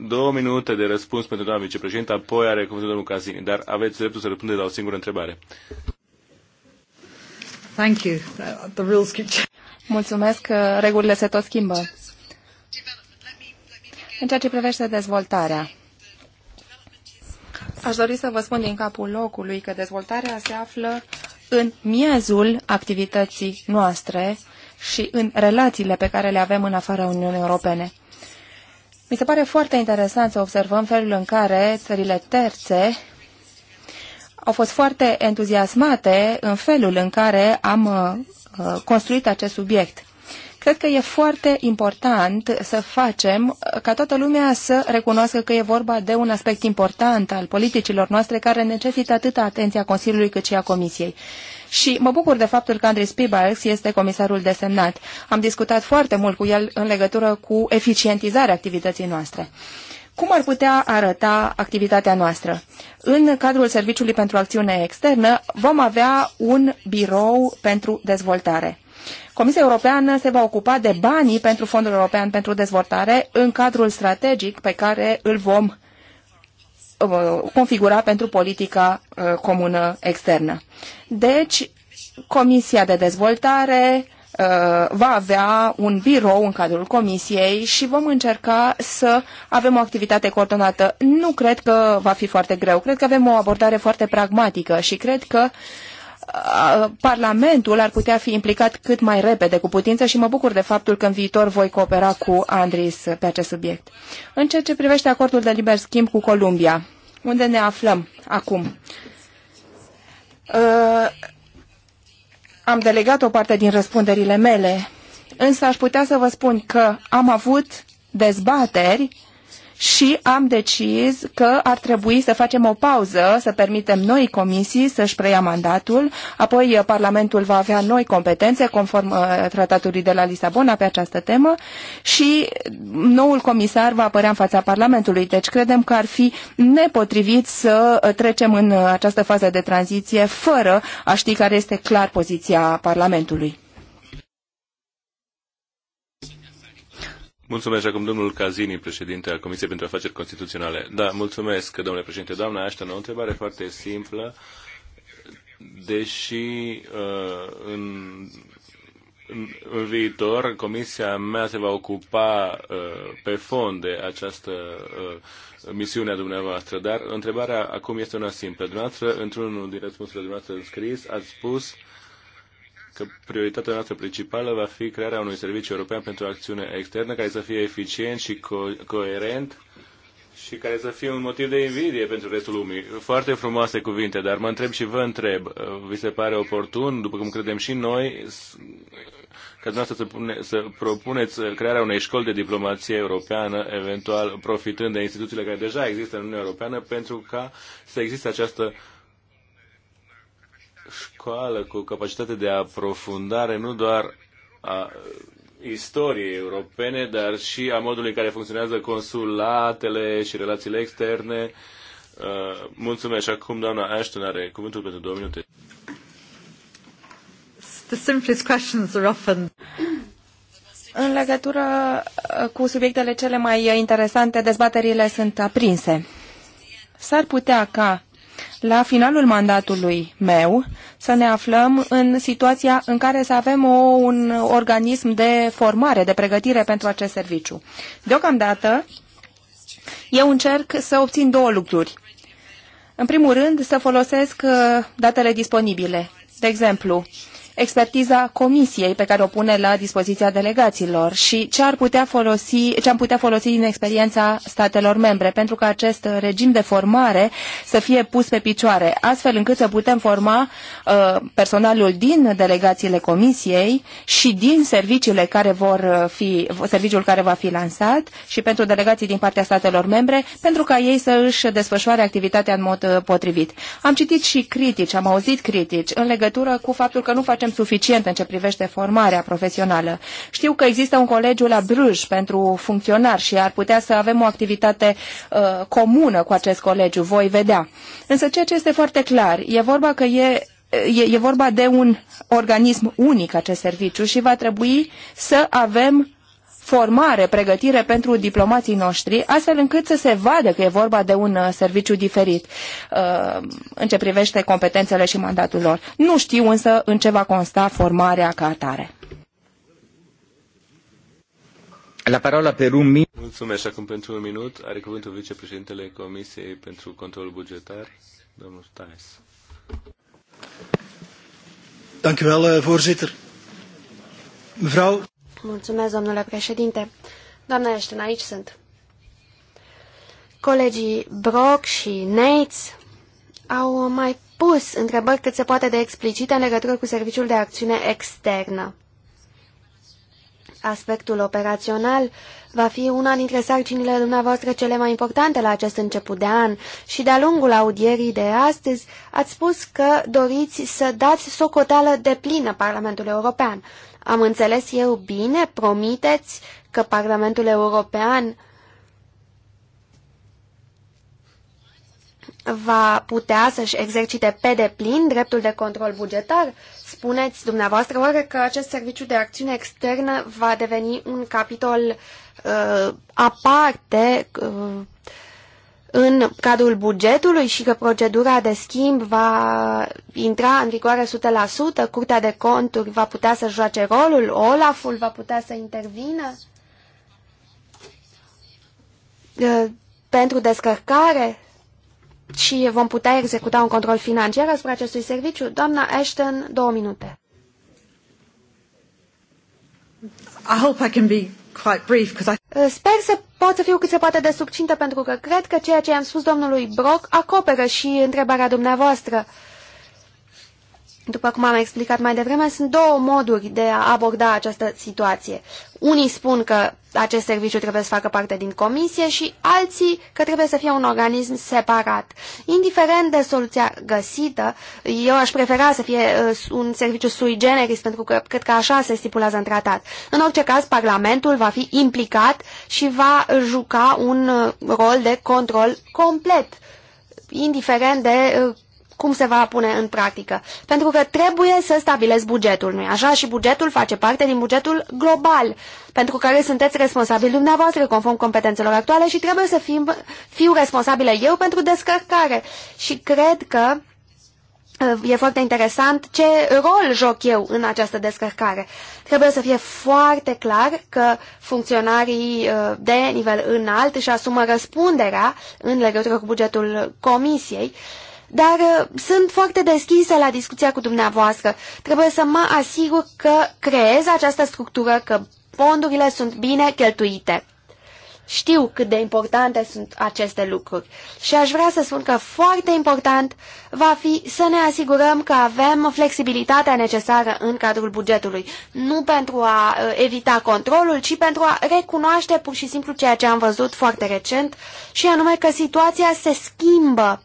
S3: două minute de răspuns pentru doamna vicepreședinte, apoi are cuvântul domnul Casini, dar aveți dreptul să răspundeți la o singură întrebare.
S2: Thank you. The rules keep... Mulțumesc, regulile se tot schimbă. În ceea ce privește dezvoltarea, aș dori să vă spun din capul locului că dezvoltarea se află în miezul activității noastre uh, și în relațiile pe care le avem în afara Uniunii Europene. Mi se pare foarte interesant să observăm felul în care țările terțe au fost foarte entuziasmate în felul în care am uh, construit acest subiect. Cred că e foarte important să facem uh, ca toată lumea să recunoască că e vorba de un aspect important al politicilor noastre care necesită atât atenția Consiliului cât și a Comisiei și mă bucur de faptul că Andris Pibax este comisarul desemnat. Am discutat foarte mult cu el în legătură cu eficientizarea activității noastre. Cum ar putea arăta activitatea noastră? În cadrul Serviciului pentru Acțiune Externă vom avea un birou pentru dezvoltare. Comisia Europeană se va ocupa de banii pentru Fondul European pentru Dezvoltare în cadrul strategic pe care îl vom Uh, configura pentru politica uh, comună externă. Deci, Comisia de Dezvoltare uh, va avea un birou în cadrul comisiei și vom încerca să avem o activitate coordonată. Nu cred că va fi foarte greu, cred că avem o abordare foarte pragmatică și cred că uh, Parlamentul ar putea fi implicat cât mai repede cu putință și mă bucur de faptul că în viitor voi coopera cu Andris pe acest subiect. În ceea ce privește acordul de liber schimb cu Columbia, unde ne aflăm acum? Uh, am delegat o parte din răspunderile mele, însă aș putea să vă spun că am avut dezbateri și am decis că ar trebui să facem o pauză, să permitem noi comisii să-și preia mandatul, apoi Parlamentul va avea noi competențe conform uh, tratatului de la Lisabona pe această temă și noul comisar va apărea în fața Parlamentului. Deci credem că ar fi nepotrivit să trecem în această fază de tranziție fără a ști care este clar poziția Parlamentului.
S3: Mulțumesc acum domnul Cazini, președinte al Comisiei pentru Afaceri Constituționale. Da, mulțumesc, domnule președinte. Doamna Ashton, o întrebare foarte simplă, deși uh, în, în, în viitor Comisia mea se va ocupa uh, pe fond de această uh, a dumneavoastră, dar întrebarea acum este una simplă. Dumneavoastră, într-unul din răspunsurile dumneavoastră scris, ați spus uh, că prioritatea noastră principală va fi crearea unui serviciu european pentru acțiune externă care să fie eficient și co- coerent și care să fie un motiv de invidie pentru restul lumii. Foarte frumoase cuvinte, dar mă întreb și vă întreb, uh, vi se pare oportun, după cum credem și noi, ca dumneavoastră să, pune, să propuneți crearea unei școli de diplomație europeană, eventual profitând de instituțiile care deja există în Uniunea Europeană, pentru ca să existe această școală cu capacitate de aprofundare nu doar a istoriei europene, dar și a modului în care funcționează consulatele și relațiile externe. Uh, mulțumesc. Acum doamna Ashton are cuvântul pentru două minute.
S1: The simplest questions are often
S2: în legătură uh, cu subiectele cele mai interesante, dezbaterile sunt aprinse. S-ar putea ca la finalul mandatului meu să ne aflăm în situația în care să avem o, un organism de formare, de pregătire pentru acest serviciu. Deocamdată, eu încerc să obțin două lucruri. În primul rând, să folosesc uh, datele disponibile. De exemplu, uh, expertiza comisiei pe care o pune la dispoziția delegaților și ce, ar putea folosi, ce am putea folosi din experiența statelor membre pentru ca acest regim de formare să fie pus pe picioare, astfel încât să putem forma uh, personalul din delegațiile comisiei și din serviciile care vor uh, fi, serviciul care va fi lansat și pentru delegații din partea statelor membre pentru ca ei să își desfășoare activitatea în mod uh, potrivit. Am citit și critici, am auzit critici în legătură cu faptul că nu face facem suficient în ce privește formarea profesională. Știu că există un colegiu la Bruj pentru funcționari și ar putea să avem o activitate uh, comună cu acest colegiu, voi vedea. Însă ceea ce este foarte clar, e vorba că e e, e vorba de un organism unic acest serviciu și va trebui să avem formare, pregătire pentru diplomații noștri, astfel încât să se vadă că e vorba de un uh, serviciu diferit uh, în ce privește competențele și mandatul lor. Nu știu însă în ce va consta formarea ca atare.
S3: La parola per un minut. Mulțumesc. Acum pentru un minut are cuvântul vicepreședintele Comisiei pentru Control Bugetar, domnul Stais.
S1: Dank u wel, eh, voorzitter. Mevrouw.
S4: Mulțumesc, domnule președinte. Doamna Ashton, aici sunt. Colegii Brock și Nates au mai pus întrebări cât se poate de explicite în legătură cu serviciul de acțiune externă. Aspectul operațional va fi una dintre sarcinile dumneavoastră cele mai importante la acest început de an și de-a lungul audierii de astăzi ați spus că doriți să dați socoteală de plină Parlamentului European. Am înțeles eu bine? Promiteți că Parlamentul European va putea să-și exercite pe deplin dreptul de control bugetar? Spuneți dumneavoastră oare că acest serviciu de acțiune externă va deveni un capitol uh, aparte uh, în cadrul bugetului și că procedura de schimb va intra în vigoare 100%, Curtea de Conturi va putea să joace rolul, Olaful va putea să intervină pentru descărcare și vom putea executa un control financiar asupra acestui serviciu. Doamna Ashton, două minute. I hope I can be quite brief, I... Sper să Pot să fiu cât se poate de succintă pentru că cred că ceea ce am spus domnului Brock acoperă și întrebarea dumneavoastră. După cum am explicat mai devreme, sunt două moduri de a aborda această situație. Unii spun că acest serviciu trebuie să facă parte din comisie și alții că trebuie să fie un organism separat. Indiferent de soluția găsită, eu aș prefera să fie uh, un serviciu sui generis, pentru că cred că așa se stipulează în tratat. În orice caz, Parlamentul va fi implicat și va juca un uh, rol de control complet indiferent de uh, cum se va pune în practică. Pentru că trebuie să stabilezi bugetul, nu-i așa? Și bugetul face parte din bugetul global, pentru care sunteți responsabili dumneavoastră conform competențelor actuale și trebuie să fim, fiu responsabilă eu pentru descărcare. Și cred că uh, e foarte interesant ce rol joc eu în această descărcare. Trebuie să fie foarte clar că funcționarii uh, de nivel înalt își asumă răspunderea în legătură cu bugetul comisiei dar uh, sunt foarte deschisă la discuția cu dumneavoastră. Trebuie să mă asigur că creez această structură, că fondurile sunt bine cheltuite. Știu cât de importante sunt aceste lucruri și aș vrea să spun că foarte important va fi să ne asigurăm că avem flexibilitatea necesară în cadrul bugetului, nu pentru a uh, evita controlul, ci pentru a recunoaște pur și simplu ceea ce am văzut foarte recent și anume că situația se schimbă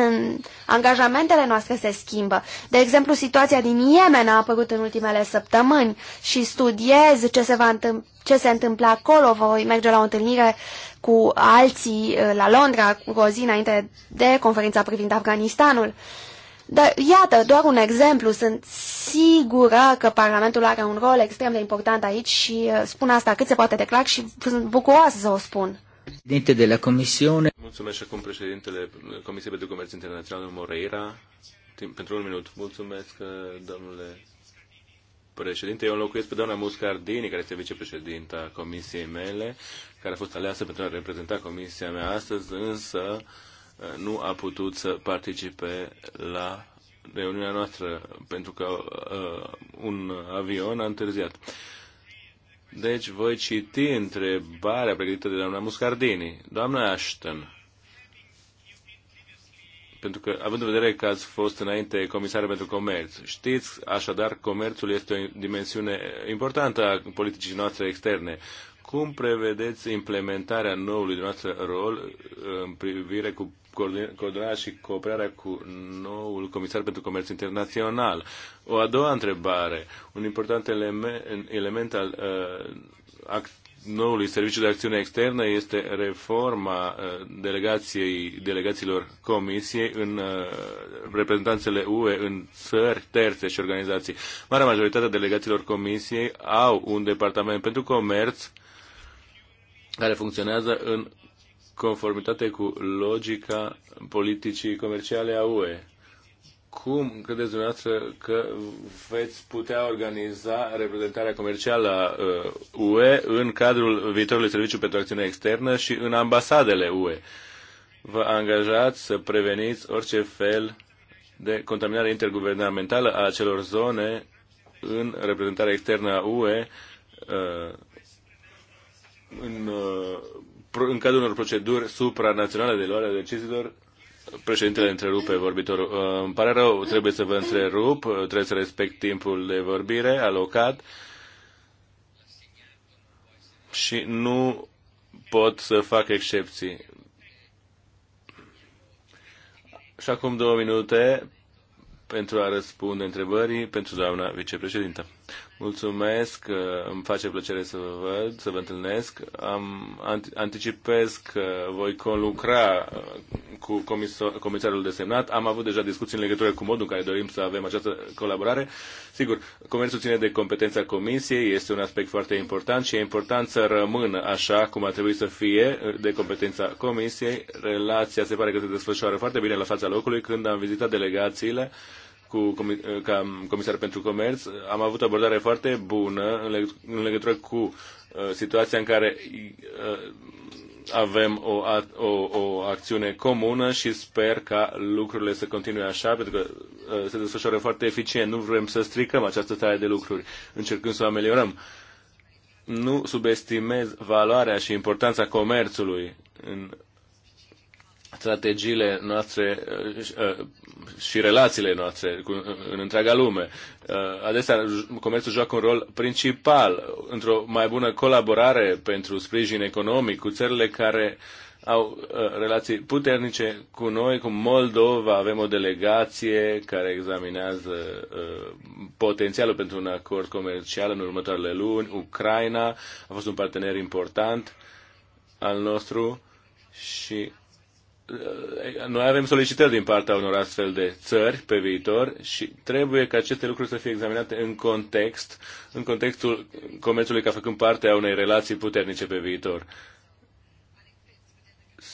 S4: în angajamentele noastre se schimbă. De exemplu, situația din Yemen a apărut în ultimele săptămâni și studiez ce se, va întâm ce se întâmplă acolo. Voi merge la o întâlnire cu alții uh, la Londra cu o zi înainte de conferința privind Afganistanul. Dar iată, doar un exemplu, sunt sigură că Parlamentul are un rol extrem de important aici și uh, spun asta cât se poate declar și sunt bucuroasă să o spun.
S1: Președinte de la Comisiune.
S3: Mulțumesc acum președintele Comisiei pentru Comerț Internațional, Moreira. Timp, pentru un minut. Mulțumesc, domnule președinte. Eu înlocuiesc pe doamna Muscardini, care este vicepreședinta comisiei mele, care a fost aleasă pentru a reprezenta comisia mea astăzi, însă nu a putut să participe la reuniunea noastră pentru că uh, un avion a întârziat. Uh, deci voi citi întrebarea pregătită de doamna Muscardini. Doamna Ashton, pentru că, având în vedere că ați fost înainte comisar pentru comerț, știți, așadar, comerțul este o dimensiune importantă a politicii noastre externe. Cum prevedeți implementarea noului noastră rol uh, în privire cu coordonarea și cooperarea cu noul comisar pentru comerț internațional. O a doua întrebare, un important element, element al uh, noului serviciu de acțiune externă este reforma uh, delegației, delegațiilor comisiei în uh, reprezentanțele UE în țări terțe și organizații. Marea majoritatea delegațiilor comisiei au un departament pentru comerț care funcționează în conformitate cu logica politicii comerciale a UE. Cum credeți dumneavoastră că veți putea organiza reprezentarea comercială a uh, UE în cadrul viitorului serviciu pentru acțiune externă și în ambasadele UE? Vă angajați să preveniți orice fel de contaminare interguvernamentală a acelor zone în reprezentarea externă a UE uh, în uh, în cadrul unor proceduri supranaționale de luare a deciziilor, președintele întrerupe vorbitorul. Uh, îmi pare rău, trebuie să vă întrerup, uh, trebuie să respect timpul de vorbire alocat și nu pot să fac excepții. Și acum două minute pentru a răspunde întrebării pentru doamna vicepreședintă. Mulțumesc, îmi face plăcere să vă văd, să vă întâlnesc. Am, anticipez că voi conlucra uh, cu comisor, comisarul desemnat. Am avut deja discuții în legătură cu modul în care dorim să avem această colaborare. Sigur, comerțul ține de competența comisiei, este un aspect foarte important și e important să rămână așa cum a trebuit să fie de competența comisiei. Relația se pare că se desfășoară foarte bine la fața locului când am vizitat delegațiile cu, eh, ca comisar pentru comerț, am avut o abordare foarte bună în, în legătură cu uh, situația în care uh, avem o, o, o acțiune comună și sper ca lucrurile să continue așa, pentru că uh, se desfășoară foarte eficient. Nu vrem să stricăm această stare de lucruri, încercând să o ameliorăm. Nu subestimez valoarea și importanța comerțului în strategiile noastre uh, și relațiile noastre în întreaga lume. Uh, adesea, comerțul joacă un rol principal într-o mai bună colaborare pentru sprijin economic cu țările care au uh, relații puternice cu noi, cu Moldova. Avem o delegație care examinează potențialul pentru un acord comercial în următoarele luni. Ucraina a fost un partener important al nostru și Uh, noi avem solicitări din partea unor astfel de țări pe viitor și trebuie ca aceste lucruri să fie examinate în context, în contextul comerțului ca făcând parte a unei relații puternice pe viitor.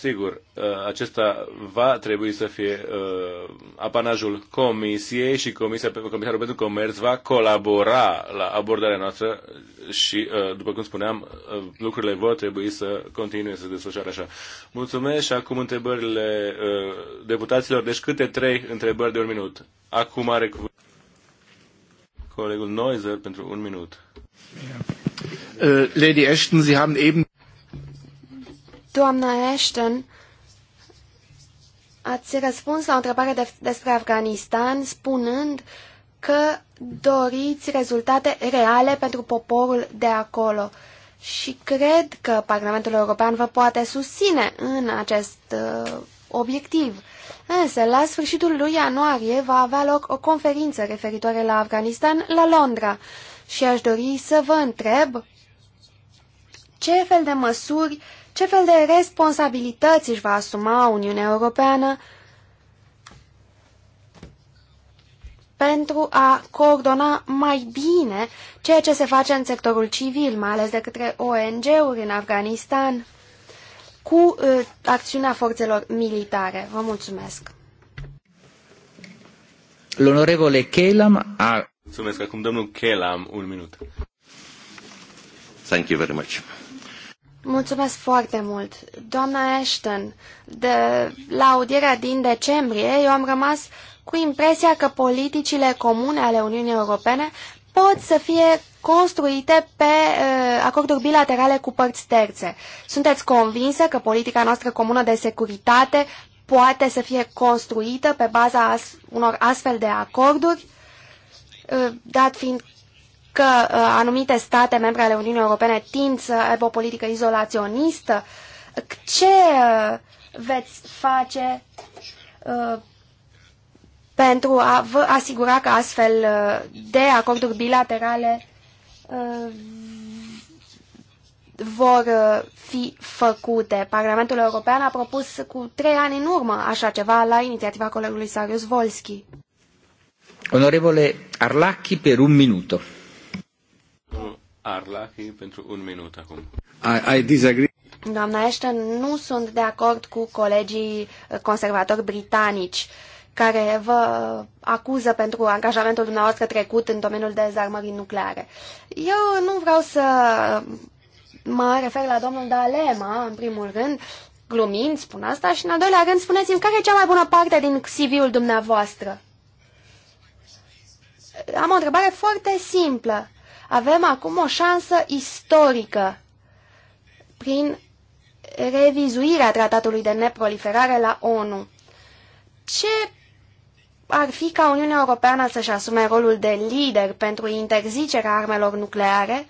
S3: Sigur, uh, acesta va trebui să fie uh, apanajul Comisiei și Comisia, Comisarul pentru Comerț va colabora la abordarea noastră și, uh, după cum spuneam, lucrurile vor trebui să continue să se desfășoare așa. Mulțumesc și acum întrebările deputaților. Deci câte trei întrebări de un minut? Acum are cuvânt colegul Neuser pentru un minut.
S4: Uh, Lady Ashton, Sie haben eben Doamna Ashton, ați răspuns la o întrebare de despre Afganistan spunând că doriți rezultate reale pentru poporul de acolo. Și cred că Parlamentul European vă poate susține în acest uh, obiectiv. Însă, la sfârșitul lui ianuarie va avea loc o conferință referitoare la Afganistan la Londra și aș dori să vă întreb ce fel de măsuri ce fel de responsabilități își va asuma Uniunea Europeană pentru a coordona mai bine ceea ce se face în sectorul civil, mai ales de către ONG-uri în Afganistan, cu uh, acțiunea forțelor militare. Vă mulțumesc!
S3: L'onorevole
S1: Kelam
S3: a... Mulțumesc. Acum domnul Kelam, un minut. Thank you very much.
S4: Mulțumesc foarte mult. Doamna Ashton, de, la audierea din decembrie, eu am rămas cu impresia că politicile comune ale Uniunii Europene pot să fie construite pe uh, acorduri bilaterale cu părți terțe. Sunteți convinsă că politica noastră comună de securitate poate să fie construită pe baza as unor astfel de acorduri, uh, dat fiind că uh, anumite state membre ale Uniunii Europene tind să aibă o politică izolaționistă. Ce uh, veți face uh, pentru a vă asigura că astfel de acorduri bilaterale vor fi făcute. Parlamentul European a propus cu trei ani în urmă așa ceva la inițiativa colegului Sarius Volski.
S1: Onorevole Arlacchi, per un minut.
S3: Arlachi pentru un minut acum. I, I disagree.
S4: Doamna Ashton, nu sunt de acord cu colegii conservatori britanici care vă acuză pentru angajamentul dumneavoastră trecut în domeniul dezarmării nucleare. Eu nu vreau să mă refer la domnul D'Alema, în primul rând, glumind, spun asta, și în al doilea rând spuneți-mi care e cea mai bună parte din CV-ul dumneavoastră. Am o întrebare foarte simplă. Avem acum o șansă istorică prin revizuirea tratatului de neproliferare la ONU. Ce ar fi ca Uniunea Europeană să-și asume rolul de lider pentru interzicerea armelor nucleare,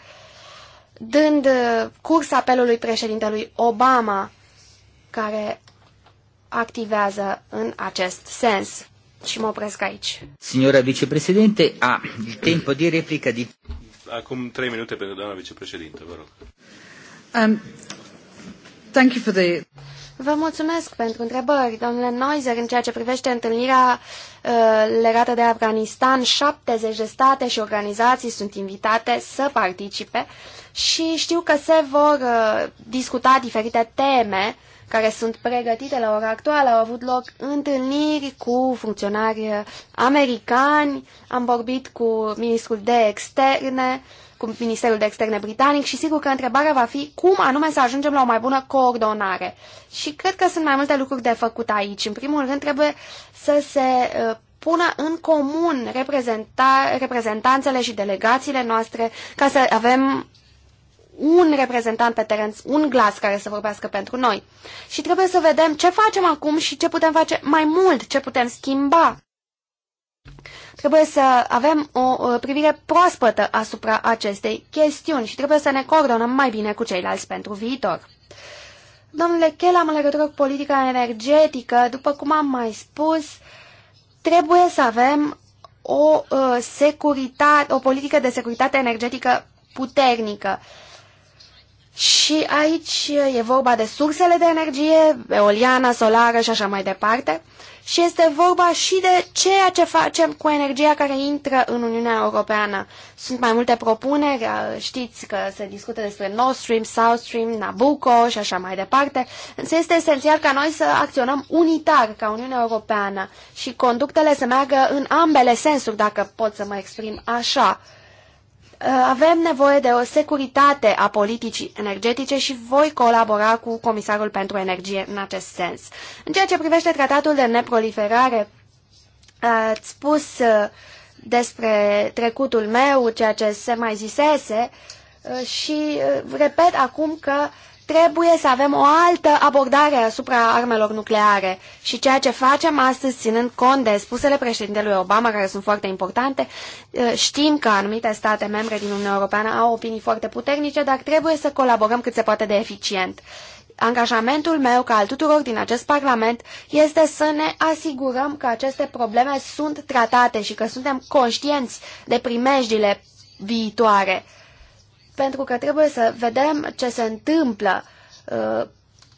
S4: dând uh, curs apelului președintelui Obama, care activează în acest sens. Și mă opresc aici.
S1: Signora vicepreședinte, a timpul de replică de...
S3: Acum trei minute pentru doamna vicepreședintă,
S1: vă rog.
S4: Um, thank you for the... Vă mulțumesc pentru întrebări, domnule Noizer, în ceea ce privește întâlnirea uh, legată de Afganistan. 70 de state și organizații sunt invitate să participe și știu că se vor uh, discuta diferite teme uh, care sunt pregătite la ora actuală. Au avut loc întâlniri cu funcționari americani, am vorbit cu ministrul de externe, cu Ministerul de Externe Britanic și sigur că întrebarea va fi cum anume să ajungem la o mai bună coordonare. Și cred că sunt mai multe lucruri de făcut aici. În primul rând trebuie să se uh, pună în comun reprezenta, reprezentanțele și delegațiile noastre ca să avem un reprezentant pe teren, un glas care să vorbească pentru noi. Și trebuie să vedem ce facem acum și ce putem face mai mult, ce putem schimba. Trebuie să avem o privire proaspătă asupra acestei chestiuni și trebuie să ne coordonăm mai bine cu ceilalți pentru viitor. Domnule Chelam, în legătură cu politica energetică, după cum am mai spus, trebuie să avem o, uh, securitate, o politică de securitate energetică puternică. Uh, și aici e vorba de sursele de energie, eoliană, solară și așa mai departe. Și este vorba și de ceea ce facem cu energia care intră în Uniunea Europeană. Sunt mai multe propuneri, știți că se discută despre Nord Stream, South Stream, Nabucco și așa mai departe. Însă este esențial ca noi să acționăm unitar ca Uniunea Europeană și conductele să meargă în ambele sensuri, dacă pot să mă exprim așa. Uh, avem nevoie de o securitate a politicii energetice și voi colabora cu Comisarul pentru Energie în acest sens. În ceea ce privește tratatul de neproliferare, ați spus uh, despre trecutul meu, ceea ce se mai zisese uh, și repet acum că uh, trebuie să avem o altă abordare asupra armelor nucleare și ceea ce facem astăzi, ținând cont de spusele președintelui Obama, care sunt foarte importante, eh, știm că anumite state membre din Uniunea Europeană au opinii foarte puternice, dar trebuie să colaborăm cât se poate de eficient. Angajamentul meu, ca al tuturor din acest Parlament, este să ne asigurăm că aceste probleme sunt tratate și că suntem conștienți de primejdile viitoare pentru că trebuie să vedem ce se întâmplă. Uh,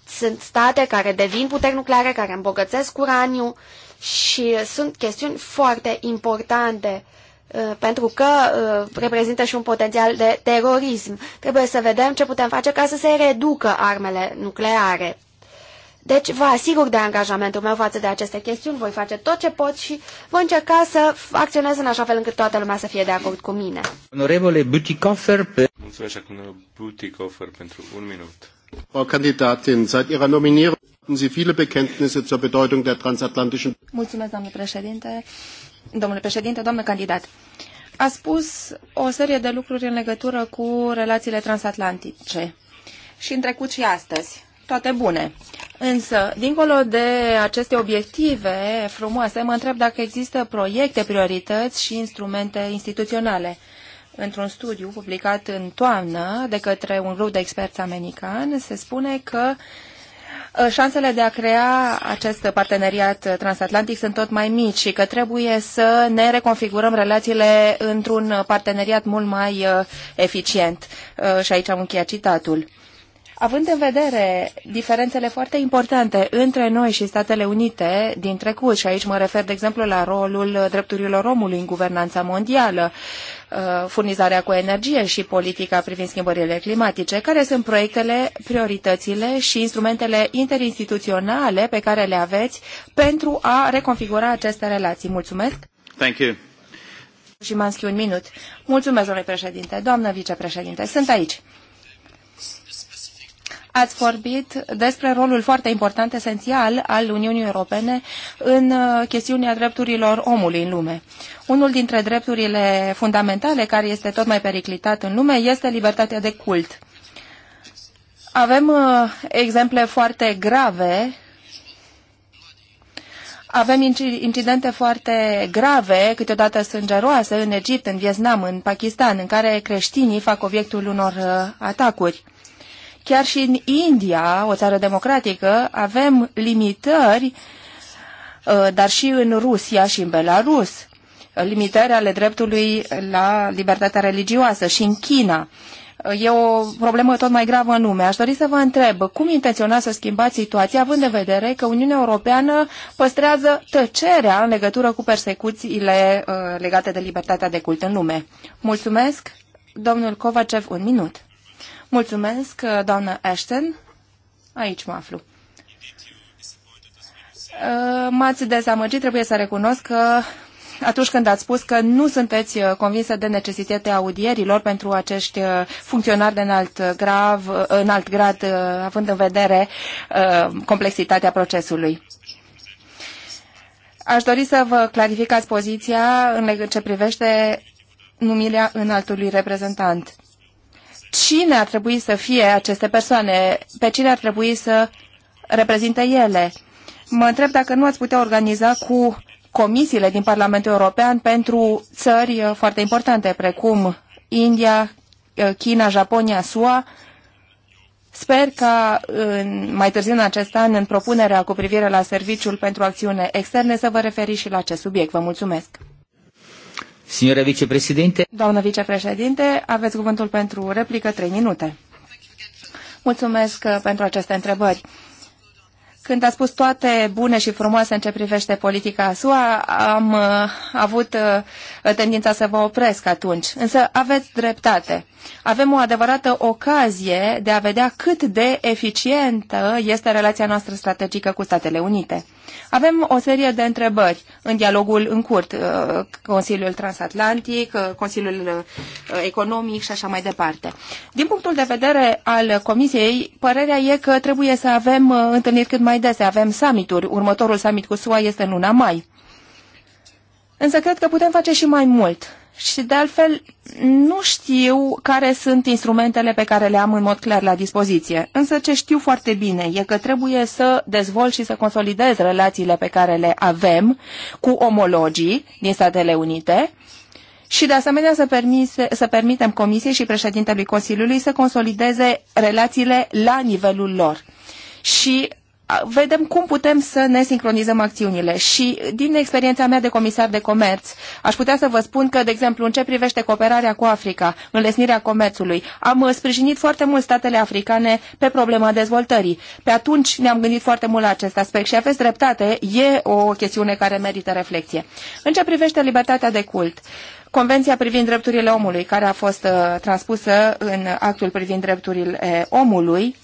S4: sunt state care devin puteri nucleare, care îmbogățesc uraniu și sunt chestiuni foarte importante uh, pentru că uh, reprezintă și un potențial de terorism. Trebuie să vedem ce putem face ca să se reducă armele nucleare. Deci vă asigur de angajamentul meu față de aceste chestiuni, voi face tot ce pot și voi încerca să acționez în așa fel încât toată lumea să fie de acord cu mine.
S1: Onorevole Butikofer, pe... Mulțumesc
S3: acum Butikofer pentru un minut.
S1: Frau Kandidatin, seit Ihrer Nominierung hatten Sie viele Bekenntnisse zur Bedeutung der transatlantischen...
S2: Mulțumesc, domnule președinte. Domnule președinte, domnule candidat. A spus o serie de lucruri în legătură cu relațiile transatlantice și în trecut și astăzi toate bune. Însă, dincolo de aceste obiective frumoase, mă întreb dacă există proiecte, priorități și instrumente instituționale. Într-un studiu publicat în toamnă de către un grup de experți american, se spune că uh, șansele de a crea acest parteneriat transatlantic sunt tot mai mici și că trebuie să ne reconfigurăm relațiile într-un parteneriat mult mai uh, eficient. Uh, și aici am încheiat citatul. Având în vedere diferențele foarte importante între noi și Statele Unite din trecut, și aici mă refer, de exemplu, la rolul drepturilor omului în guvernanța mondială, uh, furnizarea cu energie și politica privind schimbările climatice, care sunt proiectele, prioritățile și instrumentele interinstituționale pe care le aveți pentru a reconfigura aceste relații. Mulțumesc! Thank you. Și Manschi, un minut. Mulțumesc, domnule președinte, doamnă vicepreședinte, sunt aici ați vorbit despre rolul foarte important, esențial, al Uniunii Europene în uh, chestiunea drepturilor omului în lume. Unul dintre drepturile fundamentale care este tot mai periclitat în lume este libertatea de cult. Avem uh, exemple foarte grave avem incidente foarte grave, câteodată sângeroase, în Egipt, în Vietnam, în Pakistan, în care creștinii fac obiectul unor uh, atacuri. Chiar și în India, o țară democratică, avem limitări, uh, dar și în Rusia și în Belarus, limitări ale dreptului la libertatea religioasă și în China. E o problemă tot mai gravă în lume. Aș dori să vă întreb cum intenționați să schimbați situația, având în vedere că Uniunea Europeană păstrează tăcerea în legătură cu persecuțiile uh, legate de libertatea de cult în lume. Mulțumesc, domnul Kovacev, un minut. Mulțumesc, uh, doamnă Ashton. Aici mă aflu. Uh, m-ați dezamăgit, trebuie să recunosc că atunci când ați spus că nu sunteți uh, convinsă de necesitatea audierilor pentru acești funcționari de înalt, grav, înalt grad, având în vedere complexitatea procesului. Aș dori să vă clarificați poziția în ce privește numirea înaltului reprezentant cine ar trebui să fie aceste persoane, pe cine ar trebui să reprezinte ele. Mă întreb dacă nu ați putea organiza cu comisiile din Parlamentul European pentru țări uh, foarte importante, precum India, uh, China, Japonia, SUA. Sper ca în, mai târziu în acest an, în propunerea cu privire la Serviciul pentru Acțiune Externe, să vă referiți și la acest subiect. Vă mulțumesc!
S1: Signora vicepreședinte.
S2: Doamnă vicepreședinte, aveți cuvântul pentru replică 3 minute. Mulțumesc uh, pentru aceste întrebări. Când a spus toate bune și frumoase în ce privește politica SUA, am uh, avut uh, tendința să vă opresc atunci. Însă aveți dreptate. Avem o adevărată ocazie de a vedea cât de eficientă este relația noastră strategică cu Statele Unite. Avem o serie de întrebări în dialogul în curt, uh, Consiliul Transatlantic, uh, Consiliul uh, Economic și așa mai departe. Din punctul de vedere al Comisiei, părerea e că trebuie să avem întâlniri cât mai dese, avem summituri. Următorul summit cu SUA este în luna mai. Însă cred că putem face și mai mult și de altfel, nu știu care sunt instrumentele pe care le am în mod clar la dispoziție. Însă ce știu foarte bine e că trebuie să dezvolt și să consolidez relațiile pe care le avem cu omologii din Statele Unite și de asemenea să, permise, să permitem Comisiei și președintelui Consiliului să consolideze relațiile la nivelul lor. Și vedem cum putem să ne sincronizăm acțiunile. Și din experiența mea de comisar de comerț, aș putea să vă spun că, de exemplu, în ce privește cooperarea cu Africa, înlesnirea comerțului, am uh, sprijinit foarte mult statele africane pe problema dezvoltării. Pe atunci ne-am gândit foarte mult la acest aspect și aveți dreptate, e o chestiune care merită reflexie. În ce privește libertatea de cult, Convenția privind drepturile omului, care a fost uh, transpusă în actul privind drepturile omului,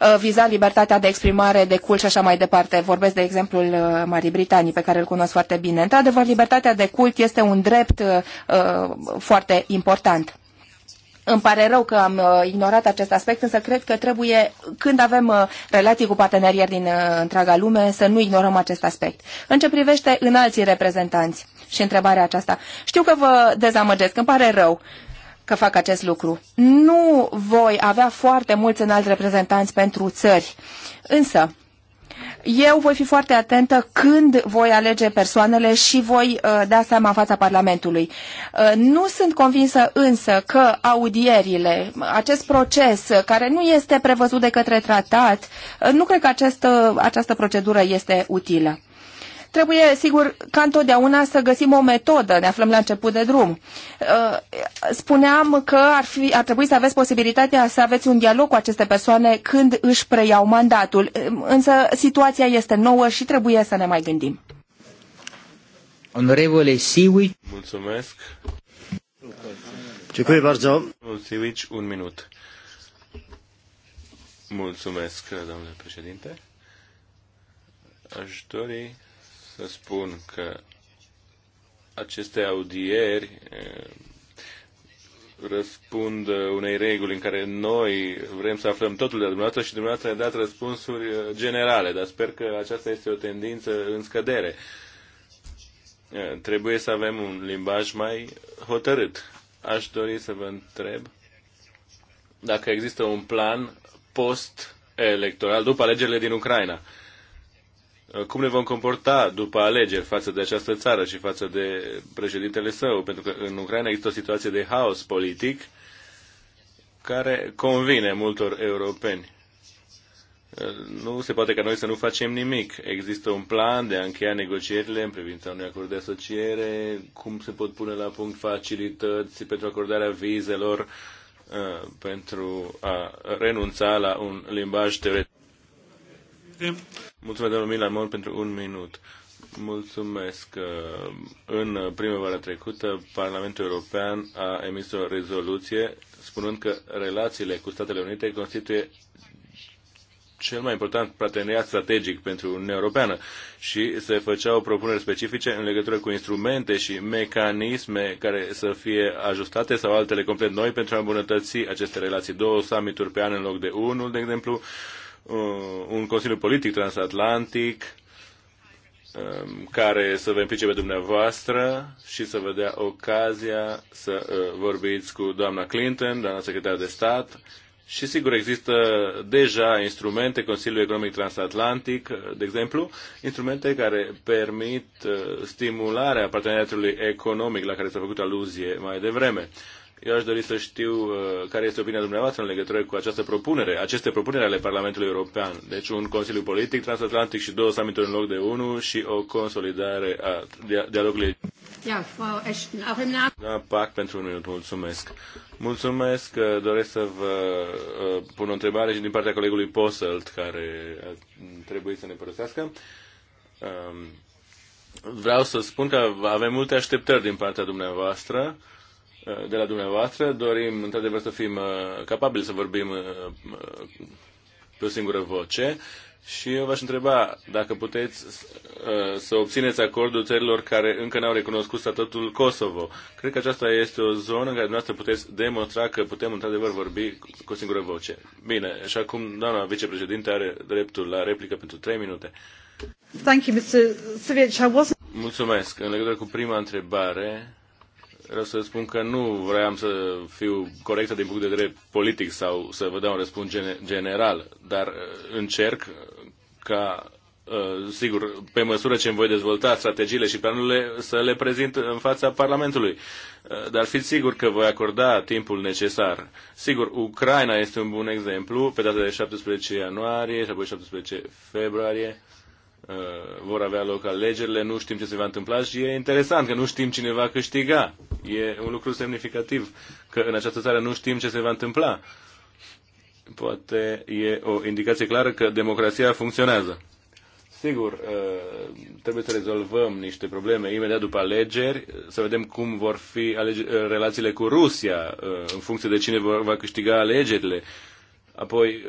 S2: Uh, viza libertatea de exprimare, de cult și așa mai departe. Vorbesc de exemplul uh, Marii Britanii, pe care îl cunosc foarte bine. Într-adevăr, libertatea de cult este un drept uh, foarte important. Îmi pare rău că am ignorat acest aspect, însă cred că trebuie, când avem relații cu partenerieri din întreaga lume, să nu ignorăm acest aspect. În ce privește în alții reprezentanți și întrebarea aceasta, știu că vă dezamăgesc, îmi pare rău că fac acest lucru. Nu voi avea foarte mulți înalți reprezentanți pentru țări, însă eu voi fi foarte atentă când voi alege persoanele și voi uh, da seama în fața Parlamentului. Uh, nu sunt convinsă însă că audierile, acest proces uh, care nu este prevăzut de către tratat, uh, nu cred că această, uh, această procedură este utilă. Trebuie, sigur, ca întotdeauna să găsim o metodă, ne aflăm la început de drum. Uh, spuneam că ar, fi, ar trebui să aveți posibilitatea să aveți un dialog cu aceste persoane când își preiau mandatul, uh, însă situația este nouă și trebuie să ne mai gândim.
S1: Onorevole Siwi.
S3: Mulțumesc.
S1: Dziękuję bardzo.
S3: Siwici, un minut. Mulțumesc, domnule președinte. Aș dori spun că aceste audieri răspund unei reguli în care noi vrem să aflăm totul de la dumneavoastră și dumneavoastră ne-a dat răspunsuri generale, dar sper că aceasta este o tendință în scădere. Trebuie să avem un limbaj mai hotărât. Aș dori să vă întreb dacă există un plan post-electoral după alegerile din Ucraina Uh, cum ne vom comporta după alegeri față de această țară și față de președintele său, pentru că în Ucraina există o situație de haos politic care convine multor europeni. Uh, nu se poate ca noi să nu facem nimic. Există un plan de a încheia negocierile în privința unui acord de asociere, cum se pot pune la punct facilități pentru acordarea vizelor, uh, pentru a renunța la un limbaj teoretic. Mulțumesc, domnul Milan Mor, pentru un minut. Mulțumesc. Uh, în primăvara trecută, Parlamentul European a emis o rezoluție spunând că relațiile cu Statele Unite constituie cel mai important parteneriat strategic pentru Uniunea Europeană și se făceau propuneri specifice în legătură cu instrumente și mecanisme care să fie ajustate sau altele complet noi pentru a îmbunătăți aceste relații. Două summituri pe an în loc de unul, de exemplu, Uh, un Consiliu Politic Transatlantic um, care să vă implice pe dumneavoastră și să vă dea ocazia să uh, vorbiți cu doamna Clinton, doamna secretar de stat, și sigur există deja instrumente, Consiliul Economic Transatlantic, uh, de exemplu, instrumente care permit stimularea parteneriatului economic la care s-a făcut aluzie mai devreme. Eu aș dori să știu uh, care este opinia dumneavoastră în legătură cu această propunere, aceste propuneri ale Parlamentului European. Deci un Consiliu Politic Transatlantic și două summituri în loc de unul și o consolidare a dialogului.
S2: Ashton,
S3: Da, PAC pentru un minut, mulțumesc. Mulțumesc, uh, doresc să vă uh, pun o întrebare și din partea colegului Posselt, care trebuie să ne părăsească. Um, vreau să spun că avem multe așteptări din partea dumneavoastră de la dumneavoastră. Dorim, într-adevăr, să fim uh, capabili să vorbim uh, pe o singură voce. Și eu v-aș întreba dacă puteți uh, să obțineți acordul țărilor care încă n-au recunoscut statutul Kosovo. Cred că aceasta este o zonă în care dumneavoastră puteți demonstra că putem într-adevăr vorbi cu o singură voce. Bine, și acum doamna vicepreședinte are dreptul la replică pentru 3 minute.
S2: Thank you, Mr. Savic. I wasn't...
S3: Mulțumesc. În legătură cu prima întrebare, Vreau să spun că nu vreau să fiu corectă din punct de vedere politic sau să vă dau un răspuns general, dar uh, încerc ca uh, sigur, pe măsură ce îmi voi dezvolta strategiile și planurile, să le prezint în fața Parlamentului. Uh, dar fiți sigur că voi acorda timpul necesar. Sigur, Ucraina este un bun exemplu, pe data de 17 ianuarie și apoi 17 februarie. Uh, vor avea loc alegerile, nu știm ce se va întâmpla și e interesant că nu știm cine va câștiga. E un lucru semnificativ că în această țară nu știm ce se va întâmpla. Poate e o indicație clară că democrația funcționează. Sigur, uh, trebuie să rezolvăm niște probleme imediat după alegeri, să vedem cum vor fi uh, relațiile cu Rusia, în funcție de cine va câștiga alegerile. Apoi,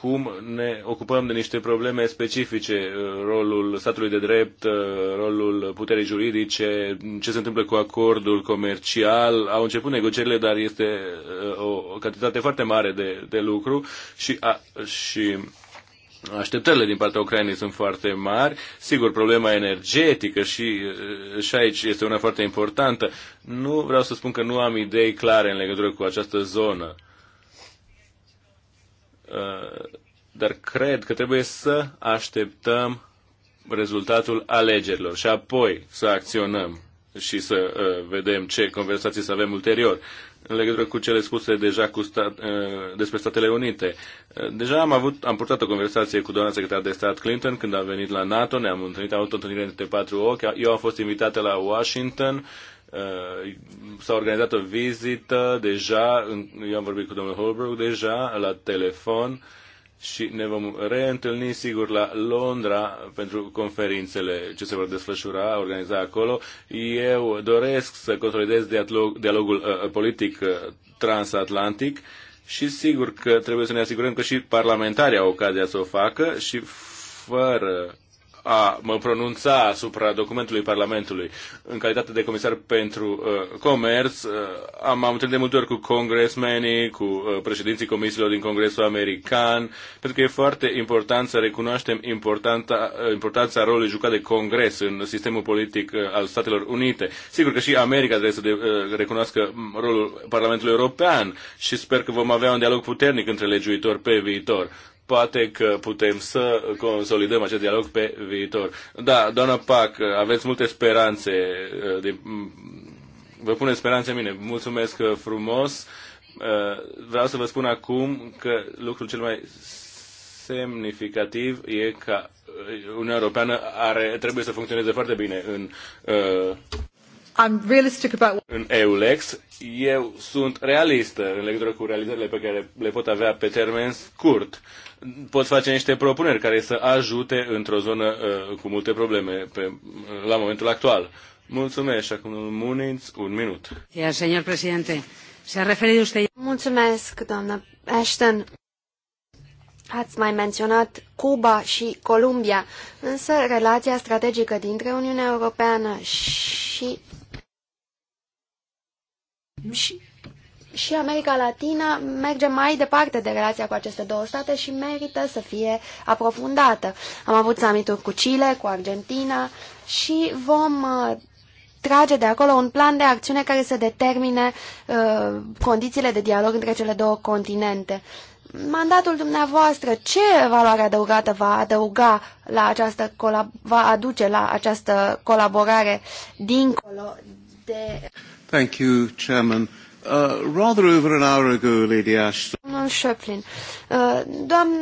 S3: cum ne ocupăm de niște probleme specifice, uh, rolul statului de drept, uh, rolul puterii juridice, ce se întâmplă cu acordul comercial. Au început negocierile, dar este uh, o cantitate foarte mare de, de lucru și, a, și Așteptările din partea Ucrainei sunt foarte mari. Sigur, problema energetică și, și aici este una foarte importantă. Nu vreau să spun că nu am idei clare în legătură cu această zonă. Uh, dar cred că trebuie să așteptăm rezultatul alegerilor și apoi să acționăm și să uh, vedem ce conversații să avem ulterior. În legătură cu cele spuse deja cu stat, uh, despre Statele Unite, uh, deja am avut, am purtat o conversație cu doamna secretar de stat Clinton când a venit la NATO, ne-am întâlnit, am avut o întâlnire între patru ochi, eu am fost invitată la Washington Uh, s-a organizat o vizită deja, eu am vorbit cu domnul Holbrook deja la telefon și ne vom reîntâlni sigur la Londra pentru conferințele ce se vor desfășura, organiza acolo. Eu doresc să consolidez dialog, dialogul uh, uh politic uh, transatlantic și sigur că trebuie să ne asigurăm că și parlamentarii au ocazia să o facă și fără a mă pronunța asupra documentului Parlamentului. În calitate de comisar pentru uh, comerț, uh, am, am întâlnit de multe ori cu congresmenii, cu uh, președinții comisiilor din Congresul American, pentru că e foarte important să recunoaștem importanța, uh, importanța rolului jucat de Congres în sistemul politic uh, al Statelor Unite. Sigur că și America trebuie să de, uh, recunoască mm, rolul Parlamentului European și sper că vom avea un dialog puternic între legiuitori pe viitor poate că putem să consolidăm acest dialog pe viitor. Da, doamna Pac, aveți multe speranțe. Uh, De, mm, vă pune speranțe mine. Mulțumesc uh, frumos. Uh, vreau să vă spun acum că lucrul cel mai semnificativ e că Uniunea Europeană are, trebuie să funcționeze foarte bine în uh,
S1: I'm realistic
S3: about... În EULEX, eu sunt realistă în legătură cu realizările pe care le pot avea pe termen scurt. Pot face niște propuneri care să ajute într-o zonă uh, cu multe probleme pe, uh, la momentul actual. Mulțumesc. Și acum Muniț, un minut.
S4: Ia, yeah, señor președinte. se referit usted... Mulțumesc, doamnă Ashton. Ați mai menționat Cuba și Columbia, însă relația strategică dintre Uniunea Europeană și, și, și America Latină merge mai departe de relația cu aceste două state și merită să fie aprofundată. Am avut summit cu Chile, cu Argentina și vom uh, trage de acolo un plan de acțiune care să determine uh, condițiile de dialog între cele două continente mandatul dumneavoastră, ce valoare adăugată va adăuga la această va aduce la această colaborare dincolo de
S2: Thank you, Chairman. Uh, rather over an hour ago, Lady Ashton.
S4: Domnul Schöpflin, uh, doamnă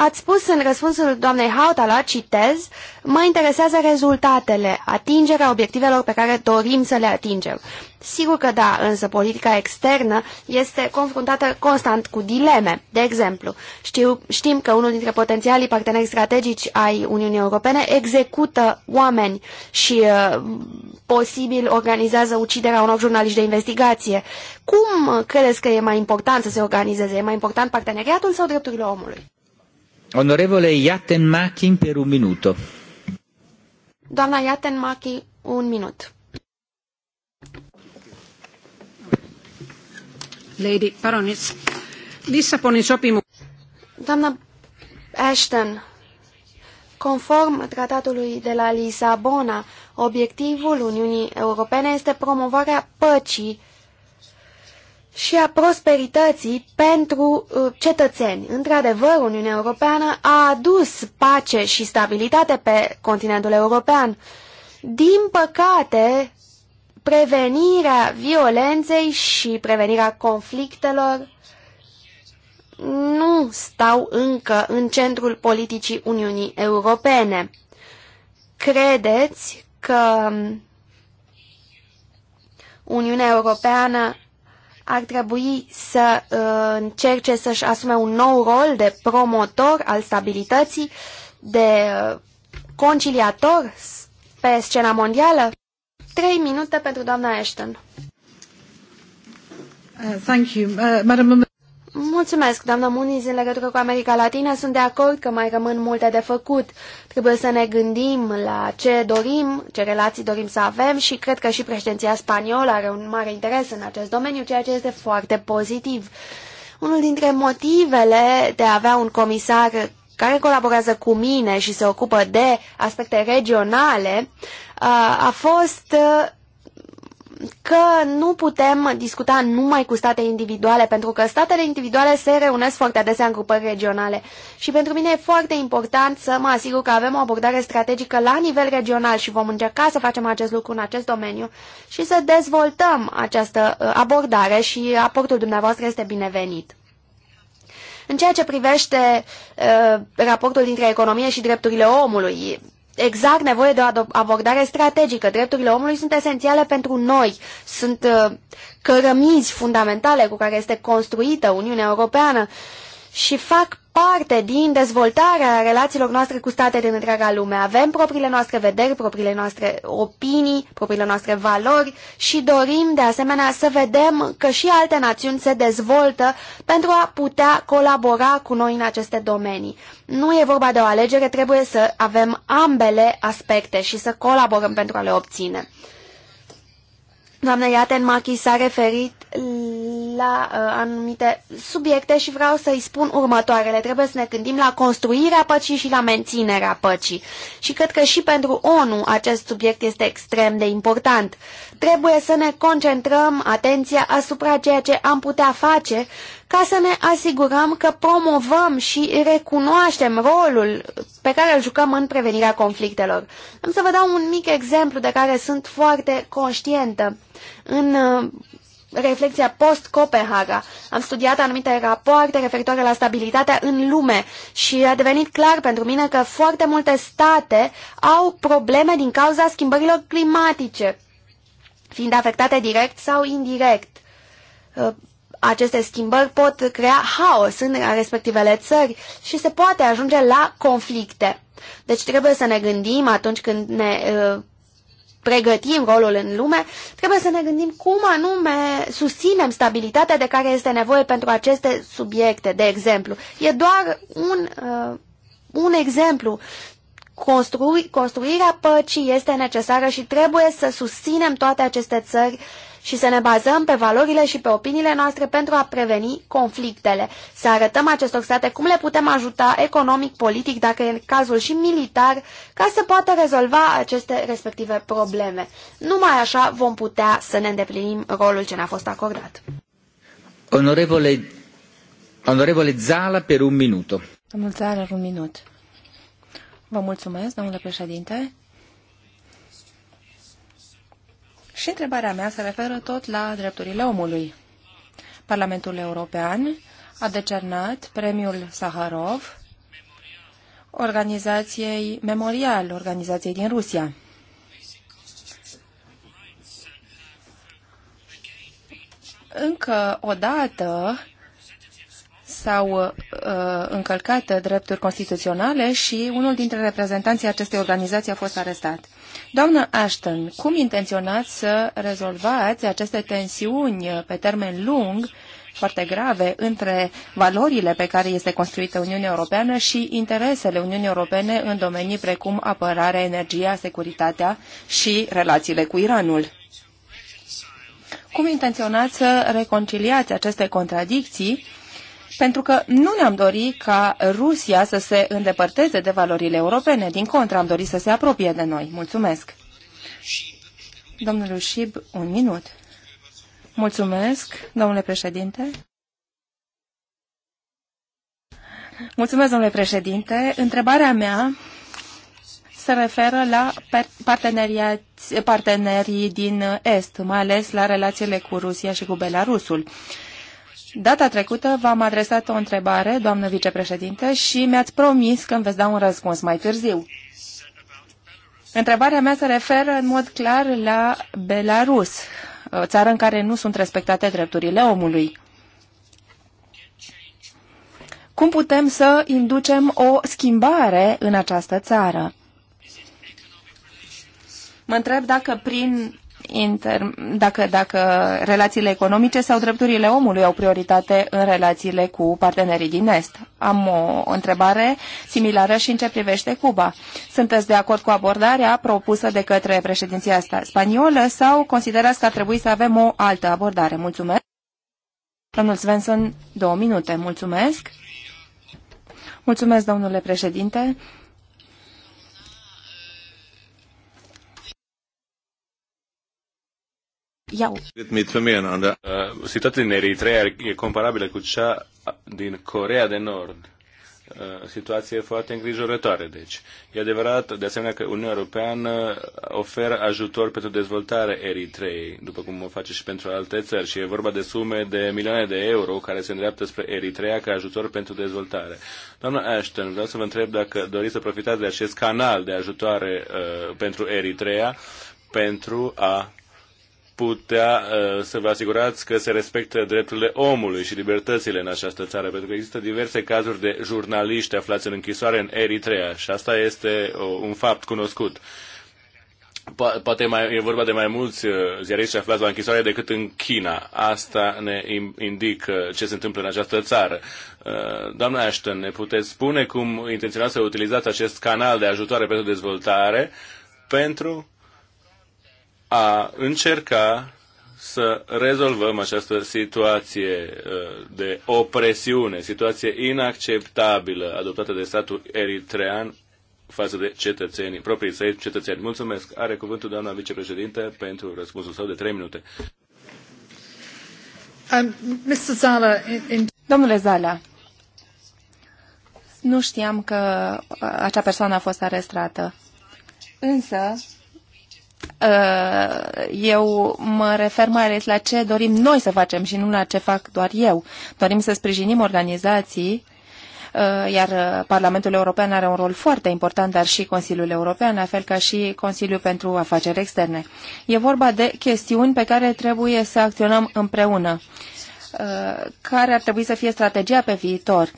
S4: Ați spus în răspunsul doamnei Hautala, citez, mă interesează rezultatele, atingerea obiectivelor pe care dorim să le atingem. Sigur că da, însă politica externă este confruntată constant cu dileme. De exemplu, știu, știm că unul dintre potențialii parteneri strategici ai Uniunii Europene execută oameni și uh, posibil organizează uciderea unor jurnaliști de investigație. Cum credeți că e mai important să se organizeze? E mai important parteneriatul sau drepturile omului?
S1: Onorevole Iatenmachi, per un minut.
S4: Doamna Iatenmachi, un minut. Lady Baroness, Lissabonin sopimus. Doamna Ashton, conform tratatului de la Lisabona, obiectivul Uniunii Europene este promovarea păcii și a prosperității pentru uh, cetățeni. Într-adevăr, Uniunea Europeană a adus pace și stabilitate pe continentul european. Din păcate, prevenirea violenței și prevenirea conflictelor nu stau încă în centrul politicii Uniunii Europene. Credeți că Uniunea Europeană ar trebui să uh, încerce să-și asume un nou rol de promotor al stabilității, de uh, conciliator pe scena mondială? Trei minute pentru doamna Ashton. Uh, thank you. Uh, Madam... Mulțumesc, doamnă Muniz, în legătură cu America Latină sunt de acord că mai rămân multe de făcut. Trebuie să ne gândim la ce dorim, ce relații dorim să avem și cred că și președinția spaniolă are un mare interes în acest domeniu, ceea ce este foarte pozitiv. Unul dintre motivele de a avea un comisar care colaborează cu mine și se ocupă de aspecte regionale a fost că nu putem discuta numai cu state individuale, pentru că statele individuale se reunesc foarte adesea în grupări regionale. Și pentru mine e foarte important să mă asigur că avem o abordare strategică la nivel regional și vom încerca să facem acest lucru în acest domeniu și să dezvoltăm această uh, abordare și aportul dumneavoastră este binevenit. În ceea ce privește uh, raportul dintre economie și drepturile omului, exact nevoie de o abordare strategică. Drepturile omului sunt esențiale pentru noi, sunt uh, cărămizi fundamentale cu care este construită Uniunea Europeană și fac parte din dezvoltarea relațiilor noastre cu state din întreaga lume. Avem propriile noastre vederi, propriile noastre opinii, propriile noastre valori și dorim de asemenea să vedem că și alte națiuni se dezvoltă pentru a putea colabora cu noi în aceste domenii. Nu e vorba de o alegere, trebuie să avem ambele aspecte și să colaborăm pentru a le obține în Iatenmachi s-a referit la uh, anumite subiecte și vreau să-i spun următoarele. Trebuie să ne gândim la construirea păcii și la menținerea păcii. Și cred că și pentru ONU acest subiect este extrem de important. Trebuie să ne concentrăm atenția asupra ceea ce am putea face ca să ne asigurăm că promovăm și recunoaștem rolul pe care îl jucăm în prevenirea conflictelor. Am să vă dau un mic exemplu de care sunt foarte conștientă. În uh, reflexia post-Copenhaga. Am studiat anumite rapoarte referitoare la stabilitatea în lume și a devenit clar pentru mine că foarte multe state au probleme din cauza schimbărilor climatice, fiind afectate direct sau indirect. Uh, aceste schimbări pot crea haos în respectivele țări și se poate ajunge la conflicte. Deci trebuie să ne gândim atunci când ne uh, pregătim rolul în lume, trebuie să ne gândim cum anume susținem stabilitatea de care este nevoie pentru aceste subiecte, de exemplu. E doar un, uh, un exemplu. Construi, construirea păcii este necesară și trebuie să susținem toate aceste țări uh, și să ne bazăm pe valorile și pe opiniile noastre pentru a preveni conflictele. Să arătăm acestor state cum le putem ajuta economic, politic, dacă e în cazul și militar, ca să poată rezolva aceste respective probleme. Numai așa vom putea să ne îndeplinim rolul ce ne-a fost acordat.
S1: Onorevole, onorevole Zala, per un minut.
S4: Domnul Zala, un minut. Vă mulțumesc,
S2: domnule președinte. Și întrebarea mea se referă tot la drepturile omului. Parlamentul European a decernat premiul Saharov organizației Memorial, organizației din Rusia. Încă o dată s-au uh, încălcat drepturi constituționale și unul dintre reprezentanții acestei organizații a fost arestat. Doamnă Ashton, cum intenționați să rezolvați aceste tensiuni pe termen lung foarte grave între valorile pe care este construită Uniunea Europeană și interesele Uniunii Europene în domenii precum apărarea, energia, securitatea și relațiile cu Iranul. Cum intenționați să reconciliați aceste contradicții pentru că nu ne-am dorit ca Rusia să se îndepărteze de valorile europene. Din contră, am dorit să se apropie de noi. Mulțumesc. Domnul Șib, un minut. Mulțumesc, domnule președinte. Mulțumesc, domnule președinte. Întrebarea mea se referă la partenerii din Est, mai ales la relațiile cu Rusia și cu Belarusul. Data trecută v-am adresat o întrebare, doamnă vicepreședinte, și mi-ați promis că îmi veți da un răspuns mai târziu. Întrebarea mea se referă în mod clar la Belarus, țară în care nu sunt respectate drepturile omului. Cum putem să inducem o schimbare în această țară? Mă întreb dacă prin inter, dacă, dacă relațiile economice sau drepturile omului au prioritate în relațiile cu partenerii din Est. Am o întrebare similară și în ce privește Cuba. Sunteți de acord cu abordarea propusă de către președinția asta spaniolă sau considerați că ar trebui să avem o altă abordare? Mulțumesc. Domnul Svensson, două minute. Mulțumesc. Mulțumesc, domnule președinte.
S1: iau.
S3: Uh, situația din Eritrea e comparabilă cu cea din Corea de Nord. Uh, situație foarte îngrijorătoare, deci. E adevărat, de asemenea, că Uniunea Europeană oferă ajutor pentru dezvoltare Eritrei, după cum o face și pentru alte țări, și e vorba de sume de milioane de euro care se îndreaptă spre Eritrea ca ajutor pentru dezvoltare. Doamna Ashton, vreau să vă întreb dacă doriți să profitați de acest canal de ajutoare uh, pentru Eritrea pentru a putea uh, să vă asigurați că se respectă drepturile omului și libertățile în această țară, pentru că există diverse cazuri de jurnaliști aflați în închisoare în Eritrea și asta este o, un fapt cunoscut. Po- poate mai, e vorba de mai mulți uh, ziariști aflați la închisoare decât în China. Asta ne indică ce se întâmplă în această țară. Uh, doamna Ashton, ne puteți spune cum intenționați să utilizați acest canal de ajutoare pentru dezvoltare pentru a încerca să rezolvăm această situație uh, de opresiune, situație inacceptabilă adoptată de statul eritrean față de cetățenii, proprii săi cetățeni. Mulțumesc. Are cuvântul doamna vicepreședinte pentru răspunsul său de trei minute.
S2: Um, Zala, in... Domnule Zala, nu știam că uh, acea persoană a fost arestată. Însă, Uh, eu mă refer mai ales la ce dorim noi să facem și nu la ce fac doar eu. Dorim să sprijinim organizații, uh, iar Parlamentul European are un rol foarte important, dar și Consiliul European, la fel ca și Consiliul pentru Afaceri Externe. E vorba de chestiuni pe care trebuie să acționăm împreună. Uh, care ar trebui să fie strategia pe viitor?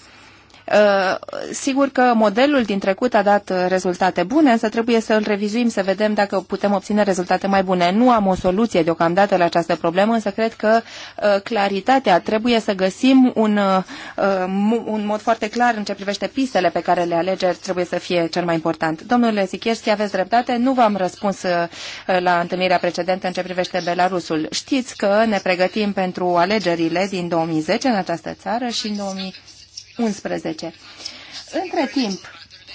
S2: Uh, sigur că modelul din trecut a dat rezultate bune, însă trebuie să îl revizuim, să vedem dacă putem obține rezultate mai bune. Nu am o soluție deocamdată la această problemă, însă cred că uh, claritatea trebuie să găsim un, uh, un mod foarte clar în ce privește pistele pe care le alegeri trebuie să fie cel mai important. Domnule Sichierski, aveți dreptate, nu v-am răspuns la întâlnirea precedentă în ce privește Belarusul. Știți că ne pregătim pentru alegerile din 2010 în această țară și în 2000 2011. Între timp,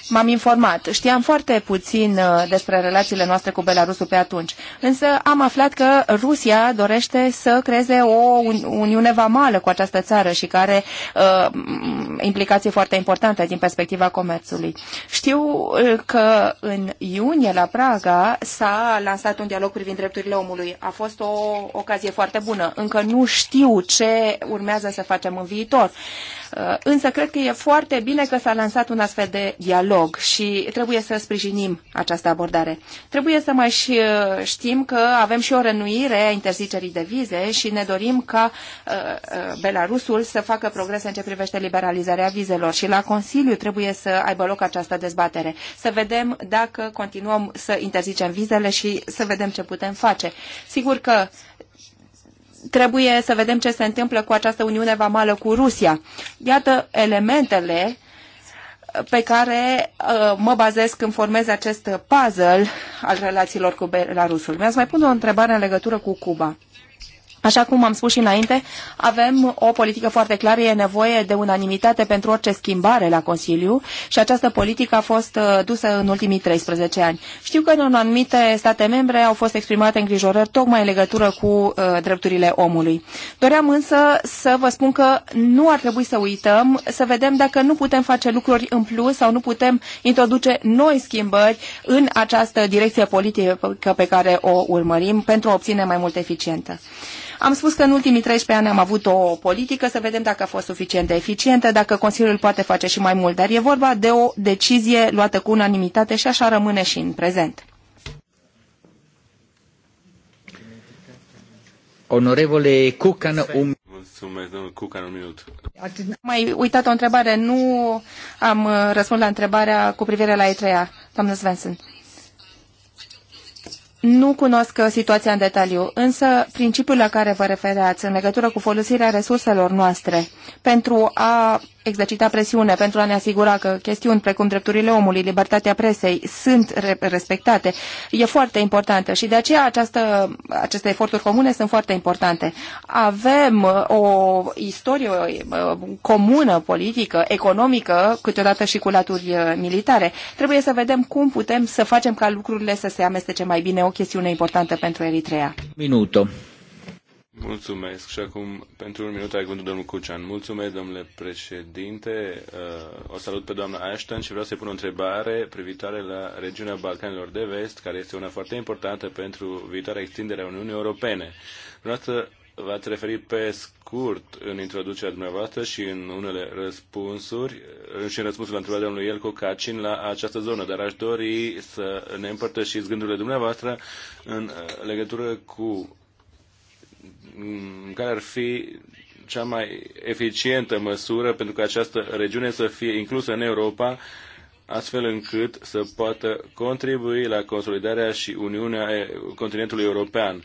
S2: m-am informat. Știam foarte puțin uh, despre relațiile noastre cu Belarusul pe atunci, însă am aflat că Rusia dorește să creeze o uniune vamală cu această țară și care are uh, implicații foarte importante din perspectiva comerțului. Știu uh, că în iunie la Praga s-a lansat un dialog privind drepturile omului. A fost o ocazie foarte bună. Încă nu știu ce urmează să facem în viitor. Uh, Uh, însă cred că e foarte bine că s-a lansat un astfel de dialog și trebuie să sprijinim această abordare. Trebuie să mai uh, știm că avem și o rănuire a interzicerii de vize și ne dorim ca uh, Belarusul să facă progrese în ce privește liberalizarea vizelor și la Consiliu trebuie să aibă loc această dezbatere. Să vedem dacă continuăm să interzicem vizele și să vedem ce putem face. Sigur că trebuie să vedem ce se întâmplă cu această uniune vamală cu Rusia. Iată elementele pe care uh, mă bazez când formez acest puzzle al relațiilor cu Belarusul. Mi-ați mai pune o întrebare în legătură cu Cuba. Așa cum am spus și înainte, avem o politică foarte clară, e nevoie de unanimitate pentru orice schimbare la Consiliu și această politică a fost uh, dusă în ultimii 13 ani. Știu că în anumite state membre au fost exprimate îngrijorări tocmai în legătură cu uh, drepturile omului. Doream însă să vă spun că nu ar trebui să uităm, să vedem dacă nu putem face lucruri în plus sau nu putem introduce noi schimbări în această direcție politică pe care o urmărim pentru a obține mai mult eficientă. Am spus că în ultimii 13 ani am avut o politică, să vedem dacă a fost suficient de eficientă, dacă Consiliul poate face și mai mult, dar e vorba de o decizie luată cu unanimitate și așa rămâne și în prezent.
S1: Onorevole Cucan, un... Am Cucan, un minut.
S2: Mai uitat o întrebare, nu am uh, răspuns la întrebarea cu privire la E3-a, doamnă Svensson. Nu cunosc uh, situația în detaliu, însă principiul la care vă refereați în legătură cu folosirea resurselor noastre pentru a exercita presiune pentru a ne asigura că chestiuni precum drepturile omului, libertatea presei sunt respectate, e foarte importantă și de aceea această, aceste eforturi comune sunt foarte importante. Avem uh, o istorie uh, comună, politică, economică, câteodată și cu laturi uh, militare. Trebuie să vedem cum putem să facem ca lucrurile să se amestece mai bine o chestiune importantă pentru Eritrea.
S1: Minuto.
S3: Mulțumesc. Și acum, pentru un minut, ai cuvântul domnul Cucian. Mulțumesc, domnule președinte. Uh, o salut pe doamna Ashton și vreau să-i pun o întrebare privitoare la regiunea Balcanilor de Vest, care este una foarte importantă pentru viitoarea extindere a Uniunii Europene. Vreau să v-ați referit pe scurt în introducerea dumneavoastră și în unele răspunsuri uh, și în răspunsul la întrebarea domnului Elco Cacin la această zonă, dar aș dori să ne împărtășiți gândurile dumneavoastră în uh, legătură cu care ar fi cea mai eficientă măsură pentru ca această regiune să fie inclusă în Europa, astfel încât să poată contribui la consolidarea și Uniunea continentului european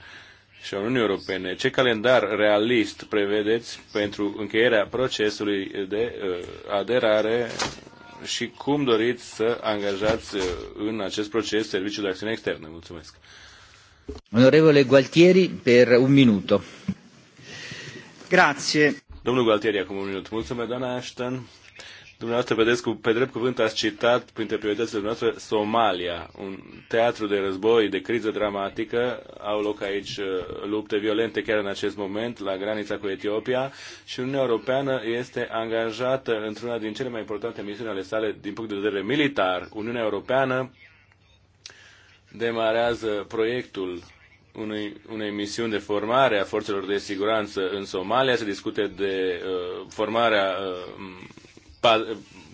S3: și a Uniunii Europene. Ce calendar realist prevedeți pentru încheierea procesului de aderare și cum doriți să angajați în acest proces Serviciul de Acțiune Externă? Mulțumesc!
S1: Onorevole Gualtieri, per un minuto.
S3: Grazie. Domnul Gualtieri, acum un minut. Mulțumesc, doamna Ashton. Dumneavoastră vedeți cu, pe drept cuvânt ați citat printre prioritățile dumneavoastră Somalia, un teatru de război, de criză dramatică. Au loc aici uh, lupte violente chiar în acest moment la granița cu Etiopia și Uniunea Europeană este angajată într-una din cele mai importante misiuni ale sale din punct de vedere militar. Uniunea Europeană demarează proiectul unei, unei misiuni de formare a forțelor de siguranță în Somalia, se discute de uh, formarea uh, pa,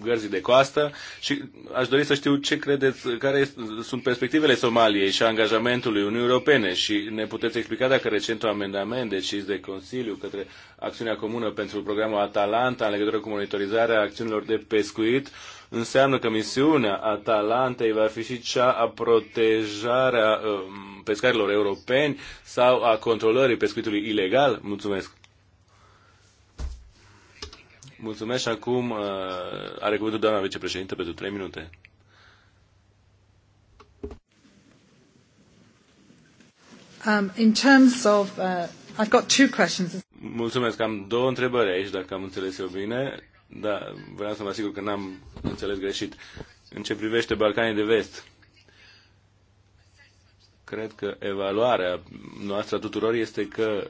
S3: gărzii de coastă și aș dori să știu ce credeți, care sunt perspectivele Somaliei și a angajamentului Uniunii Europene și ne puteți explica dacă recentul amendament decis de Consiliu către acțiunea comună pentru programul Atalanta în legătură cu monitorizarea acțiunilor de pescuit uh, înseamnă că misiunea Atalantei va fi și cea a protejarea um, pescarilor europeni sau a controlării pescuitului ilegal? Mulțumesc! Mulțumesc și acum uh, are cuvântul doamna vicepreședinte pentru 3 minute.
S1: Um, in terms of, uh, I've got two questions.
S3: Mulțumesc, am două întrebări aici, dacă am înțeles eu bine. Da, vreau să vă asigur că n-am înțeles greșit. În ce privește Balcanii de Vest, cred că evaluarea noastră a tuturor este că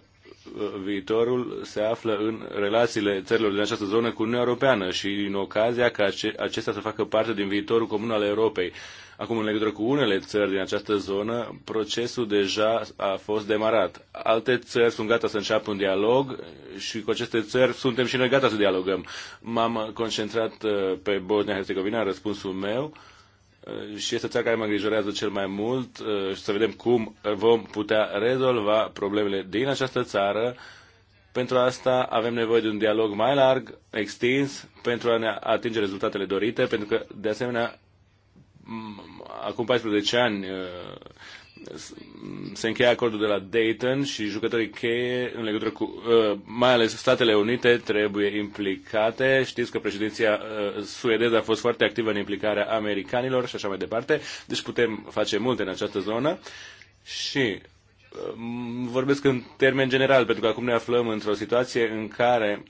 S3: viitorul se află în relațiile țărilor din această zonă cu Uniunea Europeană și în ocazia ca acesta să facă parte din viitorul comun al Europei. Acum, în legătură cu unele țări din această zonă, procesul deja a fost demarat. Alte țări sunt gata să înceapă un dialog și cu aceste țări suntem și noi gata să dialogăm. M-am concentrat uh, pe Bosnia-Herzegovina răspunsul meu Uh, și este țara care mă îngrijorează cel mai mult uh, și să vedem cum vom putea rezolva problemele din această țară. Pentru asta avem nevoie de un dialog mai larg, extins, pentru a ne atinge rezultatele dorite, pentru că, de asemenea, acum 14 ani uh, se încheie acordul de la Dayton și jucătorii cheie, în legătură cu, uh, mai ales Statele Unite, trebuie implicate. Știți că președinția uh, suedeză a fost foarte activă în implicarea americanilor și așa mai departe, deci putem face multe în această zonă. Și uh, vorbesc în termen general, pentru că acum ne aflăm într-o situație în care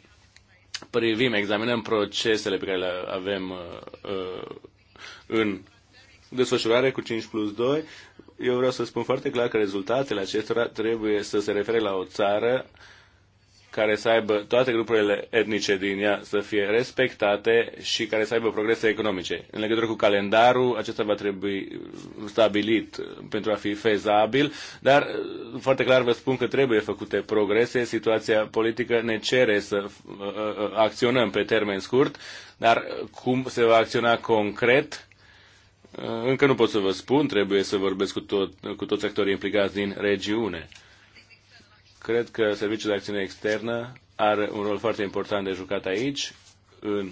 S3: privim, examinăm procesele pe care le avem în desfășurare cu 5 plus 2 eu vreau să spun foarte clar că rezultatele acestora trebuie să se refere la o țară care să aibă toate grupurile etnice din ea să fie respectate și care să aibă progrese economice. În legătură cu calendarul, acesta va trebui stabilit pentru a fi fezabil, dar foarte clar vă spun că trebuie făcute progrese, situația politică ne cere să uh, uh, uh, acționăm pe termen scurt, dar cum se va acționa concret Uh, încă nu pot să vă spun, trebuie să vorbesc cu, tot, cu toți actorii implicați din regiune. Cred că Serviciul de Acțiune Externă are un rol foarte important de jucat aici, în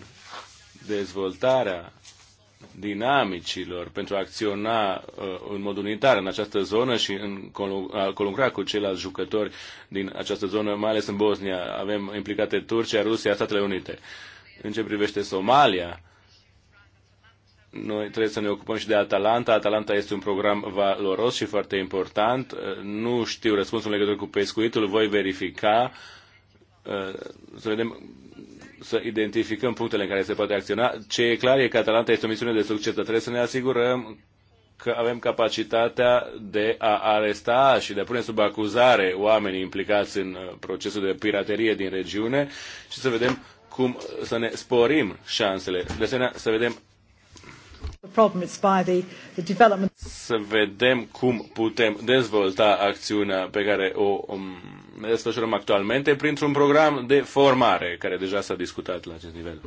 S3: dezvoltarea dinamicilor pentru a acționa uh, în mod unitar în această zonă și în a conlucra cu ceilalți jucători din această zonă, mai ales în Bosnia. Avem implicate Turcia, Rusia, Statele Unite. În ce privește Somalia, noi trebuie să ne ocupăm și de Atalanta. Atalanta este un program valoros și foarte important. Uh, nu știu răspunsul în legătură cu pescuitul, voi verifica uh, să vedem să identificăm punctele în care se poate acționa. Ce e clar e că Atalanta este o misiune de succes, trebuie să ne asigurăm că avem capacitatea de a aresta și de a pune sub acuzare oamenii implicați în uh, procesul de piraterie din regiune și să vedem cum să ne sporim șansele. De asemenea, să vedem să vedem cum putem dezvolta acțiunea pe care o um, desfășurăm actualmente printr-un program de formare care deja s-a discutat la acest nivel.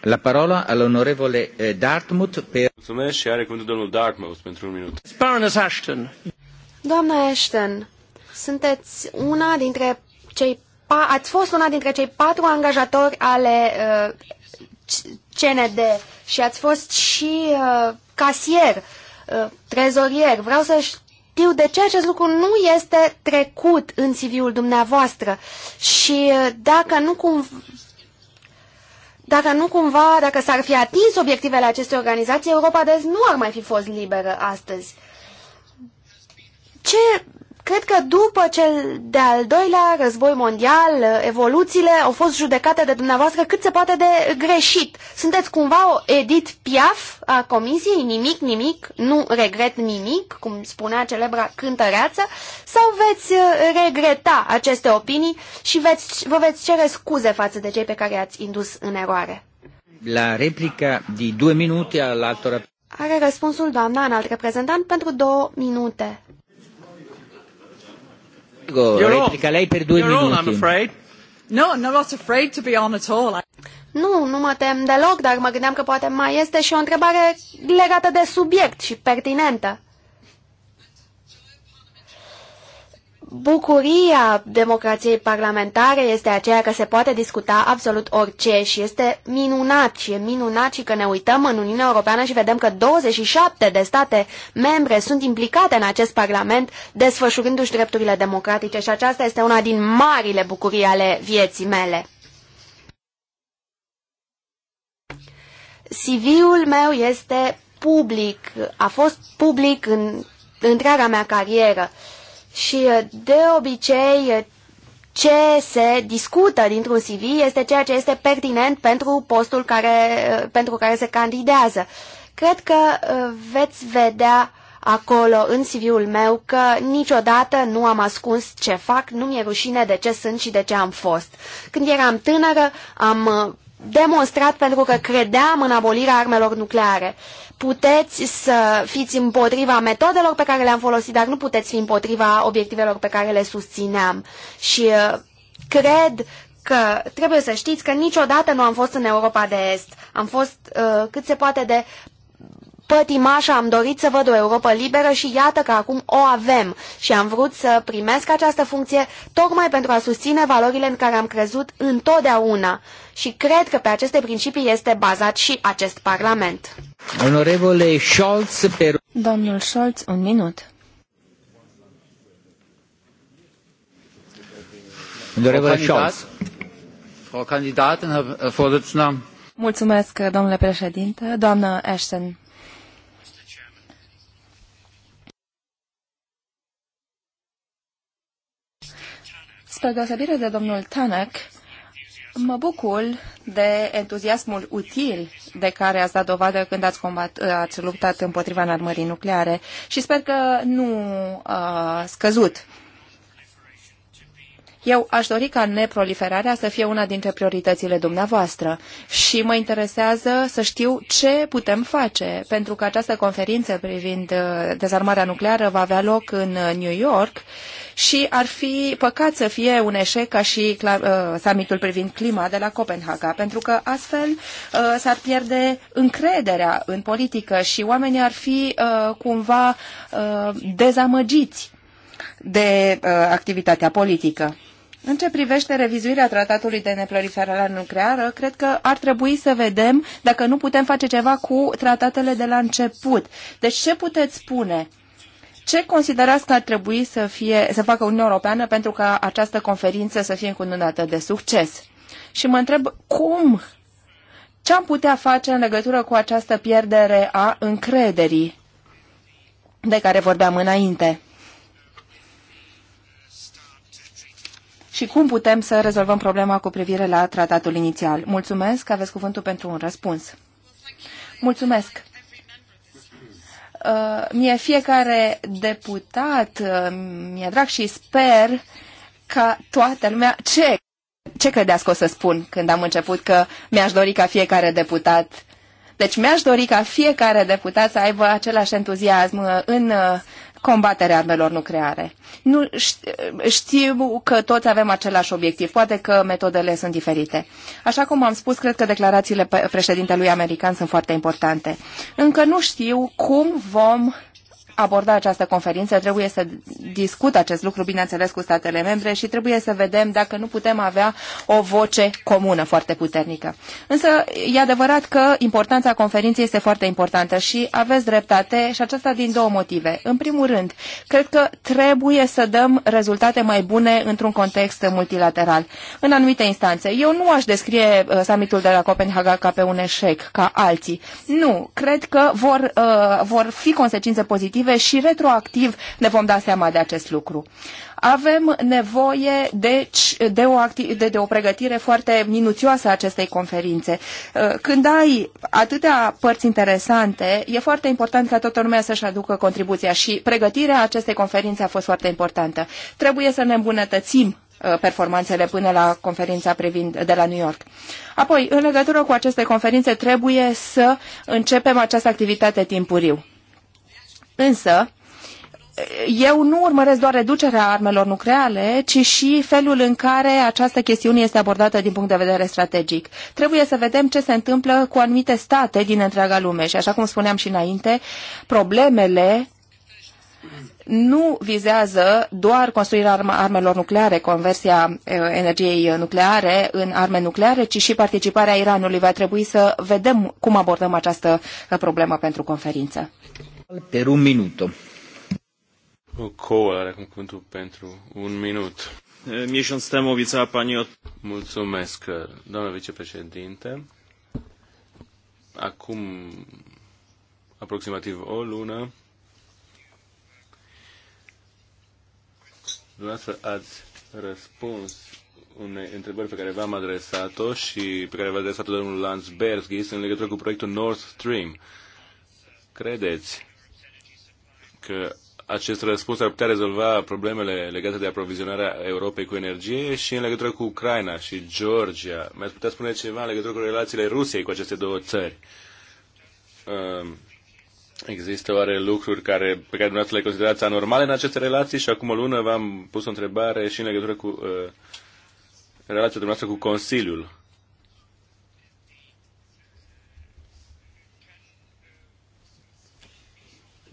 S1: La parola all'onorevole eh, Dartmouth per...
S3: Mulțumesc și are cuvântul domnul Dartmouth pentru un minut. Baroness Ashton.
S4: Doamna Ashton, sunteți una dintre cei ați fost una dintre cei patru angajatori ale uh, CND și ați fost și uh, casier, uh, trezorier. Vreau să știu de ce acest lucru nu este trecut în CV-ul dumneavoastră și uh, dacă nu cum dacă nu cumva, dacă s-ar fi atins obiectivele acestei organizații, Europa de nu ar mai fi fost liberă astăzi. Ce Cred că după cel de-al doilea război mondial, evoluțiile au fost judecate de dumneavoastră cât se poate de greșit. Sunteți cumva o edit piaf a comisiei, nimic, nimic, nu regret nimic, cum spunea celebra cântăreață, sau veți uh, regreta aceste opinii și veți, vă veți cere scuze față de cei pe care i-ați indus în eroare?
S1: La replica de două minute al altora...
S4: Are răspunsul doamna alt reprezentant pentru două minute.
S1: Prego, You're replica on. lei per due You're minuti. On, I'm afraid.
S4: No, I'm not
S1: afraid to be on at all. I...
S4: Nu, nu mă tem deloc, dar mă gândeam că poate mai este și o întrebare legată de subiect și pertinentă. Bucuria democrației parlamentare este aceea că se poate discuta absolut orice și este minunat și e minunat și că ne uităm în Uniunea Europeană și vedem că 27 de state membre sunt implicate în acest parlament desfășurându-și drepturile democratice și aceasta este una din marile bucurii ale vieții mele. CV-ul meu este public, a fost public în întreaga mea carieră. Uh, și uh, de obicei uh, ce se discută dintr-un CV este ceea ce este pertinent pentru postul care, uh, pentru care se candidează. Cred că veți vedea acolo în CV-ul meu că niciodată nu am ascuns ce fac, nu mi-e rușine de ce sunt și de ce am fost. Când eram tânără am demonstrat pentru că credeam în abolirea armelor nucleare puteți să fiți împotriva metodelor pe care le-am folosit, dar nu puteți fi împotriva obiectivelor pe care le susțineam. Și uh, cred că trebuie să știți că niciodată nu am fost în Europa de Est. Am fost uh, cât se poate de pătimașa, am dorit să văd o Europa liberă și iată că acum o avem și am vrut să primesc această funcție tocmai pentru a susține valorile în care am crezut întotdeauna și cred că pe aceste principii este bazat și acest Parlament.
S1: Onorevole Scholz, per...
S2: Domnul Scholz, un minut.
S1: Onorevole Scholz. Frau Kandidatin, Herr äh, Vorsitzender.
S2: Mulțumesc, domnule președinte. Doamnă Ashton, Spre deosebire de domnul Tanek, mă bucur de entuziasmul util de care ați dat dovadă când ați, combat, ați luptat împotriva înarmării nucleare și sper că nu a uh, scăzut eu aș dori ca neproliferarea să fie una dintre prioritățile dumneavoastră și mă interesează să știu ce putem face, pentru că această conferință privind uh, dezarmarea nucleară va avea loc în uh, New York și ar fi păcat să fie un eșec ca și uh, summitul privind clima de la Copenhaga, pentru că astfel s-ar pierde încrederea în politică și oamenii ar fi cumva dezamăgiți de activitatea politică. În ce privește revizuirea tratatului de neproliferare nucleară, cred că ar trebui să vedem dacă nu putem face ceva cu tratatele de la început. Deci ce puteți spune? Ce considerați că ar trebui să, fie, să facă Uniunea Europeană pentru ca această conferință să fie încununată de succes? Și mă întreb cum, ce am putea face în legătură cu această pierdere a încrederii de care vorbeam înainte? și cum putem să rezolvăm problema cu privire la tratatul inițial. Mulțumesc, aveți cuvântul pentru un răspuns. Mulțumesc. Uh, mie fiecare deputat uh, mi-e drag și sper ca toată lumea... Ce, ce credeți că o să spun când am început că mi-aș dori ca fiecare deputat deci mi-aș dori ca fiecare deputat să aibă același entuziasm uh, în combaterea armelor nucleare. Nu, știu că toți avem același obiectiv, poate că metodele sunt diferite. Așa cum am spus, cred că declarațiile președintelui american sunt foarte importante. Încă nu știu cum vom aborda această conferință, trebuie să discut acest lucru, bineînțeles, cu statele membre și trebuie să vedem dacă nu putem avea o voce comună foarte puternică. Însă e adevărat că importanța conferinței este foarte importantă și aveți dreptate și aceasta din două motive. În primul rând, cred că trebuie să dăm rezultate mai bune într-un context multilateral, în anumite instanțe. Eu nu aș descrie uh, summitul de la Copenhaga ca pe un eșec, ca alții. Nu, cred că vor, uh, vor fi consecințe pozitive retroactive și retroactiv ne vom da seama de acest lucru. Avem nevoie, deci, de o, de, de o pregătire foarte minuțioasă a acestei conferințe. Uh, când ai atâtea părți interesante, e foarte important ca toată lumea să-și aducă contribuția și pregătirea acestei conferințe a fost foarte importantă. Trebuie să ne îmbunătățim uh, performanțele până la conferința privind de la New York. Apoi, în legătură cu aceste conferințe, trebuie să începem această activitate timpuriu. Însă, eu nu urmăresc doar reducerea armelor nucleare, ci și felul în care această chestiune este abordată din punct de vedere strategic. Trebuie să vedem ce se întâmplă cu anumite state din întreaga lume și, așa cum spuneam și înainte, problemele nu vizează doar construirea armelor nucleare, conversia eh, energiei nucleare în arme nucleare, ci și participarea Iranului. Va trebui să vedem cum abordăm această eh, problemă pentru conferință.
S3: Per un are acum cuvântul pentru un minut. Miesiąc temu obiecała Pani od... Mulțumesc, doamnă vicepreședinte. Acum aproximativ o lună, dumneavoastră ați răspuns unei întrebări pe care v-am adresat-o și pe care v-a adresat-o domnul Lanz Bersghis în legătură cu proiectul Nord Stream. Credeți că acest răspuns ar putea rezolva problemele legate de aprovizionarea Europei cu energie și în legătură cu Ucraina și Georgia. Mi-ați putea spune ceva în legătură cu relațiile Rusiei cu aceste două țări? Um, există oare lucruri care, pe care dumneavoastră le considerați anormale în aceste relații? Și acum o lună v-am pus o întrebare și în legătură cu uh, relația dumneavoastră cu Consiliul.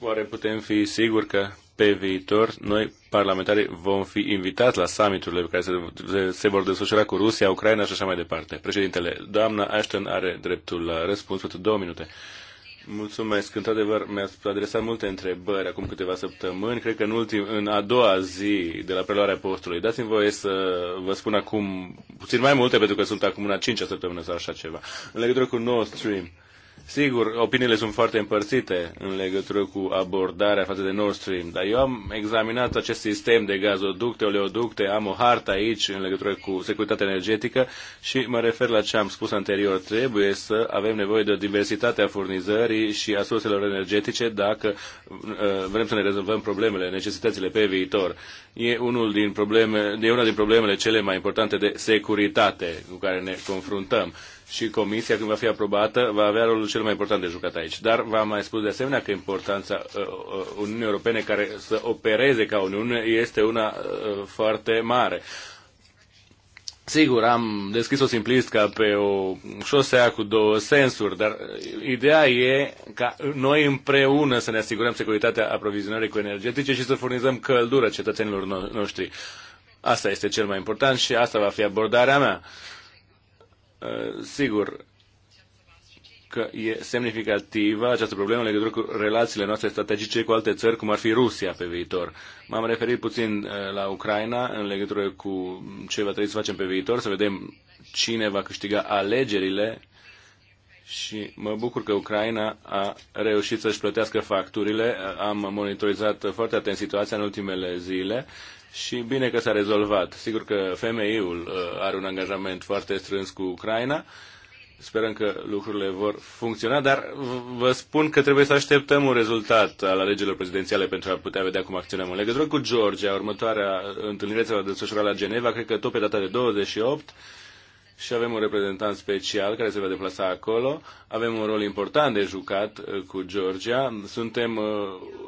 S3: Oare putem fi siguri că pe viitor noi, parlamentarii, vom fi invitați la summiturile care se, se vor desfășura cu Rusia, Ucraina și așa mai departe? Președintele, doamna Ashton are dreptul la răspuns pentru două minute. Mulțumesc. Într-adevăr, mi a adresat multe întrebări acum câteva săptămâni. Cred că în, ultim, în a doua zi de la preluarea postului. Dați-mi voie să vă spun acum puțin mai multe, pentru că sunt acum în a cincea săptămână sau așa ceva. În legătură cu Nord Stream, uh, Sigur, opiniile sunt foarte împărțite în legătură cu abordarea față de Nord Stream, dar eu am examinat acest sistem de gazoducte, oleoducte, am o hartă aici în legătură cu securitatea energetică și mă refer la ce am spus anterior. Trebuie să avem nevoie de o diversitate a furnizării și a surselor energetice dacă uh, vrem să ne rezolvăm problemele, necesitățile pe viitor. E, unul din probleme, e una din problemele cele mai importante de securitate cu care ne confruntăm și comisia, când va fi aprobată, va avea rolul cel mai important de jucat aici. Dar v-am mai spus de asemenea că importanța uh, uh, Uniunii Europene care să opereze ca Uniune este una uh, foarte mare. Sigur, am deschis-o simplist ca pe o șosea cu două sensuri, dar ideea e ca noi împreună să ne asigurăm securitatea aprovizionării cu energetice și să furnizăm căldură cetățenilor no- noștri. Asta este cel mai important și asta va fi abordarea mea. Uh, Eh, sigur că e semnificativă această problemă în legătură cu relațiile noastre strategice cu alte țări, cum ar fi Rusia pe viitor. M-am referit puțin eh, la Ucraina în legătură cu ce va trebui să facem pe viitor, să vedem cine va câștiga alegerile și mă bucur că Ucraina a reușit să-și plătească facturile. Am monitorizat foarte atent situația în ultimele zile și bine că s-a rezolvat. Sigur că femeiul uh, are un angajament foarte strâns cu Ucraina. Sperăm că lucrurile vor funcționa, dar vă spun că trebuie să așteptăm un rezultat al alegerilor prezidențiale pentru a putea vedea cum acționăm. În legătură cu Georgia, următoarea întâlnire se va desfășura la Geneva, cred că tot pe data de 28 și avem un reprezentant special care se va deplasa acolo. Avem un rol important de jucat uh, cu Georgia. Suntem uh,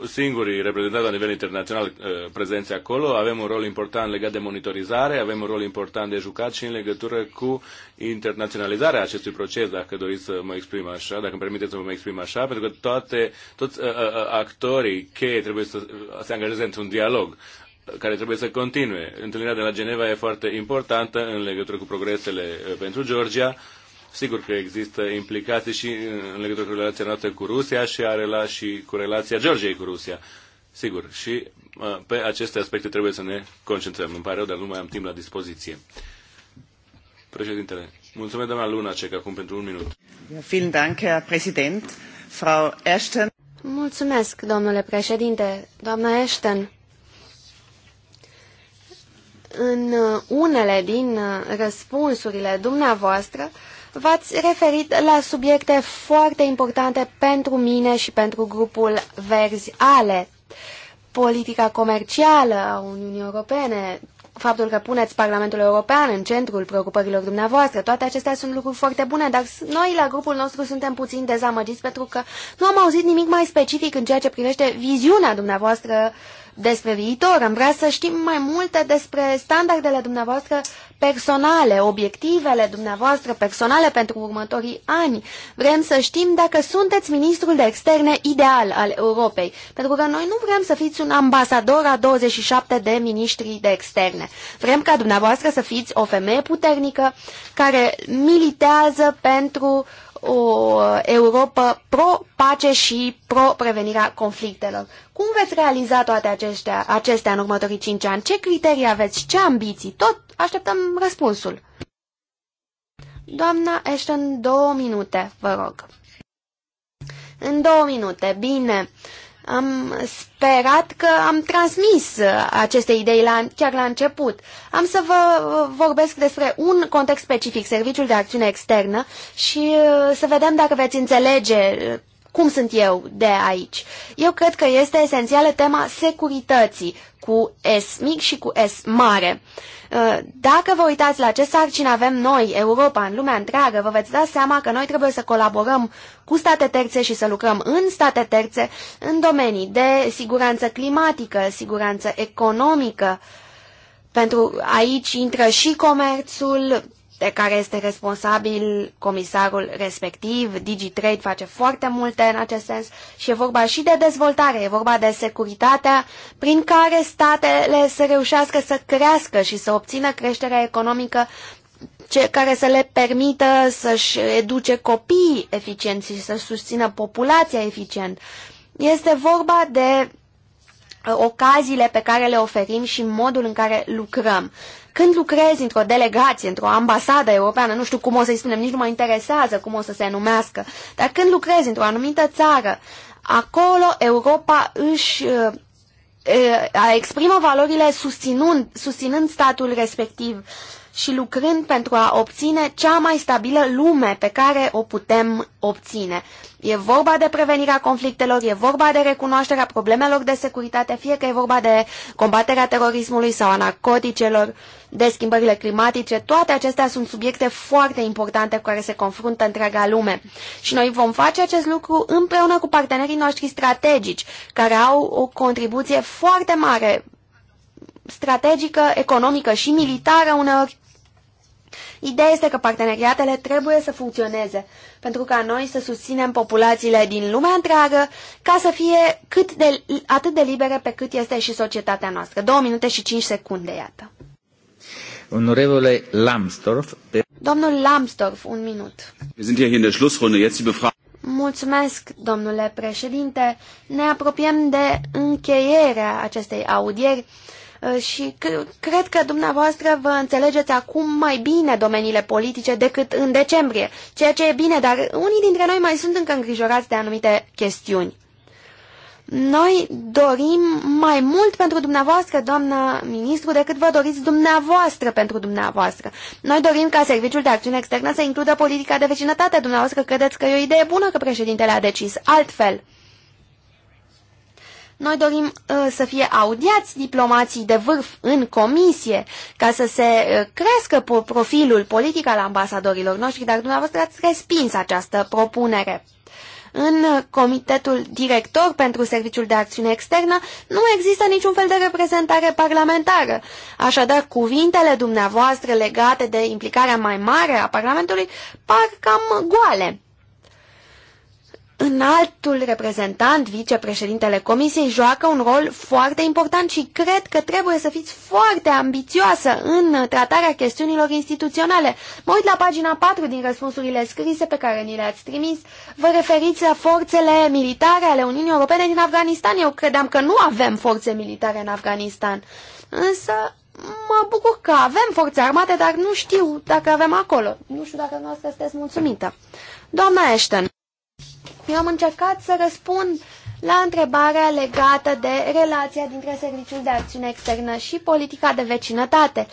S3: singurii reprezentanți la nivel internațional uh, prezenți acolo. Avem un rol important legat de monitorizare, avem un rol important de jucat și în legătură cu internaționalizarea acestui proces, dacă doriți să mă exprim așa, dacă îmi permiteți să mă exprim așa, pentru că toate, toți actorii cheie trebuie să se angajeze într-un dialog care trebuie să continue. Întâlnirea de la Geneva e foarte importantă în legătură cu progresele uh, pentru Georgia. Sigur că există implicații și uh, în legătură cu relația noastră cu Rusia și, are la, și cu relația Georgiei cu Rusia. Sigur, și uh, pe aceste aspecte trebuie să ne concentrăm. Îmi pare rău, dar nu mai am timp la dispoziție. Președintele, mulțumesc doamna Cec acum pentru un minut.
S4: Mulțumesc, domnule președinte. Doamna Ashton, în uh, unele din uh, răspunsurile dumneavoastră v-ați referit la subiecte foarte importante pentru mine și pentru grupul Verzi Ale. Politica comercială a Uniunii Europene, faptul că puneți Parlamentul European în centrul preocupărilor dumneavoastră, toate acestea sunt lucruri foarte bune, dar noi la grupul nostru suntem puțin dezamăgiți pentru că nu am auzit nimic mai specific în ceea ce privește viziunea dumneavoastră despre viitor. Am vrea să știm mai multe despre standardele dumneavoastră personale, obiectivele dumneavoastră personale pentru următorii ani. Vrem să știm dacă sunteți ministrul de externe ideal al Europei, pentru că noi nu vrem să fiți un ambasador a 27 de ministri de externe. Vrem ca dumneavoastră să fiți o femeie puternică care militează pentru o eh, Europa pro-pace și pro-prevenirea conflictelor. Cum veți realiza toate acestea, acestea în următorii cinci ani? Ce criterii aveți? Ce ambiții? Tot așteptăm răspunsul. Doamna Ashton, două minute, vă rog. În două minute, bine. Uh, am sperat că am transmis aceste idei la, chiar la început. Am să vă vorbesc despre un context specific, Serviciul de Acțiune Externă, și uh, să vedem dacă veți înțelege cum sunt eu de aici? Eu cred că este esențială tema securității cu S mic și cu S mare. Uh, dacă vă uitați la ce sarcini avem noi, Europa, în lumea întreagă, vă veți da seama că noi trebuie să colaborăm cu state terțe și să lucrăm în state terțe în domenii de siguranță climatică, siguranță economică. Pentru aici intră și comerțul, de care este responsabil comisarul respectiv. DigiTrade face foarte multe în acest sens și e vorba și de dezvoltare, e vorba de securitatea prin care statele să reușească să crească și să obțină creșterea economică ce, care să le permită să-și educe copiii eficient și să susțină populația eficient. Este vorba de uh, ocaziile pe care le oferim și modul în care lucrăm. Când lucrezi într-o delegație, într-o ambasadă europeană, nu știu cum o să-i spunem, nici nu mă interesează cum o să se numească, dar când lucrezi într-o anumită țară, acolo Europa își uh, uh, exprimă valorile susținând, susținând statul respectiv. Uh, și lucrând pentru a obține cea mai stabilă lume pe care o putem obține. E vorba de prevenirea conflictelor, e vorba de recunoașterea problemelor de securitate, fie că e vorba de combaterea terorismului sau a narcoticelor, de schimbările climatice, toate acestea sunt subiecte foarte importante cu care se confruntă întreaga lume. Și noi vom face acest lucru împreună cu partenerii noștri strategici, care au o contribuție foarte mare strategică, economică și militară uneori. Ideea este că parteneriatele trebuie să funcționeze, pentru ca noi să susținem populațiile din lumea întreagă ca să fie cât de, atât de libere pe cât este și societatea noastră. Două minute și cinci secunde, iată.
S1: Onorevole Lambsdorff. Pe...
S4: Domnul Lambsdorff, un minut. Mulțumesc, domnule președinte. Ne apropiem de încheierea acestei audieri. Uh, și cred că dumneavoastră vă înțelegeți acum mai bine domeniile politice decât în decembrie, ceea ce e bine, dar unii dintre noi mai sunt încă îngrijorați de anumite chestiuni. Noi dorim mai mult pentru dumneavoastră, doamnă ministru, decât vă doriți dumneavoastră pentru dumneavoastră. Noi dorim ca Serviciul de Acțiune Externă să includă politica de vecinătate. Dumneavoastră credeți că e o idee bună că președintele a decis altfel. Noi dorim uh, să fie audiați diplomații de vârf în comisie ca să se uh, crească profilul politic al ambasadorilor noștri, dar dumneavoastră ați respins această propunere. În comitetul director pentru Serviciul de Acțiune Externă nu există niciun fel de reprezentare parlamentară. Așadar, cuvintele dumneavoastră legate de implicarea mai mare a Parlamentului par cam goale înaltul reprezentant, vicepreședintele Comisiei, joacă un rol foarte important și cred că trebuie să fiți foarte ambițioasă în tratarea chestiunilor instituționale. Mă uit la pagina 4 din răspunsurile scrise pe care ni le-ați trimis. Vă referiți la forțele militare ale Uniunii Europene din Afganistan. Eu credeam că nu avem forțe militare în Afganistan. Însă mă bucur că avem forțe armate, dar nu știu dacă avem acolo. Nu știu dacă noastră sunteți mulțumită. Doamna Ashton. Eu am încercat să răspund la întrebarea legată de relația dintre Serviciul de Acțiune Externă și politica de vecinătate.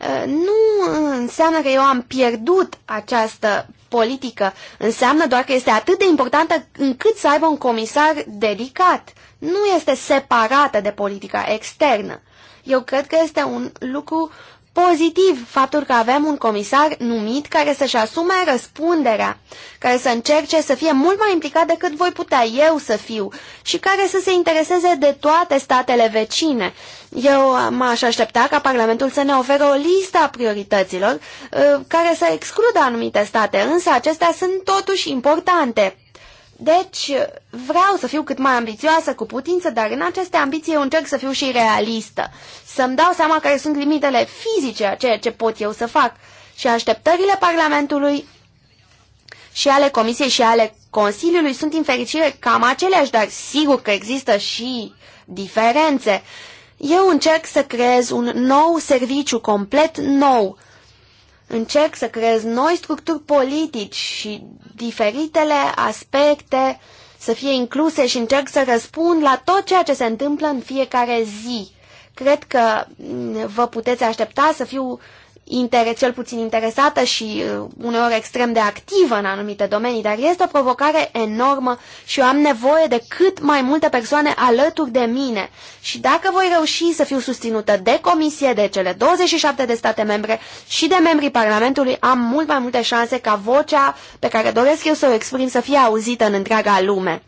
S4: Uh, nu înseamnă că eu am pierdut această politică, înseamnă doar că este atât de importantă încât să aibă un comisar dedicat. Nu este separată de politica externă. Eu cred că este un lucru pozitiv faptul că avem un comisar numit care să-și asume răspunderea, care să încerce să fie mult mai implicat decât voi putea eu să fiu și care să se intereseze de toate statele vecine. Eu m-aș aștepta ca Parlamentul să ne ofere o listă a priorităților uh, care să excludă anumite state, însă acestea sunt totuși importante. Deci, vreau să fiu cât mai ambițioasă cu putință, dar în aceste ambiții eu încerc să fiu și realistă. Să-mi dau seama care sunt limitele fizice a ceea ce pot eu să fac și așteptările Parlamentului și ale Comisiei și ale Consiliului sunt în fericire cam aceleași, dar sigur că există și diferențe. Eu încerc să creez un nou serviciu complet nou, încerc să creez noi structuri politici și diferitele aspecte să fie incluse și încerc să răspund la tot ceea ce se întâmplă în fiecare zi. Cred că mm, vă puteți aștepta să fiu interes, cel puțin interesată și uh, uneori extrem de activă în anumite domenii, dar este o provocare enormă și eu am nevoie de cât mai multe persoane alături de mine. Și dacă voi reuși să fiu susținută de comisie, de cele 27 de state membre și de membrii Parlamentului, am mult mai multe șanse ca vocea pe care doresc eu să o exprim să fie auzită în întreaga lume.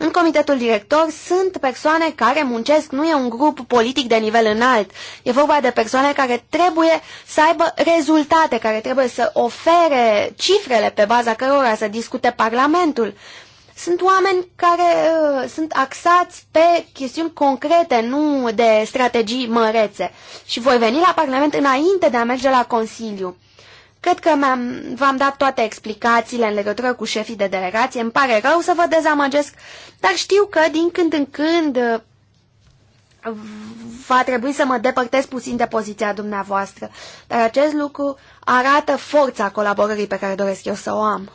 S4: În comitetul director sunt persoane care muncesc, nu e un grup politic de nivel înalt. E vorba de persoane care trebuie să aibă rezultate, care trebuie să ofere cifrele pe baza cărora să discute Parlamentul. Sunt oameni care uh, sunt axați pe chestiuni concrete, nu de strategii mărețe. Și voi veni la Parlament înainte de a merge la Consiliu. Cred că v-am -am dat toate explicațiile în legătură cu șefii de delegație. Îmi pare rău să vă dezamăgesc, dar știu că din când în când va trebui să mă depărtez puțin de poziția dumneavoastră. Dar acest lucru arată forța colaborării pe care doresc eu să o am.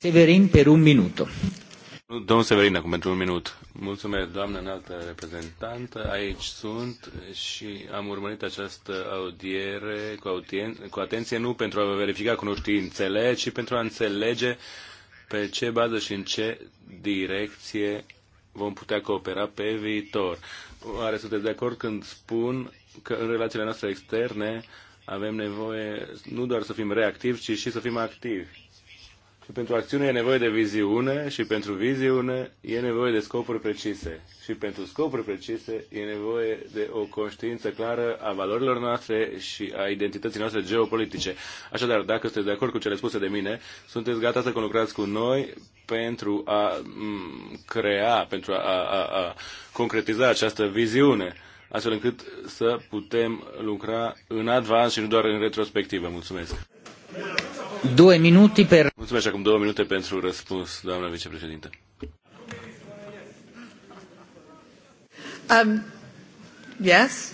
S3: Severin, per un minut. Domnul Severin, acum pentru un minut. Mulțumesc, doamnă înaltă reprezentantă. Aici sunt și am urmărit această audiere cu, audien- cu atenție nu pentru a verifica cunoștințele, ci pentru a înțelege pe ce bază și în ce direcție vom putea coopera pe viitor. Oare sunteți de acord când spun că în relațiile noastre externe avem nevoie nu doar să fim reactivi, ci și să fim activi? Și pentru acțiune e nevoie de viziune și pentru viziune e nevoie de scopuri precise. Și pentru scopuri precise e nevoie de o conștiință clară a valorilor noastre și a identității noastre geopolitice. Așadar, dacă sunteți de acord cu cele spuse de mine, sunteți gata să conlucrați cu noi pentru a crea, pentru a, a, a concretiza această viziune, astfel încât să putem lucra în advans și nu doar în retrospectivă. Mulțumesc!
S1: Două minute per...
S3: Mulțumesc acum două minute pentru răspuns, doamna vicepreședinte.
S1: Um, yes?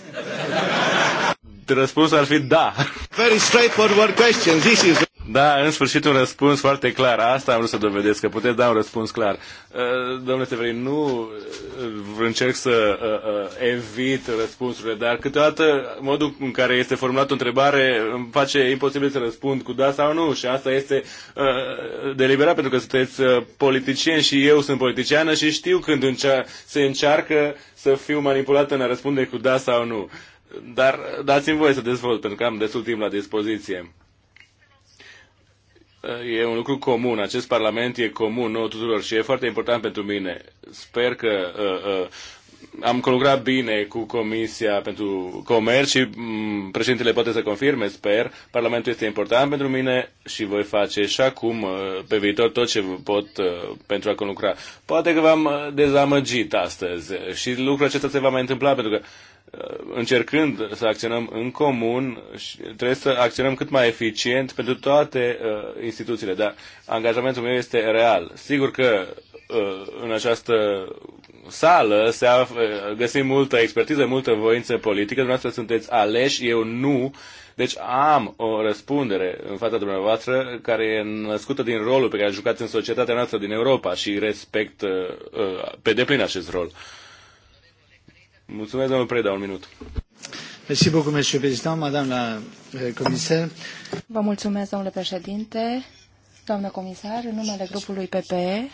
S3: Răspunsul ar fi da. Very straightforward question. This is... Da, în sfârșit un răspuns foarte clar. Asta am vrut să dovedesc, că puteți da un răspuns clar. Uh, domnule Severin, nu uh, încerc să uh, evit răspunsurile, dar câteodată modul în care este formulată o întrebare îmi face imposibil să răspund cu da sau nu și asta este deliberat pentru că sunteți politicien și eu sunt politiciană și știu când se încearcă să fiu manipulată în a răspunde cu da sau nu. Dar dați-mi voie să dezvolt, pentru că am destul timp la dispoziție e un lucru comun, acest Parlament e comun nouă tuturor și e foarte important pentru mine. Sper că uh, uh, am colaborat bine cu Comisia pentru Comerț și um, președintele poate să confirme, sper. Parlamentul este important pentru mine și voi face și acum, uh, pe viitor, tot ce pot uh, pentru a conlucra. Poate că v-am uh, dezamăgit astăzi și lucrul acesta se va mai întâmpla pentru că uh, Uh, încercând să acționăm în comun, trebuie să acționăm cât mai eficient pentru toate uh, instituțiile, dar angajamentul meu este real. Sigur că uh, în această sală se af- uh, găsim multă expertiză, multă voință politică, dumneavoastră sunteți aleși, eu nu, deci am o răspundere în fața dumneavoastră care e născută din rolul pe care a jucat în societatea noastră din Europa și respect uh, uh pe deplin acest rol. Uh, Mulțumesc, domnul Preda, un minut. Mersi beaucoup, monsieur président, madame la euh, comisar.
S2: Vă mulțumesc, domnule președinte, doamnă comisar, în numele grupului PPE,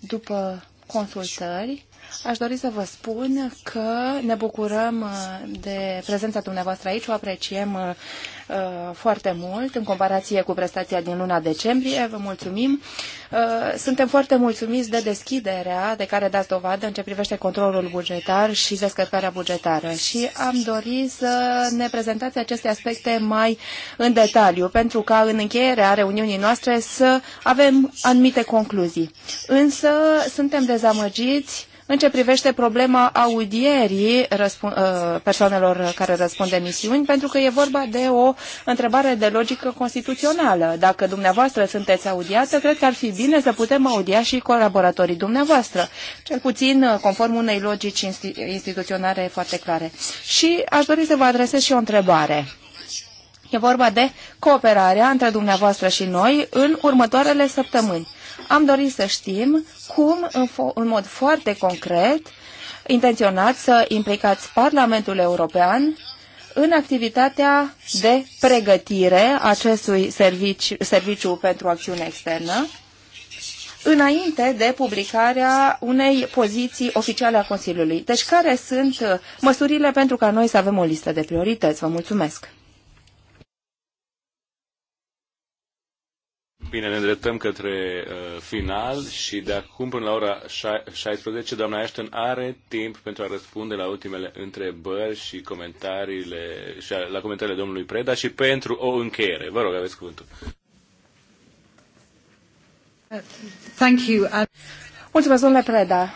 S2: după consultări, Aș dori să vă spun că ne bucurăm uh, de prezența dumneavoastră aici, o apreciem uh, uh, foarte mult în comparație cu prestația din luna decembrie. Vă mulțumim. suntem foarte mulțumiți de deschiderea de care dați dovadă în ce privește controlul bugetar și descărcarea bugetară și am dori să ne prezentați aceste aspecte mai în detaliu, pentru ca în încheierea reuniunii noastre să avem anumite concluzii. Însă suntem dezamăgiți în ce privește problema audierii ă, persoanelor care răspund emisiuni, pentru că e vorba de o întrebare de logică constituțională. Dacă dumneavoastră sunteți audiată, cred că ar fi bine să putem audia și colaboratorii dumneavoastră, cel puțin ă, conform unei logici instituționale foarte clare. Și aș dori să vă adresez și o întrebare. E vorba de cooperarea între dumneavoastră și noi în următoarele săptămâni am dorit să știm cum, în, în mod foarte concret, intenționați să implicați Parlamentul European în activitatea de pregătire acestui servici, serviciu pentru acțiune externă, înainte de publicarea unei poziții oficiale a Consiliului. Deci care sunt uh, măsurile pentru ca noi să avem o listă de priorități? Vă mulțumesc!
S3: Bine, ne îndreptăm către uh, final și de acum până la ora 16, doamna Ashton are timp pentru a răspunde la ultimele întrebări și comentariile și la comentariile domnului Preda și pentru o încheiere. Vă rog, aveți cuvântul.
S2: Thank you. Mulțumesc, domnule Preda.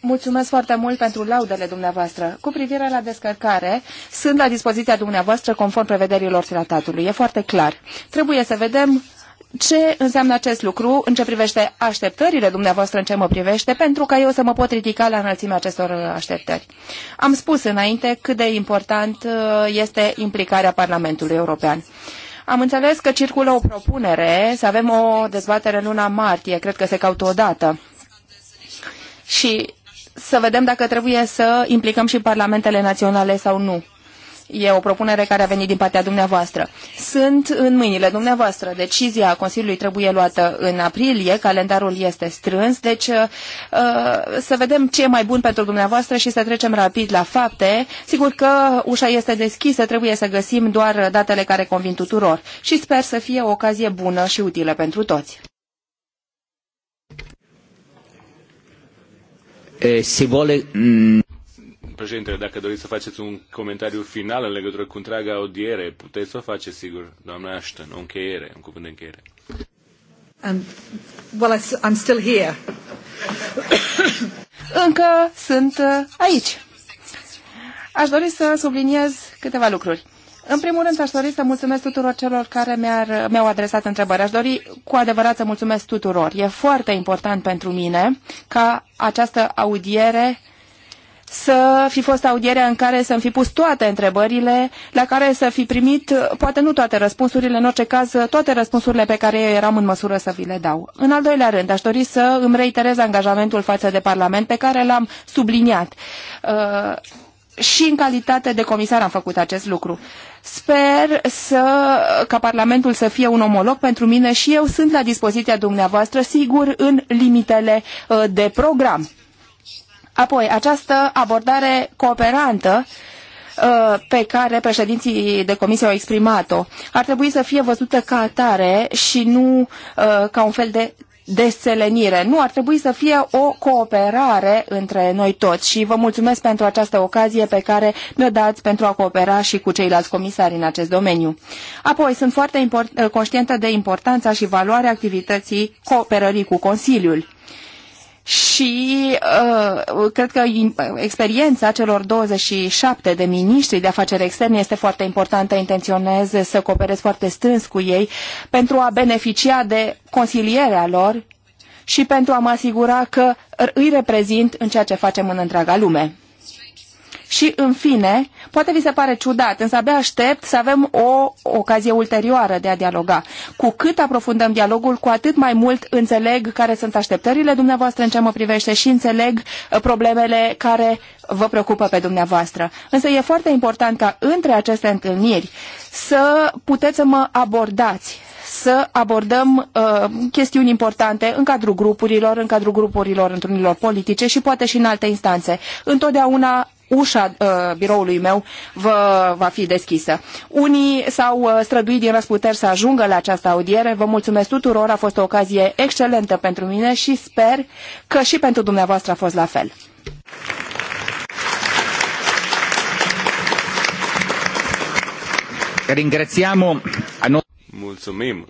S2: Mulțumesc foarte mult pentru laudele dumneavoastră. Cu privire la descărcare, sunt la dispoziția dumneavoastră conform prevederilor tratatului. E foarte clar. Trebuie să vedem ce înseamnă acest lucru în ce privește așteptările dumneavoastră, în ce mă privește, pentru ca eu să mă pot ridica la înălțimea acestor uh, așteptări. Am spus înainte cât de important uh, este implicarea Parlamentului European. Am înțeles că circulă o propunere să avem o dezbatere în luna martie, cred că se caută o dată. Și să vedem dacă trebuie să implicăm și parlamentele naționale sau nu. E o propunere care a venit din partea dumneavoastră. Sunt în mâinile dumneavoastră. Decizia Consiliului trebuie luată în aprilie, calendarul este strâns, deci uh, să vedem ce e mai bun pentru dumneavoastră și să trecem rapid la fapte. Sigur că ușa este deschisă, trebuie să găsim doar datele care convin tuturor și sper să fie o ocazie bună și utilă pentru
S3: toți. Eh,
S1: se vuole... Mm...
S3: Președintele, dacă doriți să faceți un comentariu final în legătură cu întreaga audiere, puteți să o faceți, sigur, doamna Ashton, o încheiere, un cuvânt de încheiere.
S1: And, um, well, I'm still here. Încă
S2: sunt uh, aici. Aș dori să subliniez câteva lucruri. În primul rând, aș dori să mulțumesc tuturor celor care mi-au mi adresat întrebări. Aș dori cu adevărat să mulțumesc tuturor. E foarte important pentru mine ca această audiere să fi fost audierea în care să-mi fi pus toate întrebările, la care să fi primit, poate nu toate răspunsurile, în orice caz, toate răspunsurile pe care eram în măsură să vi le dau. În al doilea rând, aș dori să îmi reiterez angajamentul față de Parlament pe care l-am subliniat. Uh, și în calitate de comisar am făcut acest lucru. Sper să, ca Parlamentul să fie un omolog pentru mine și eu sunt la dispoziția dumneavoastră, sigur, în limitele uh, de program. Apoi, această abordare cooperantă uh, pe care președinții de comisie au exprimat-o ar trebui să fie văzută ca atare și nu uh, ca un fel de deselenire. Nu, ar trebui să fie o cooperare între noi toți și vă mulțumesc pentru această ocazie pe care mi-o dați pentru a coopera și cu ceilalți comisari în acest domeniu. Apoi, sunt foarte conștientă de importanța și valoarea activității cooperării cu Consiliul și uh, cred că experiența celor 27 de miniștri de afaceri externe este foarte importantă. Intenționez să cooperez foarte strâns cu ei pentru a beneficia de consilierea lor și pentru a mă asigura că îi reprezint în ceea ce facem în întreaga lume. Și, în fine, poate vi se pare ciudat, însă abia aștept să avem o ocazie ulterioară de a dialoga. Cu cât aprofundăm dialogul, cu atât mai mult înțeleg care sunt așteptările dumneavoastră în ce mă privește și înțeleg uh, problemele care vă preocupă pe dumneavoastră. Însă e foarte important ca între aceste întâlniri să puteți să mă abordați, să abordăm uh, chestiuni importante în cadrul grupurilor, în cadrul grupurilor întrunilor politice și poate și în alte instanțe. Întotdeauna ușa uh, biroului meu vă, va fi deschisă. Unii s-au uh, străduit din răsputeri să ajungă la această audiere. Vă mulțumesc tuturor, a fost o ocazie excelentă pentru mine și sper că și pentru dumneavoastră a fost la fel.
S3: Mulțumim